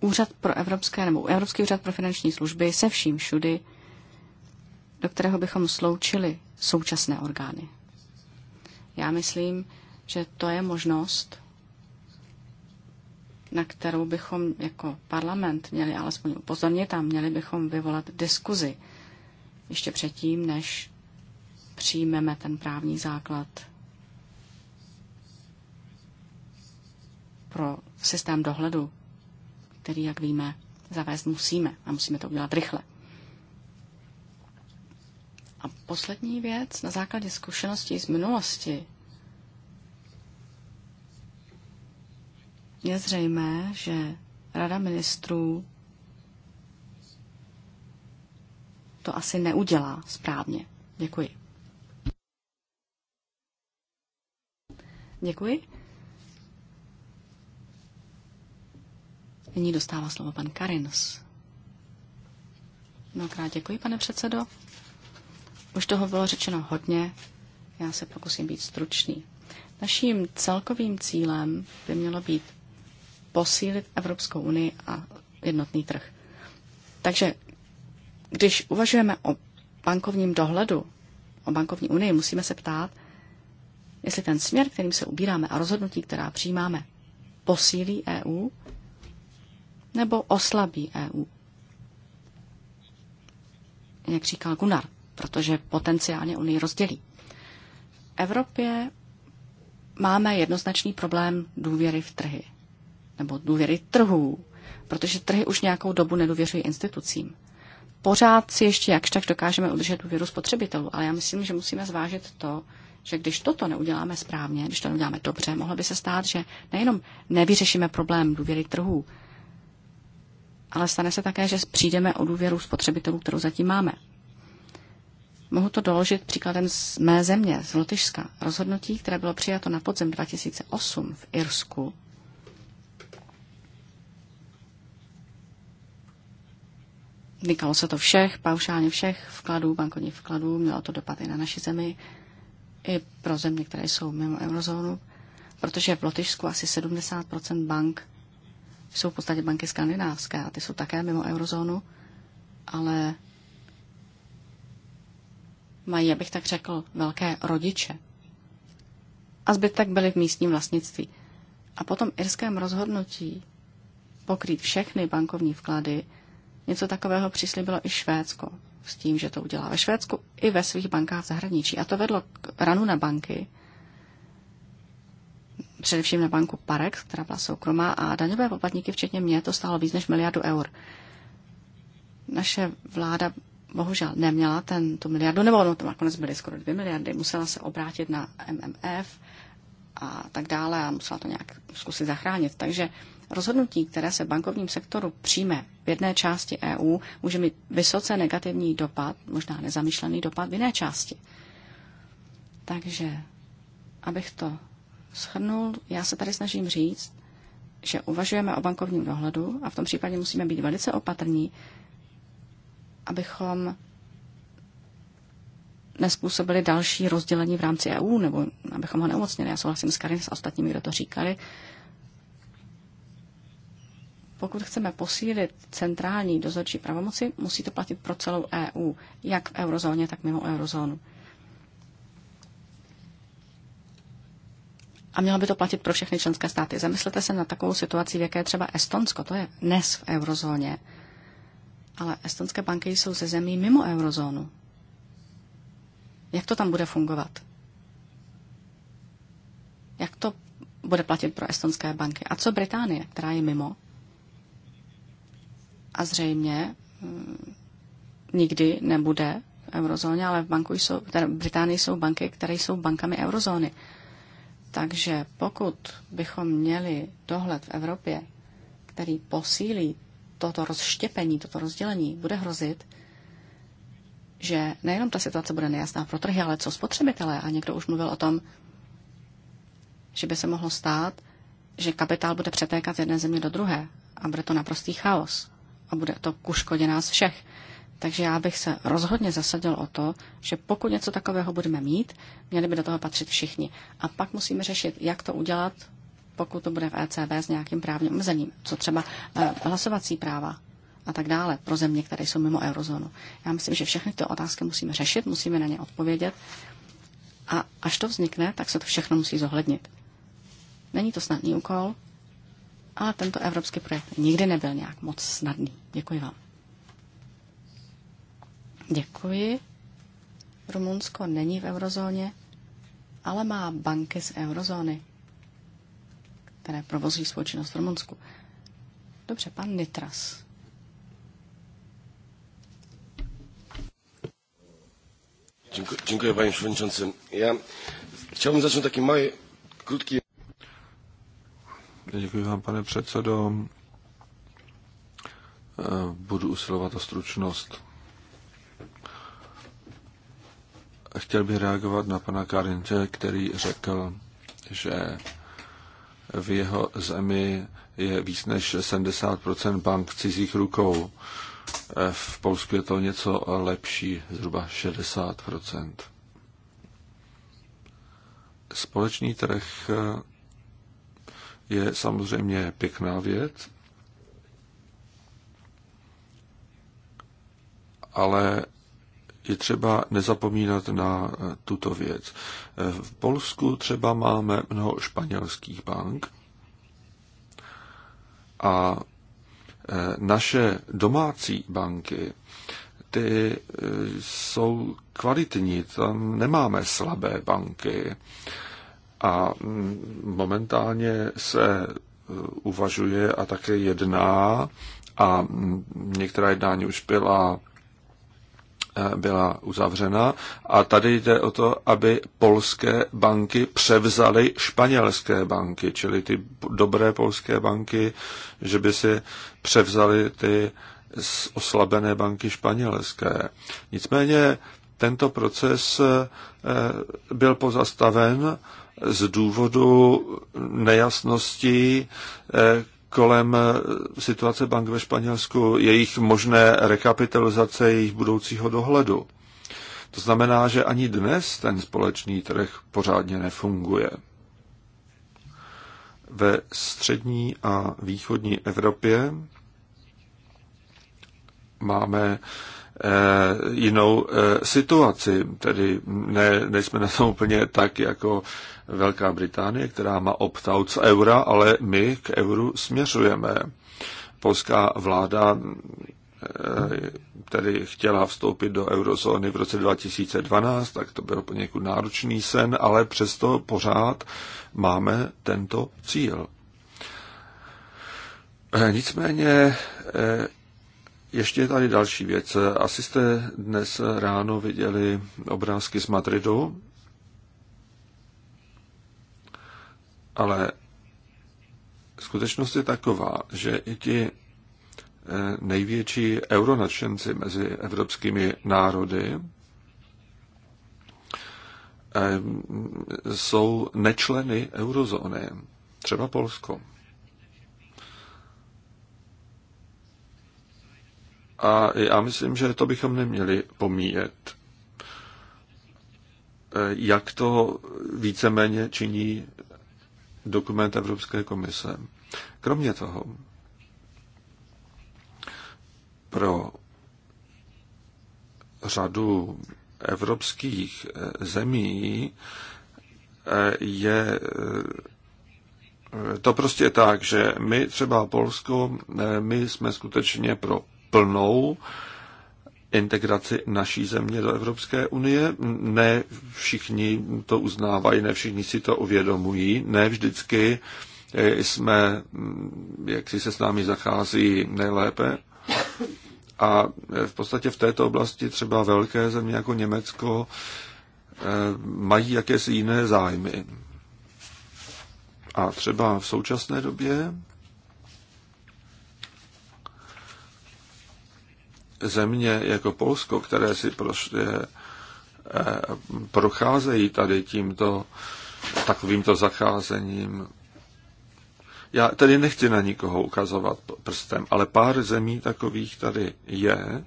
úřad pro evropské nebo Evropský úřad pro finanční služby se vším všudy, do kterého bychom sloučili současné orgány. Já myslím, že to je možnost, na kterou bychom jako parlament měli alespoň upozornit a měli bychom vyvolat diskuzi ještě předtím, než přijmeme ten právní základ pro systém dohledu, který, jak víme, zavést musíme a musíme to udělat rychle. A poslední věc, na základě zkušeností z minulosti, Je zřejmé, že Rada ministrů to asi neudělá správně. Děkuji. Děkuji. Nyní dostává slovo pan No, Mnohokrát děkuji, pane předsedo. Už toho bylo řečeno hodně, já se pokusím být stručný. Naším celkovým cílem by mělo být posílit Evropskou unii a jednotný trh. Takže když uvažujeme o bankovním dohledu, o bankovní unii, musíme se ptát, jestli ten směr, kterým se ubíráme a rozhodnutí, která přijímáme, posílí EU nebo oslabí EU. Jak říkal Gunnar, protože potenciálně Unii rozdělí. V Evropě máme jednoznačný problém důvěry v trhy nebo důvěry trhů, protože trhy už nějakou dobu nedůvěřují institucím. Pořád si ještě jakž tak dokážeme udržet důvěru spotřebitelů, ale já myslím, že musíme zvážit to, že když toto neuděláme správně, když to neuděláme dobře, mohlo by se stát, že nejenom nevyřešíme problém důvěry trhů, ale stane se také, že přijdeme o důvěru spotřebitelů, kterou zatím máme. Mohu to doložit příkladem z mé země, z Lotyšska. Rozhodnutí, které bylo přijato na podzem 2008 v Irsku, Týkalo se to všech, paušálně všech vkladů, bankovních vkladů, mělo to dopad i na naši zemi, i pro země, které jsou mimo eurozónu, protože v Lotyšsku asi 70 bank jsou v podstatě banky skandinávské a ty jsou také mimo eurozónu, ale mají, abych tak řekl, velké rodiče. A zbytek byly v místním vlastnictví. A potom irském rozhodnutí pokrýt všechny bankovní vklady Něco takového přislíbilo i Švédsko s tím, že to udělá ve Švédsku i ve svých bankách v zahraničí. A to vedlo k ranu na banky, především na banku Parex, která byla soukromá, a daňové poplatníky, včetně mě, to stálo víc než miliardu eur. Naše vláda bohužel neměla ten, tu miliardu, nebo ono to nakonec byly skoro dvě miliardy, musela se obrátit na MMF, a tak dále a musela to nějak zkusit zachránit. Takže rozhodnutí, které se bankovním sektoru přijme v jedné části EU, může mít vysoce negativní dopad, možná nezamýšlený dopad v jiné části. Takže, abych to shrnul, já se tady snažím říct, že uvažujeme o bankovním dohledu a v tom případě musíme být velice opatrní, abychom nespůsobili další rozdělení v rámci EU, nebo abychom ho neumocnili. Já souhlasím s Karin s ostatními, kdo to říkali. Pokud chceme posílit centrální dozorčí pravomoci, musí to platit pro celou EU, jak v eurozóně, tak mimo eurozónu. A mělo by to platit pro všechny členské státy. Zamyslete se na takovou situaci, v jaké je třeba Estonsko, to je dnes v eurozóně. Ale estonské banky jsou ze zemí mimo eurozónu. Jak to tam bude fungovat? Jak to bude platit pro estonské banky? A co Británie, která je mimo? A zřejmě hm, nikdy nebude v eurozóně, ale v banku jsou, v Británii jsou banky, které jsou bankami eurozóny. Takže pokud bychom měli dohled v Evropě, který posílí toto rozštěpení, toto rozdělení, bude hrozit, že nejenom ta situace bude nejasná pro trhy, ale co spotřebitelé. A někdo už mluvil o tom, že by se mohlo stát, že kapitál bude přetékat z jedné země do druhé a bude to naprostý chaos a bude to ku škodě nás všech. Takže já bych se rozhodně zasadil o to, že pokud něco takového budeme mít, měli by do toho patřit všichni. A pak musíme řešit, jak to udělat, pokud to bude v ECB s nějakým právním omezením. Co třeba eh, hlasovací práva a tak dále pro země, které jsou mimo eurozónu. Já myslím, že všechny ty otázky musíme řešit, musíme na ně odpovědět a až to vznikne, tak se to všechno musí zohlednit. Není to snadný úkol, ale tento evropský projekt nikdy nebyl nějak moc snadný. Děkuji vám. Děkuji. Rumunsko není v eurozóně, ale má banky z eurozóny, které provozují svou činnost v Rumunsku. Dobře, pan Nitras. Dziękuję, dziękuję panie przewodniczący. Ja chciałbym zacząć taki mały, krótki... Dziękuję vám, panie przewodniczący. E, budu usilovat o stručnost. Chtěl bych reagovat na pana Karinče, který řekl, že v jeho zemi je víc než 70 bank v cizích rukou v Polsku je to něco lepší, zhruba 60 Společný trh je samozřejmě pěkná věc, ale je třeba nezapomínat na tuto věc. V Polsku třeba máme mnoho španělských bank a naše domácí banky, ty eh, jsou kvalitní, tam nemáme slabé banky. A mm, momentálně se eh, uvažuje a také jedná a mm, některá jednání už byla byla uzavřena a tady jde o to, aby polské banky převzaly španělské banky, čili ty dobré polské banky, že by si převzaly ty oslabené banky španělské. Nicméně tento proces eh, byl pozastaven z důvodu nejasností, eh, kolem eh, situace bank ve Španělsku, jejich možné rekapitalizace jejich budoucího dohledu. To znamená, že ani dnes ten společný trh pořádně nefunguje. Ve střední a východní Evropě máme eh, jinou eh, situaci, tedy ne, nejsme na tom úplně tak jako Velká Británie, která má opt-out z eura, ale my k euru směřujeme. Polská vláda eh, tedy chtěla vstoupit do eurozóny v roce 2012, tak to byl poněkud náročný sen, ale přesto pořád máme tento cíl. Eh, nicméně eh, ještě je tady další věc. Asi jste dnes ráno viděli obrázky z Madridu Ale skutečnost je taková, že i ti eh, největší euronadšenci mezi evropskými národy eh, jsou nečleny eurozóny, třeba Polsko. A já myslím, že to bychom neměli pomíjet. Eh, jak to víceméně činí dokument Evropské komise. Kromě toho, pro řadu evropských eh, zemí eh, je eh, to prostě tak, že my třeba Polsko, my jsme skutečně pro plnou integraci naší země do Evropské unie. Ne všichni to uznávají, ne všichni si to uvědomují, ne vždycky eh, jsme, mm, jak si se s námi zachází nejlépe. A eh, v podstatě v této oblasti třeba velké země jako Německo eh, mají jakési jiné zájmy. A třeba v současné době země jako Polsko, které si prostě eh, procházejí tady tímto takovýmto zacházením. Já tedy nechci na nikoho ukazovat prstem, ale pár zemí takových tady je,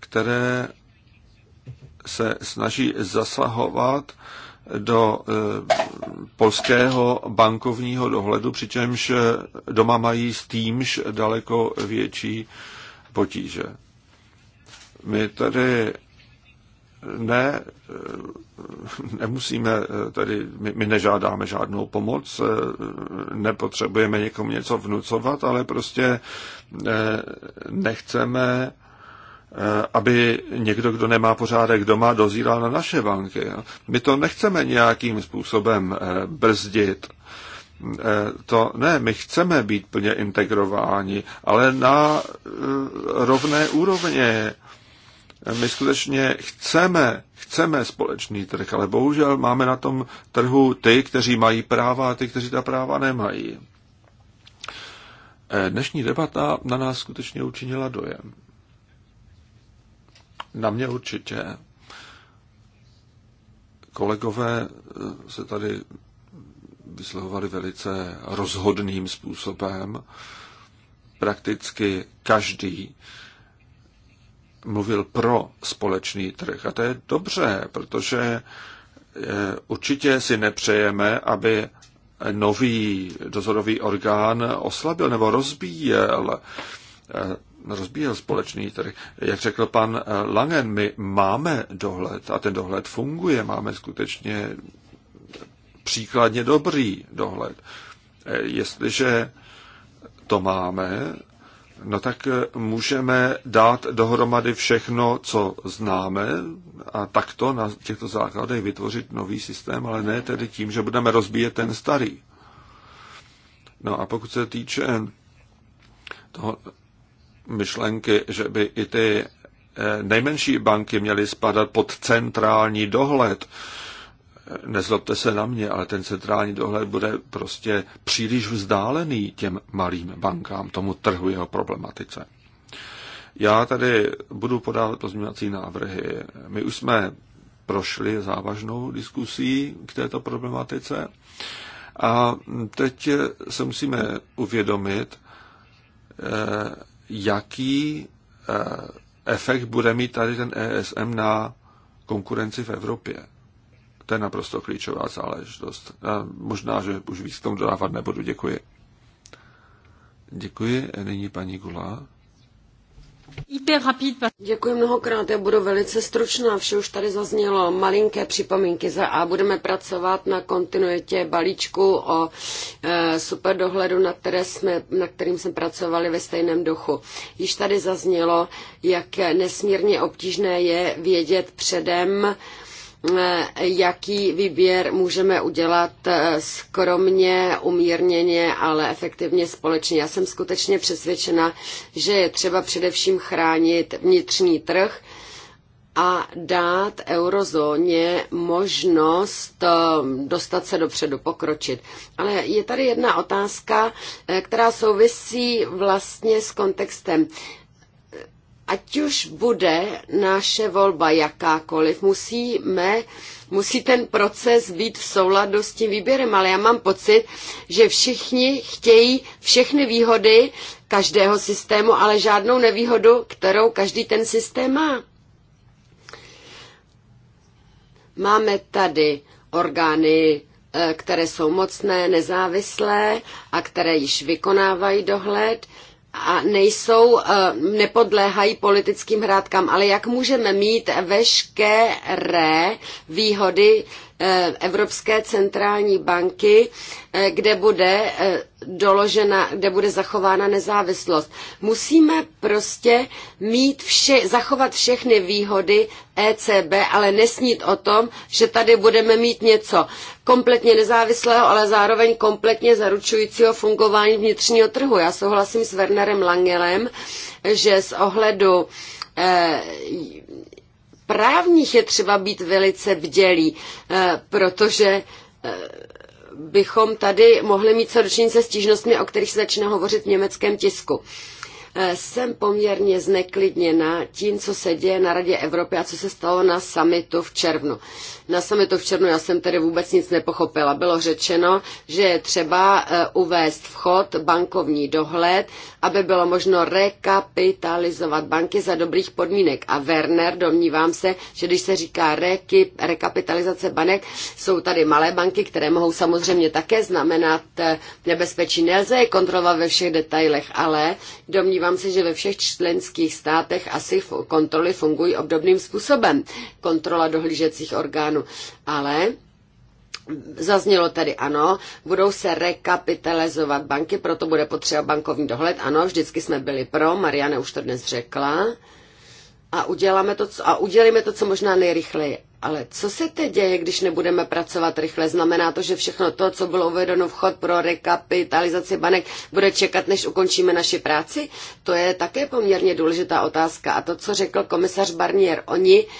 které se snaží zasahovat do e, polského bankovního dohledu, přičemž doma mají s týmž daleko větší potíže. My tady ne, e, nemusíme, e, tady my, my nežádáme žádnou pomoc, nepotřebujeme někomu něco vnucovat, ale prostě nechceme Eh, aby někdo, kdo nemá pořádek doma, dozíral na naše banky. My to nechceme nějakým způsobem eh, brzdit. Eh, to ne, my chceme být plně integrováni, ale na rovné úrovně. My skutečně chceme, chceme společný trh, ale bohužel máme na tom trhu ty, kteří mají práva a ty, kteří ta práva nemají. Dnešní debata na nás skutečně učinila dojem. Na mě určitě. Kolegové se tady vyslovovali velice rozhodným způsobem. Prakticky každý mluvil pro společný trh. A to je dobře, protože eh, určitě si nepřejeme, aby nový dozorový orgán oslabil nebo rozbíjel eh, rozbíjel společný trh. Jak řekl pan eh, Langen, my máme dohled a ten dohled funguje. Máme skutečně příkladně dobrý dohled. Eh, jestliže to máme, no tak eh, můžeme dát dohromady všechno, co známe a takto na těchto základech vytvořit nový systém, ale ne tedy tím, že budeme rozbíjet ten starý. No a pokud se týče toho myšlenky, že by i ty eh, nejmenší banky měly spadat pod centrální dohled. Eh, nezlobte se na mě, ale ten centrální dohled bude prostě příliš vzdálený těm malým bankám, tomu trhu jeho problematice. Já tady budu podávat pozměňovací návrhy. My už jsme prošli závažnou diskusí k této problematice a teď se musíme uvědomit, eh, jaký eh, efekt bude mít tady ten ESM na konkurenci v Evropě. To je naprosto klíčová záležitost. A možná, že už víc k tomu dodávat nebudu. Děkuji. Děkuji. Nyní paní Gula. Děkuji mnohokrát, já budu velice stručná, vše už tady zaznělo malinké připomínky za A. Budeme pracovat na kontinuitě balíčku o e, super dohledu, na, které jsme, na kterým jsme pracovali ve stejném duchu. Již tady zaznělo, jak nesmírně obtížné je vědět předem, jaký výběr můžeme udělat eh, skromně, umírněně, ale efektivně společně. Já jsem skutečně přesvědčena, že je třeba především chránit vnitřní trh a dát eurozóně možnost eh, dostat se dopředu, pokročit. Ale je tady jedna otázka, eh, která souvisí vlastně s kontextem ať už bude naše volba jakákoliv, musíme, musí ten proces být v souladu s tím výběrem, ale já mám pocit, že všichni chtějí všechny výhody každého systému, ale žádnou nevýhodu, kterou každý ten systém má. Máme tady orgány, eh, které jsou mocné, nezávislé a které již vykonávají dohled a nejsou, eh, nepodléhají politickým hrátkám, Ale jak můžeme mít veškeré výhody Eh, Evropské centrální banky, eh, kde bude eh, doložena, kde bude zachována nezávislost. Musíme prostě mít vše, zachovat všechny výhody ECB, ale nesnít o tom, že tady budeme mít něco kompletně nezávislého, ale zároveň kompletně zaručujícího fungování vnitřního trhu. Já souhlasím s Wernerem Langelem, že z ohledu eh, právních je třeba být velice bdělí, eh, protože eh, bychom tady mohli mít co dočinit se stížnostmi, o kterých se začíná hovořit v německém tisku. Eh, jsem poměrně zneklidněna tím, co se děje na Radě Evropy a co se stalo na samitu v červnu. Na samitu v červnu já jsem tedy vůbec nic nepochopila. Bylo řečeno, že je třeba uvést vchod, bankovní dohled aby bylo možno rekapitalizovat banky za dobrých podmínek. A Werner, domnívám se, že když se říká reky, rekapitalizace banek, jsou tady malé banky, které mohou samozřejmě také znamenat eh, nebezpečí. Nelze je kontrolovat ve všech detailech, ale domnívám se, že ve všech členských státech asi kontroly fungují obdobným způsobem. Kontrola dohlížecích orgánů. Ale Zaznělo tady ano, budou se rekapitalizovat banky, proto bude potřeba bankovní dohled. Ano, vždycky jsme byli pro, Mariana už to dnes řekla. A, uděláme to, a udělíme to, co možná nejrychleji. Ale co se teď děje, když nebudeme pracovat rychle? Znamená to, že všechno to, co bylo uvedeno chod pro rekapitalizaci banek, bude čekat, než ukončíme naši práci? To je také poměrně důležitá otázka. A to, co řekl komisař Barnier, oni uh,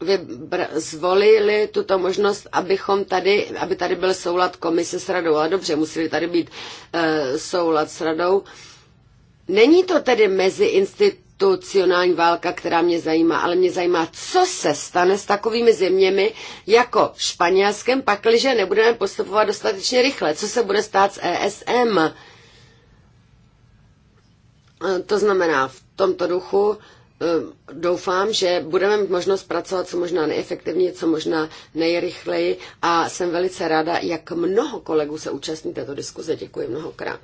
vybr- zvolili tuto možnost, abychom tady, aby tady byl soulad komise s radou. Ale dobře, museli tady být e, soulad s radou. Není to tedy mezi institucionální válka, která mě zajímá, ale mě zajímá, co se stane s takovými zeměmi jako Španělskem, pakliže nebudeme postupovat dostatečně rychle. Co se bude stát s ESM? E, to znamená, v tomto duchu Eh, doufám, že budeme mít možnost pracovat co možná nejefektivněji, co možná nejrychleji a jsem velice ráda, jak mnoho kolegů se účastní této diskuze. Děkuji mnohokrát.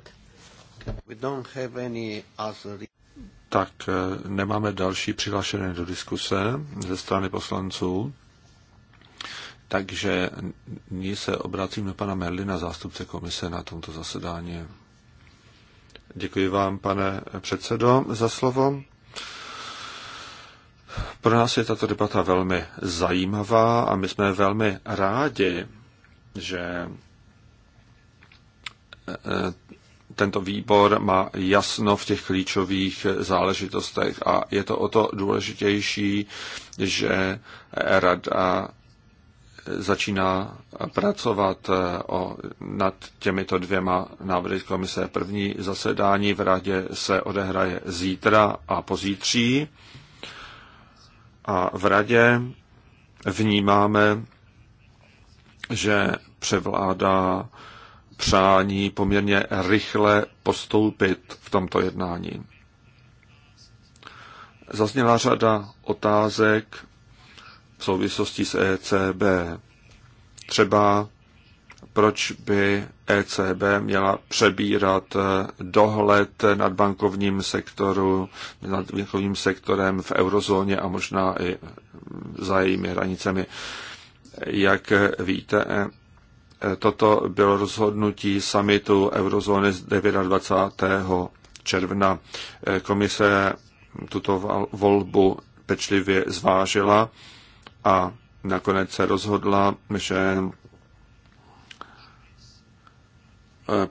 Tak eh, nemáme další přihlášené do diskuse ze strany poslanců, takže nyní se obracím na pana Merlina, zástupce komise na tomto zasedání. Děkuji vám, pane předsedo, za slovo. Pro nás je tato debata velmi zajímavá a my jsme velmi rádi, že e, e, tento výbor má jasno v těch klíčových záležitostech a je to o to důležitější, že rada začíná pracovat e, o, nad těmito dvěma návrhy komise. První zasedání v radě se odehraje zítra a pozítří a v radě vnímáme, že převládá přání poměrně rychle postoupit v tomto jednání. Zazněla řada otázek v souvislosti s ECB. Třeba proč by ECB měla přebírat eh, dohled nad bankovním sektoru, nad bankovním sektorem v eurozóně a možná i za jejími hranicemi. Jak víte, eh, toto bylo rozhodnutí samitu eurozóny z 29. června. Eh, komise tuto volbu pečlivě zvážila a nakonec se rozhodla, že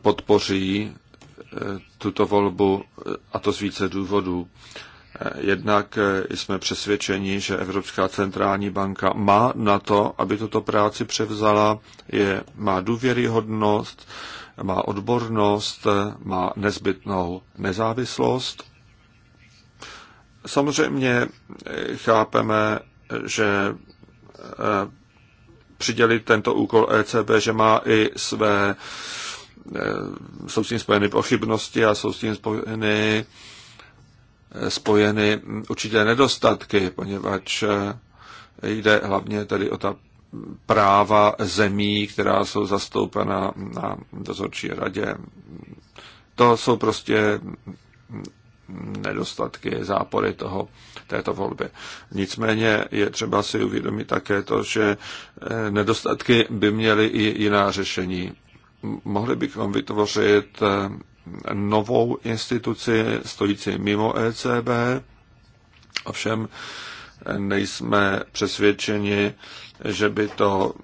podpoří eh, tuto volbu, eh, a to z více důvodů. Eh, jednak jsme přesvědčeni, že Evropská centrální banka má na to, aby tuto práci převzala, je, má důvěryhodnost, má odbornost, má nezbytnou nezávislost. Samozřejmě chápeme, že přidělit tento úkol ECB, že má i své Eh, jsou s tím spojeny pochybnosti a jsou s tím spojeny, eh, spojeny určitě nedostatky, poněvadž eh, jde hlavně tedy o ta práva zemí, která jsou zastoupena na dozorčí radě. To jsou prostě nedostatky, zápory toho, této volby. Nicméně je třeba si uvědomit také to, že nedostatky by měly i jiná řešení mohli bychom vytvořit eh, novou instituci stojící mimo ECB, ovšem nejsme přesvědčeni, že by to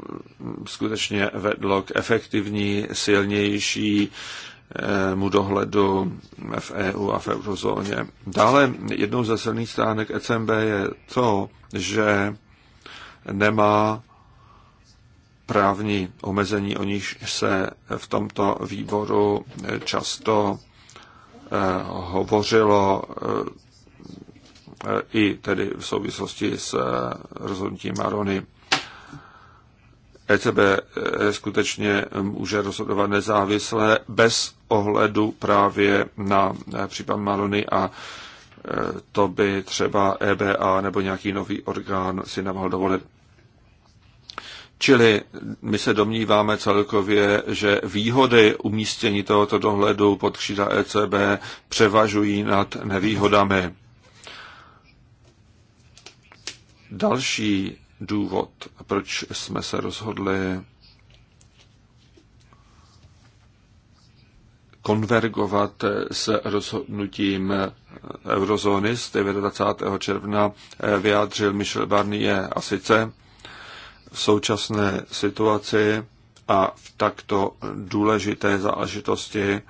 skutečně vedlo k efektivní, silnější eh, mu dohledu v EU a v eurozóně. Dále jednou ze silných stránek ECB je to, že nemá právní omezení, o níž se v tomto výboru eh, často eh, hovořilo eh, i tedy v souvislosti s rozhodnutím Marony. ECB skutečně může rozhodovat nezávisle bez ohledu právě na případ Marony a to by třeba EBA nebo nějaký nový orgán si nemohl dovolit. Čili my se domníváme celkově, že výhody umístění tohoto dohledu pod křída ECB převažují nad nevýhodami. Další důvod, proč jsme se rozhodli konvergovat s rozhodnutím eurozóny z 29. června, eh, vyjádřil Michel Barnier a sice v současné situaci a v takto důležité záležitosti eh,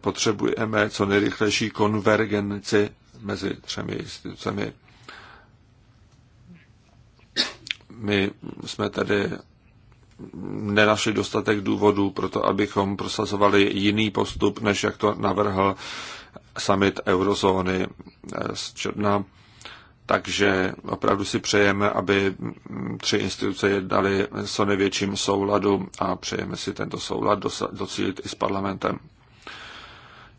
potřebujeme co nejrychlejší konvergenci mezi třemi institucemi. My jsme tady nenašli dostatek důvodů pro to, abychom prosazovali jiný postup, než jak to navrhl summit eurozóny z června takže opravdu si přejeme, aby tři instituce jednaly co největším souladu a přejeme si tento soulad docílit i s parlamentem.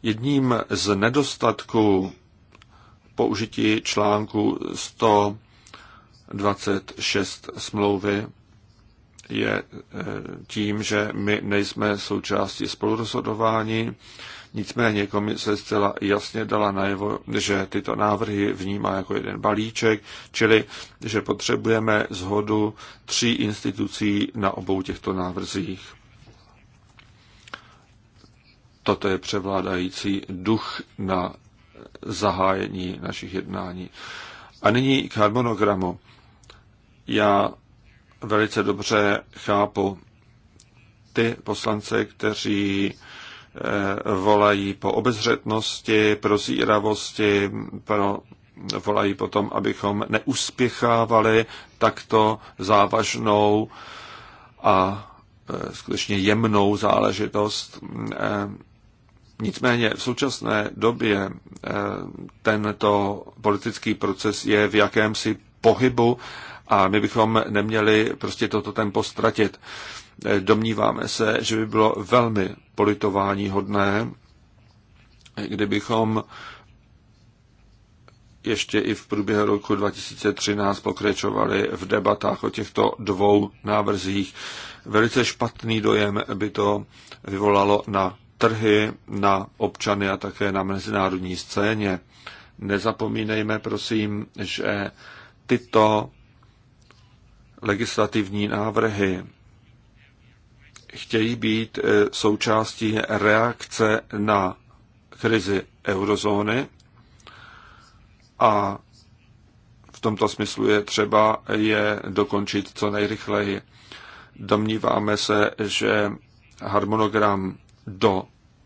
Jedním z nedostatků použití článku 126 smlouvy je e, tím, že my nejsme součástí spolurozhodování, Nicméně komise zcela jasně dala najevo, že tyto návrhy vnímá jako jeden balíček, čili že potřebujeme zhodu tří institucí na obou těchto návrzích. Toto je převládající duch na zahájení našich jednání. A nyní k harmonogramu. Já velice dobře chápu ty poslance, kteří Eh, volají po obezřetnosti, prozíravosti, pro, volají potom, abychom neuspěchávali takto závažnou a eh, skutečně jemnou záležitost. Eh, nicméně v současné době tento politický proces je v jakémsi pohybu a my bychom neměli prostě toto tempo ztratit. Eh, domníváme se, že by bylo velmi politování hodné, eh, kdybychom ještě i v průběhu roku 2013 pokračovali v debatách o těchto dvou návrzích. Velice špatný dojem by to vyvolalo na trhy, na občany a také na mezinárodní scéně. Nezapomínejme, prosím, že tyto legislativní návrhy chtějí být eh, součástí reakce na krizi eurozóny a v tomto smyslu je třeba je dokončit co nejrychleji. Domníváme se, že harmonogram do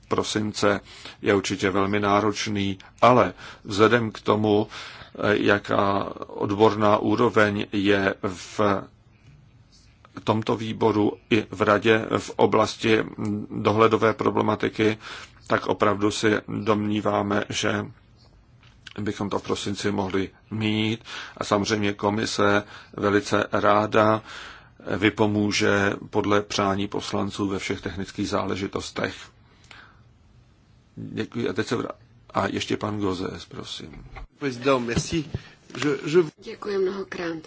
prosince je určitě velmi náročný, ale vzhledem k tomu, eh, jaká odborná úroveň je v tomto výboru i v radě v oblasti dohledové problematiky, tak opravdu si domníváme, že bychom to v prosinci mohli mít. A samozřejmě komise velice ráda vypomůže podle přání poslanců ve všech technických záležitostech. Děkuji. A teď se vr- A ještě pan Gozes, prosím. Děkuji mnohokrát.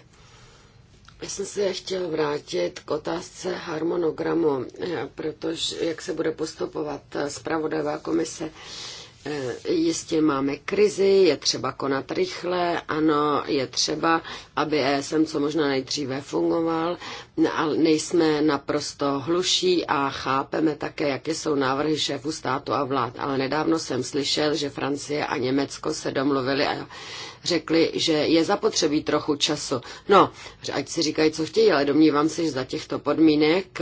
Já jsem se chtěl vrátit k otázce harmonogramu, eh, protože jak se bude postupovat eh, zpravodajová komise. Eh, jistě máme krizi, je třeba konat rychle, ano, je třeba, aby ESM co možná nejdříve fungoval, ale nejsme naprosto hluší a chápeme také, jaké jsou návrhy šéfů státu a vlád. Ale nedávno jsem slyšel, že Francie a Německo se domluvili a řekli, že je zapotřebí trochu času. No, ať si říkají, co chtějí, ale domnívám se, že za těchto podmínek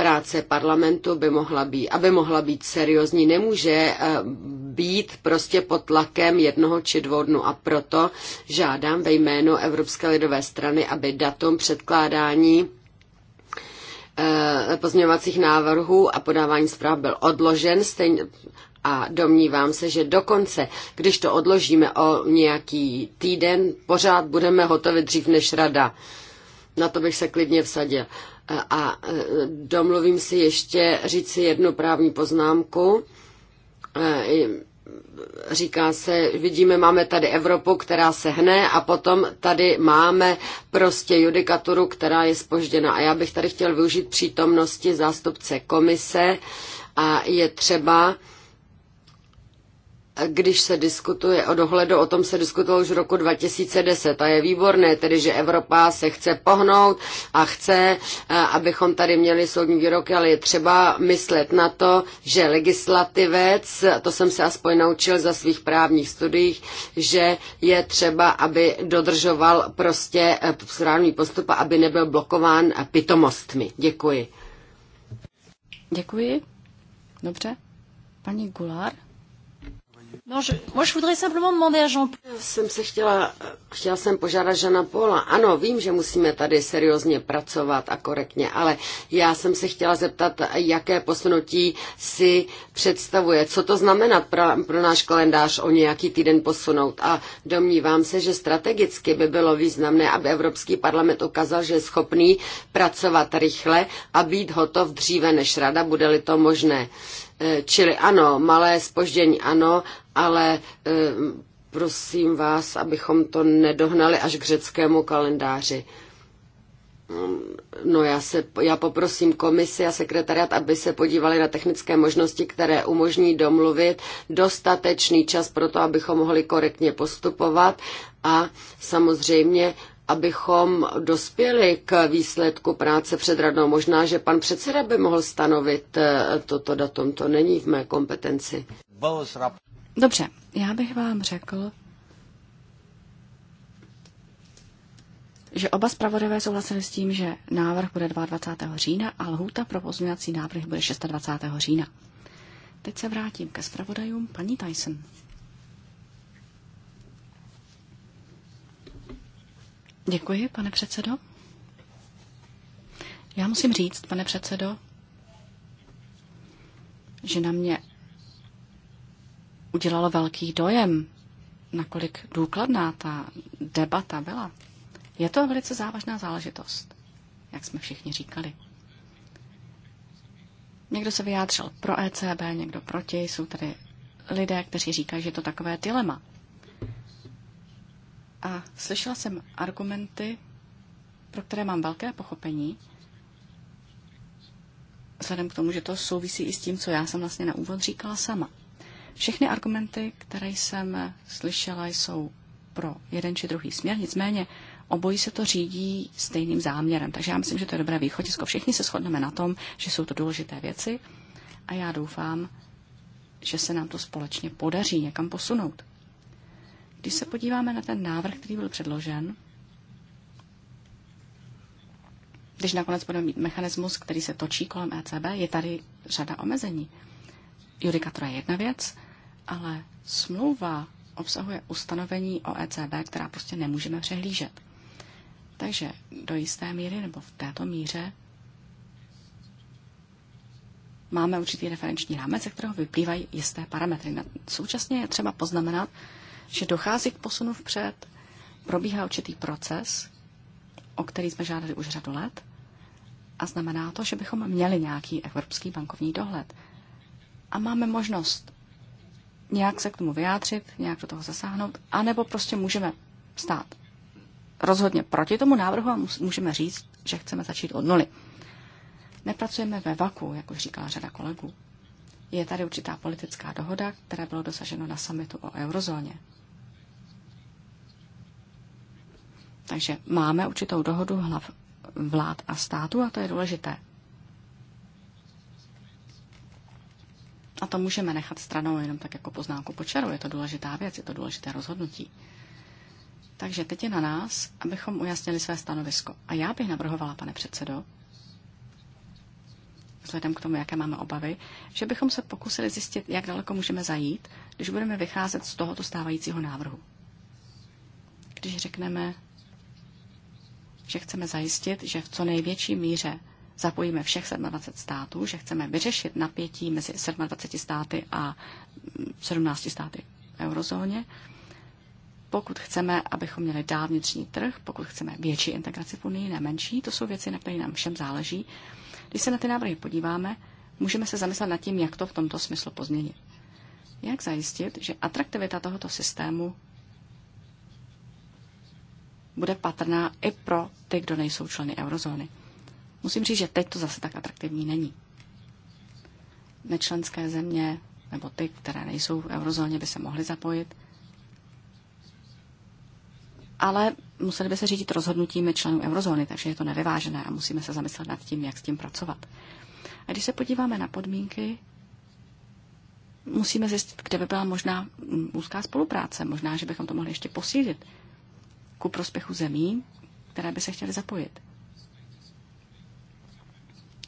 práce parlamentu by mohla být, aby mohla být seriózní, nemůže eh, být prostě pod tlakem jednoho či dvou dnů. A proto žádám ve jménu Evropské lidové strany, aby datum předkládání eh, pozměňovacích návrhů a podávání zpráv byl odložen stejně, a domnívám se, že dokonce, když to odložíme o nějaký týden, pořád budeme hotovi dřív než rada. Na to bych se klidně vsadil. A e, domluvím si ještě říct si jednu právní poznámku. E, říká se, vidíme, máme tady Evropu, která se hne a potom tady máme prostě judikaturu, která je spožděna. A já bych tady chtěl využít přítomnosti zástupce komise a je třeba, když se diskutuje o dohledu, o tom se diskutovalo už v roku 2010 a je výborné tedy, že Evropa se chce pohnout a chce, eh, abychom tady měli soudní výroky, ale je třeba myslet na to, že legislativec, to jsem se aspoň naučil za svých právních studiích, že je třeba, aby dodržoval prostě eh, správný postup a aby nebyl blokován pitomostmi. Děkuji. Děkuji. Dobře. Paní Gulár? No, moi, je voudrais simplement demander à Jean jsem se chtěla, chtěla jsem požádat Žana Paula. Ano, vím, že musíme tady seriózně pracovat a korektně, ale já jsem se chtěla zeptat, jaké posunutí si představuje. Co to znamená pro, pro náš kalendář o nějaký týden posunout? A domnívám se, že strategicky by bylo významné, aby Evropský parlament ukázal, že je schopný pracovat rychle a být hotov dříve než rada, bude-li to možné. E, čili ano, malé spoždění ano, ale eh, prosím vás, abychom to nedohnali až k řeckému kalendáři. Mm, no já, se, já poprosím komisi a sekretariat, aby se podívali na technické možnosti, které umožní domluvit dostatečný čas pro to, abychom mohli korektně postupovat a samozřejmě abychom dospěli k výsledku práce před radnou. Možná, že pan předseda by mohl stanovit eh, toto datum, to není v mé kompetenci. Dobře, já bych vám řekl, že oba zpravodajové souhlasili s tím, že návrh bude 22. října a lhůta pro pozměňovací návrh bude 26. října. Teď se vrátím ke zpravodajům paní Tyson. Děkuji, pane předsedo. Já musím říct, pane předsedo, že na mě udělalo velký dojem, nakolik důkladná ta debata byla. Je to velice závažná záležitost, jak jsme všichni říkali. Někdo se vyjádřil pro ECB, někdo proti. Jsou tady lidé, kteří říkají, že je to takové dilema. A slyšela jsem argumenty, pro které mám velké pochopení, vzhledem k tomu, že to souvisí i s tím, co já jsem vlastně na úvod říkala sama. Všechny argumenty, které jsem slyšela, jsou pro jeden či druhý směr, nicméně obojí se to řídí stejným záměrem. Takže já myslím, že to je dobré východisko. Všichni se shodneme na tom, že jsou to důležité věci a já doufám, že se nám to společně podaří někam posunout. Když se podíváme na ten návrh, který byl předložen, když nakonec budeme mít mechanismus, který se točí kolem ECB, je tady řada omezení. Judikatura je jedna věc, ale smlouva obsahuje ustanovení o ECB, která prostě nemůžeme přehlížet. Takže do jisté míry nebo v této míře máme určitý referenční rámec, ze kterého vyplývají jisté parametry. Současně je třeba poznamenat, že dochází k posunu vpřed, probíhá určitý proces, o který jsme žádali už řadu let, a znamená to, že bychom měli nějaký evropský bankovní dohled a máme možnost nějak se k tomu vyjádřit, nějak do toho zasáhnout, anebo prostě můžeme stát rozhodně proti tomu návrhu a můžeme říct, že chceme začít od nuly. Nepracujeme ve vaku, jak už říkala řada kolegů. Je tady určitá politická dohoda, která bylo dosaženo na samitu o eurozóně. Takže máme určitou dohodu hlav vlád a států a to je důležité. A to můžeme nechat stranou jenom tak jako poznámku počaru. Je to důležitá věc, je to důležité rozhodnutí. Takže teď je na nás, abychom ujasnili své stanovisko. A já bych navrhovala, pane předsedo, vzhledem k tomu, jaké máme obavy, že bychom se pokusili zjistit, jak daleko můžeme zajít, když budeme vycházet z tohoto stávajícího návrhu. Když řekneme, že chceme zajistit, že v co největší míře zapojíme všech 27 států, že chceme vyřešit napětí mezi 27 státy a 17 mm, státy v eurozóně, pokud chceme, abychom měli dál vnitřní trh, pokud chceme větší integraci v Unii, ne menší, to jsou věci, na které nám všem záleží. Když se na ty návrhy podíváme, můžeme se zamyslet nad tím, jak to v tomto smyslu pozměnit. Jak zajistit, že atraktivita tohoto systému bude patrná i pro ty, kdo nejsou členy eurozóny. Musím říct, že teď to zase tak atraktivní není. Nečlenské země nebo ty, které nejsou v eurozóně, by se mohly zapojit, ale museli by se řídit rozhodnutími členů eurozóny, takže je to nevyvážené a musíme se zamyslet nad tím, jak s tím pracovat. A když se podíváme na podmínky, musíme zjistit, kde by byla možná mm, úzká spolupráce. Možná, že bychom to mohli ještě posílit ku prospěchu zemí, které by se chtěly zapojit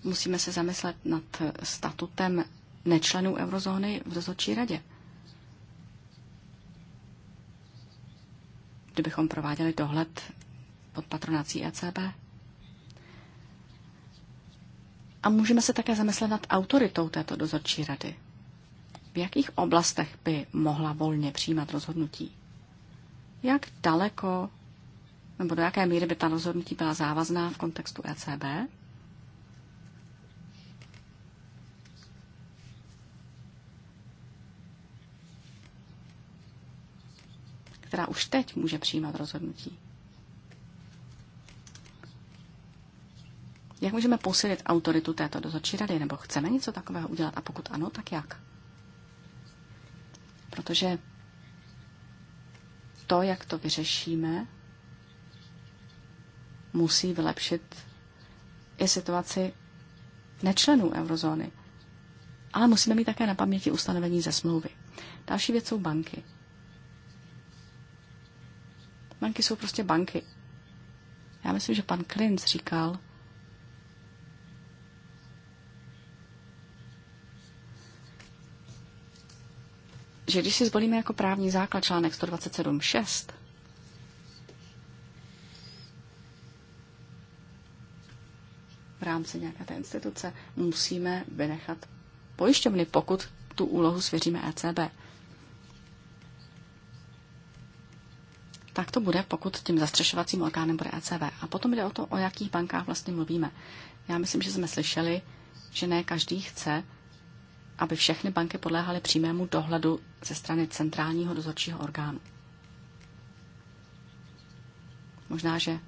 musíme se zamyslet nad statutem nečlenů eurozóny v dozorčí radě. Kdybychom prováděli dohled pod patronací ECB. A můžeme se také zamyslet nad autoritou této dozorčí rady. V jakých oblastech by mohla volně přijímat rozhodnutí? Jak daleko nebo do jaké míry by ta rozhodnutí byla závazná v kontextu ECB? která už teď může přijímat rozhodnutí. Jak můžeme posílit autoritu této dozorčí rady, nebo chceme něco takového udělat a pokud ano, tak jak? Protože to, jak to vyřešíme, musí vylepšit i situaci nečlenů eurozóny. Ale musíme mít také na paměti ustanovení ze smlouvy. Další věc jsou banky. Banky jsou prostě banky. Já myslím, že pan Klinc říkal, že když si zvolíme jako právní základ článek 127.6, v rámci nějaké té instituce musíme vynechat pojišťovny, pokud tu úlohu svěříme ECB. Tak to bude, pokud tím zastřešovacím orgánem bude ECV. A potom jde o to, o jakých bankách vlastně mluvíme. Já myslím, že jsme slyšeli, že ne každý chce, aby všechny banky podléhaly přímému dohledu ze strany centrálního dozorčího orgánu. Možná, že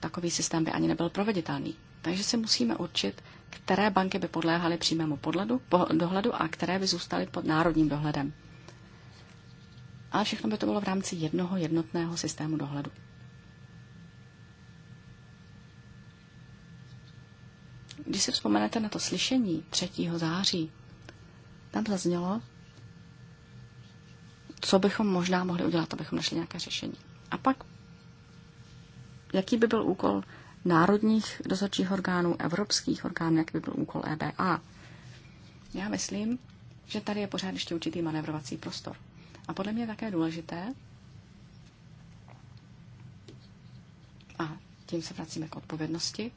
takový systém by ani nebyl proveditelný. Takže si musíme určit, které banky by podléhaly přímému podledu, po, dohledu a které by zůstaly pod národním dohledem. Ale všechno by to bylo v rámci jednoho jednotného systému dohledu. Když si vzpomenete na to slyšení 3. září, tam zaznělo, co bychom možná mohli udělat, abychom našli nějaké řešení. A pak, jaký by byl úkol národních dozorčích orgánů, evropských orgánů, jaký by byl úkol EBA. Já myslím, že tady je pořád ještě určitý manevrovací prostor. A podle mě je také důležité, a tím se vracíme k odpovědnosti,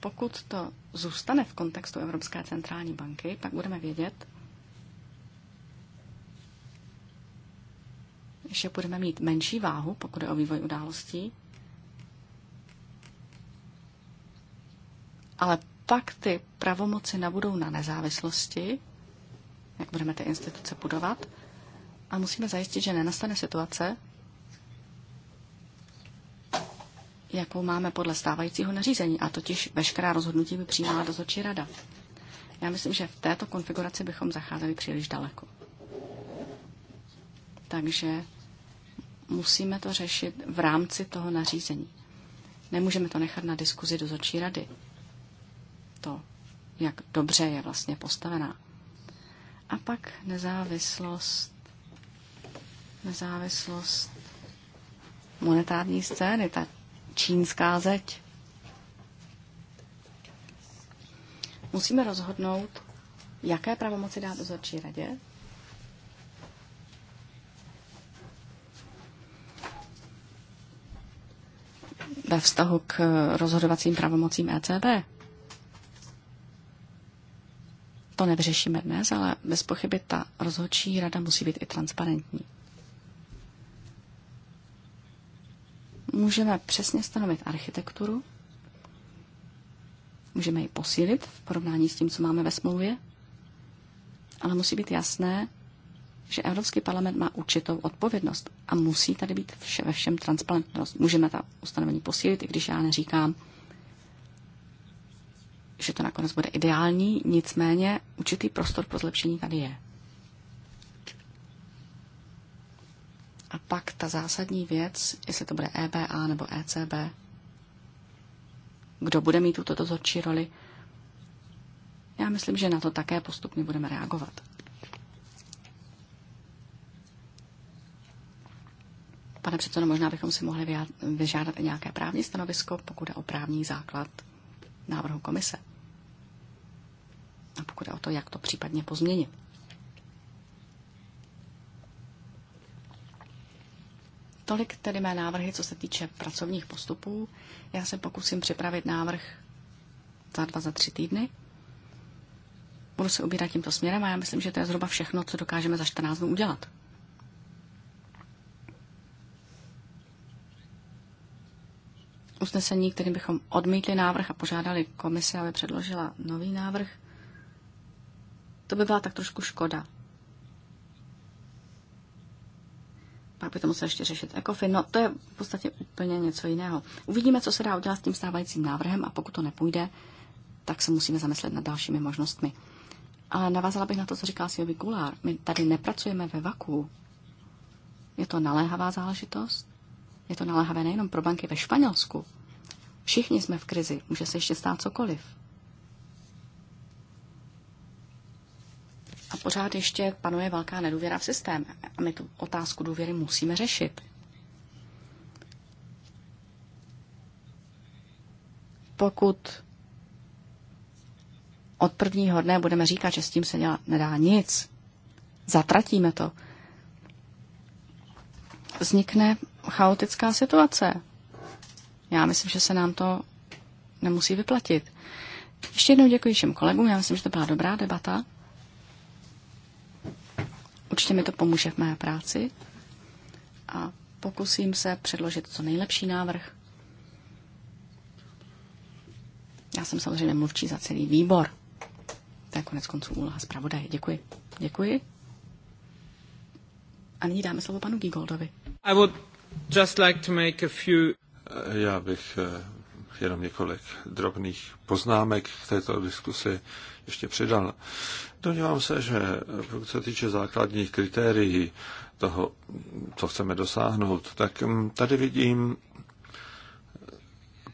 pokud to zůstane v kontextu Evropské centrální banky, pak budeme vědět, že budeme mít menší váhu, pokud je o vývoj událostí, ale pak ty pravomoci nabudou na nezávislosti jak budeme ty instituce budovat. A musíme zajistit, že nenastane situace, jakou máme podle stávajícího nařízení, a totiž veškerá rozhodnutí by přijímala dozorčí rada. Já myslím, že v této konfiguraci bychom zacházeli příliš daleko. Takže musíme to řešit v rámci toho nařízení. Nemůžeme to nechat na diskuzi dozorčí rady. To, jak dobře je vlastně postavená. A pak nezávislost, nezávislost monetární scény, ta čínská zeď. Musíme rozhodnout, jaké pravomoci dá dozorčí radě, ve vztahu k rozhodovacím pravomocím ECB to nevyřešíme dnes, ale bez pochyby ta rozhodčí rada musí být i transparentní. Můžeme přesně stanovit architekturu, můžeme ji posílit v porovnání s tím, co máme ve smlouvě, ale musí být jasné, že Evropský parlament má určitou odpovědnost a musí tady být vše, ve všem transparentnost. Můžeme ta ustanovení posílit, i když já neříkám, že to nakonec bude ideální, nicméně určitý prostor pro zlepšení tady je. A pak ta zásadní věc, jestli to bude EBA nebo ECB, kdo bude mít tuto dozorčí roli, já myslím, že na to také postupně budeme reagovat. Pane předsedo, možná bychom si mohli vyžádat i nějaké právní stanovisko, pokud je o právní základ návrhu komise. A pokud je o to, jak to případně pozměnit. Tolik tedy mé návrhy, co se týče pracovních postupů. Já se pokusím připravit návrh za dva, za tři týdny. Budu se ubírat tímto směrem a já myslím, že to je zhruba všechno, co dokážeme za 14 dnů udělat. usnesení, kterým bychom odmítli návrh a požádali komisi, aby předložila nový návrh, to by byla tak trošku škoda. Pak by to musel ještě řešit ECOFIN. No to je v podstatě úplně něco jiného. Uvidíme, co se dá udělat s tím stávajícím návrhem a pokud to nepůjde, tak se musíme zamyslet nad dalšími možnostmi. Ale navázala bych na to, co říkal Silvi Kulár. My tady nepracujeme ve vaku. Je to naléhavá záležitost je to naléhavé nejenom pro banky ve Španělsku. Všichni jsme v krizi, může se ještě stát cokoliv. A pořád ještě panuje velká nedůvěra v systém. A my tu otázku důvěry musíme řešit. Pokud od prvního dne budeme říkat, že s tím se nedá nic, zatratíme to, vznikne chaotická situace. Já myslím, že se nám to nemusí vyplatit. Ještě jednou děkuji všem kolegům, já myslím, že to byla dobrá debata. Určitě mi to pomůže v mé práci a pokusím se předložit co nejlepší návrh. Já jsem samozřejmě mluvčí za celý výbor. To je konec konců úloha zpravodaje. Děkuji. Děkuji. A nyní dáme slovo panu Gigoldovi. I would just like to make a few... Já bych eh, jenom několik drobných poznámek k této diskusi ještě přidal. Domnívám se, že pokud se týče základních kritérií toho, co chceme dosáhnout, tak mm, tady vidím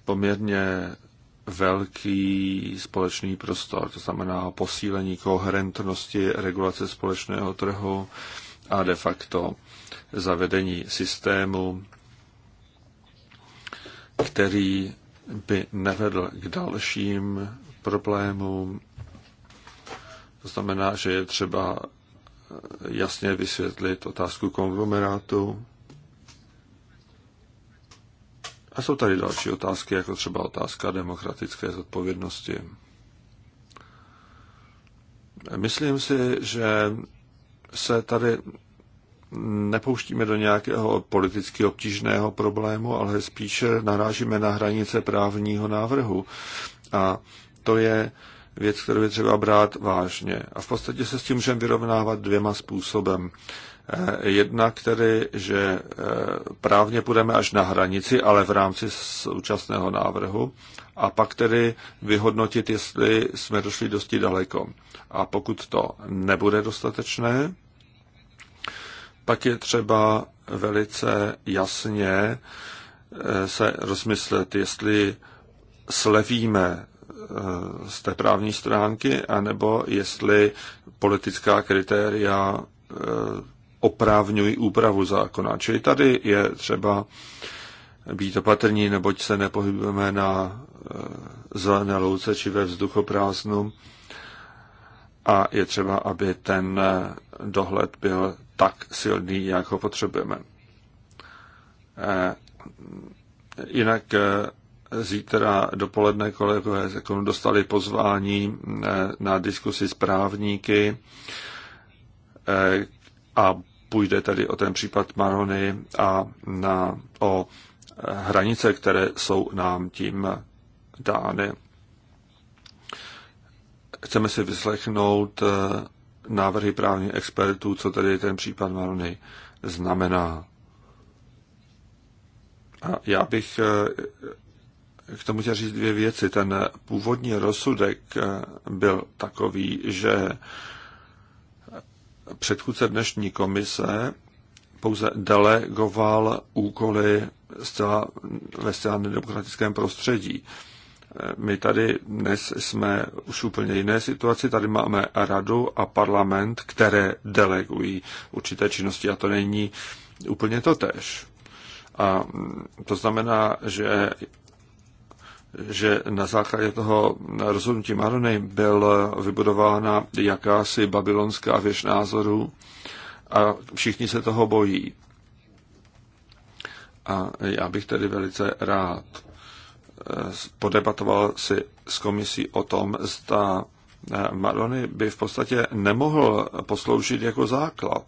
poměrně velký společný prostor, to znamená posílení koherentnosti regulace společného trhu a de facto zavedení systému, který by nevedl k dalším problémům. To znamená, že je třeba jasně vysvětlit otázku konglomerátu. A jsou tady další otázky, jako třeba otázka demokratické zodpovědnosti. Myslím si, že se tady nepouštíme do nějakého politicky obtížného problému, ale spíše narážíme na hranice právního návrhu. A to je věc, kterou je třeba brát vážně. A v podstatě se s tím můžeme vyrovnávat dvěma způsobem. Eh, jedna, který, že eh, právně půjdeme až na hranici, ale v rámci současného návrhu, a pak tedy vyhodnotit, jestli jsme došli dosti daleko. A pokud to nebude dostatečné, pak je třeba velice jasně eh, se rozmyslet, jestli slevíme eh, z té právní stránky, anebo jestli politická kritéria eh, oprávňují úpravu zákona. Čili tady je třeba být opatrní, neboť se nepohybujeme na zelené louce či ve vzduchoprázdnu a je třeba, aby ten dohled byl tak silný, jak ho potřebujeme. Eh, jinak eh, zítra dopoledne kolegové dostali pozvání eh, na diskusi s právníky a půjde tady o ten případ Marony a na, o hranice, které jsou nám tím dány. Chceme si vyslechnout návrhy právních expertů, co tedy ten případ Marony znamená. A já bych eh, k tomu chtěl říct dvě věci. Ten původní rozsudek eh, byl takový, že předchůdce dnešní komise pouze delegoval úkoly zcela, ve zcela nedemokratickém prostředí. My tady dnes jsme už úplně jiné situaci. Tady máme radu a parlament, které delegují určité činnosti a to není úplně to tež. A mm, to znamená, že že na základě toho rozhodnutí Marony byl vybudována jakási babylonská věž názoru a všichni se toho bojí. A já bych tedy velice rád podebatoval si s komisí o tom, zda eh, Maroni by v podstatě nemohl posloužit jako základ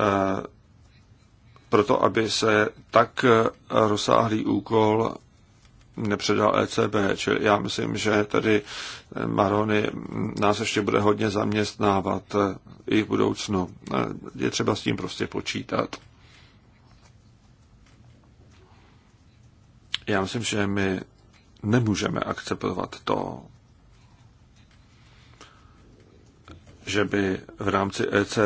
eh, proto, aby se tak rozsáhlý úkol nepředal ECB. Čili já myslím, že tady eh, Marony nás ještě bude hodně zaměstnávat i v budoucnu. Je třeba s tím prostě počítat. Já myslím, že my nemůžeme akceptovat to, že by v rámci ECB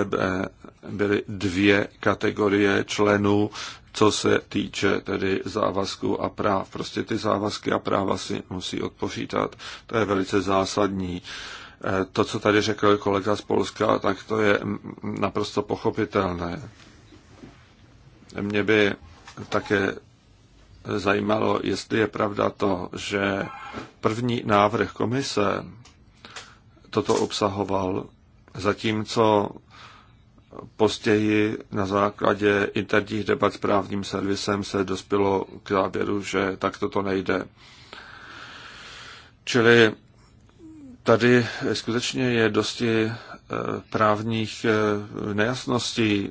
byly dvě kategorie členů, co se týče tedy závazků a práv. Prostě ty závazky a práva si musí odpovídat. To je velice zásadní. E, to, co tady řekl kolega z Polska, tak to je naprosto pochopitelné. Mě by také zajímalo, jestli je pravda to, že první návrh komise toto obsahoval, zatímco postěji na základě interních debat s právním servisem se dospělo k závěru, že takto to nejde. Čili tady skutečně je dosti eh, právních eh, nejasností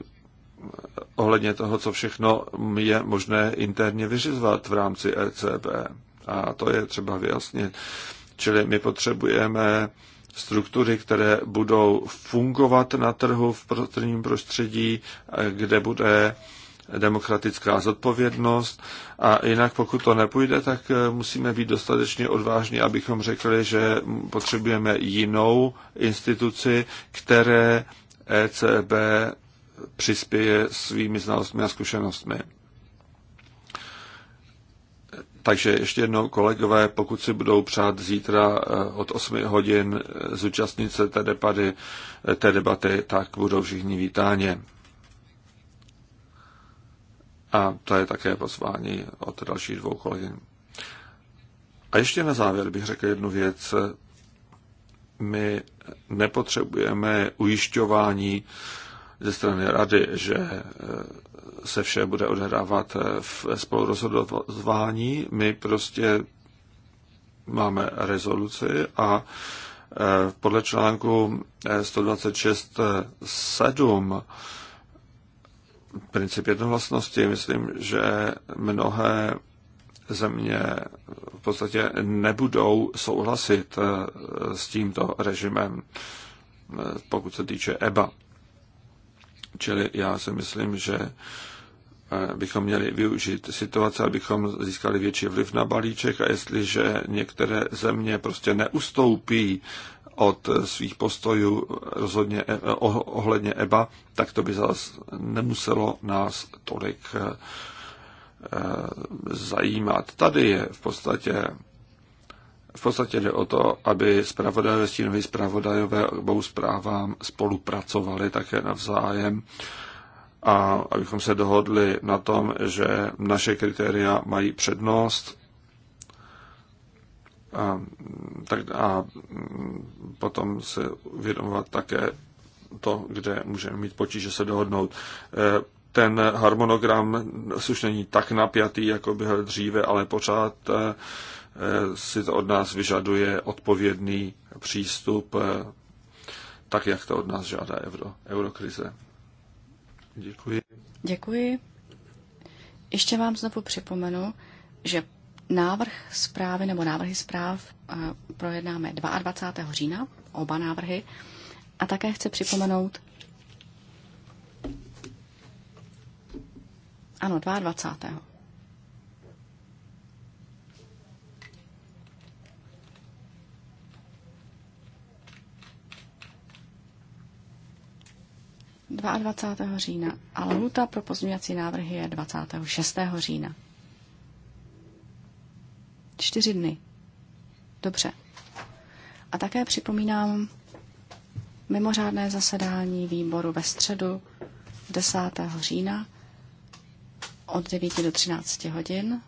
ohledně toho, co všechno je možné interně vyřizovat v rámci ECB. A to je třeba vyjasnit. Čili my potřebujeme struktury, které budou fungovat na trhu v prostředním prostředí, kde bude demokratická zodpovědnost a jinak pokud to nepůjde, tak eh, musíme být dostatečně odvážní, abychom řekli, že potřebujeme jinou instituci, které ECB přispěje svými znalostmi a zkušenostmi. Takže ještě jednou, kolegové, pokud si budou přát zítra eh, od 8 hodin eh, zúčastnit se té, depady, eh, té debaty, tak budou všichni vítáni. A to je také pozvání od dalších dvou kolegyn. A ještě na závěr bych řekl jednu věc. My nepotřebujeme ujišťování, ze strany rady, že eh, se vše bude odehrávat eh, v spolurozhodování. My prostě máme rezoluci a eh, podle článku 126.7 princip jednohlasnosti, myslím, že mnohé země v podstatě nebudou souhlasit s tímto režimem, pokud se týče EBA. Čili já si myslím, že eh, bychom měli využít situace, abychom získali větší vliv na balíček a jestliže některé země prostě neustoupí od svých postojů rozhodně eh, ohledně EBA, tak to by zase nemuselo nás tolik eh, zajímat. Tady je v podstatě v podstatě jde o to, aby zpravodajové, stínoví zpravodajové obou zprávám spolupracovali také navzájem a abychom se dohodli na tom, že naše kritéria mají přednost a, tak, a potom se uvědomovat také to, kde můžeme mít potíže se dohodnout. E, ten harmonogram už není tak napjatý, jako byl dříve, ale pořád e, si to od nás vyžaduje odpovědný přístup, eh, tak jak to od nás žádá euro, eurokrize. Děkuji. Děkuji. Ještě vám znovu připomenu, že návrh zprávy nebo návrhy zpráv eh, projednáme 22. října, oba návrhy, a také chci připomenout, ano, 22. 22. října a lhuta pro pozměňovací návrhy je 26. října. Čtyři dny. Dobře. A také připomínám mimořádné zasedání výboru ve středu 10. října od 9 do 13 hodin,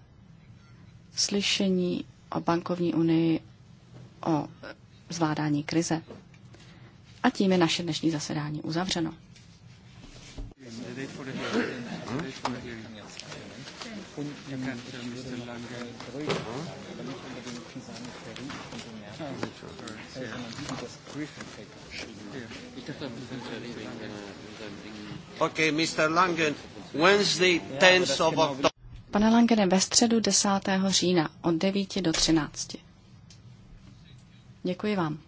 slyšení o bankovní unii, o zvládání krize. A tím je naše dnešní zasedání uzavřeno. Okay, Mr. Langen, Wednesday, 10th of October. Pane Langene, ve středu 10. října od 9 do 13. Děkuji vám.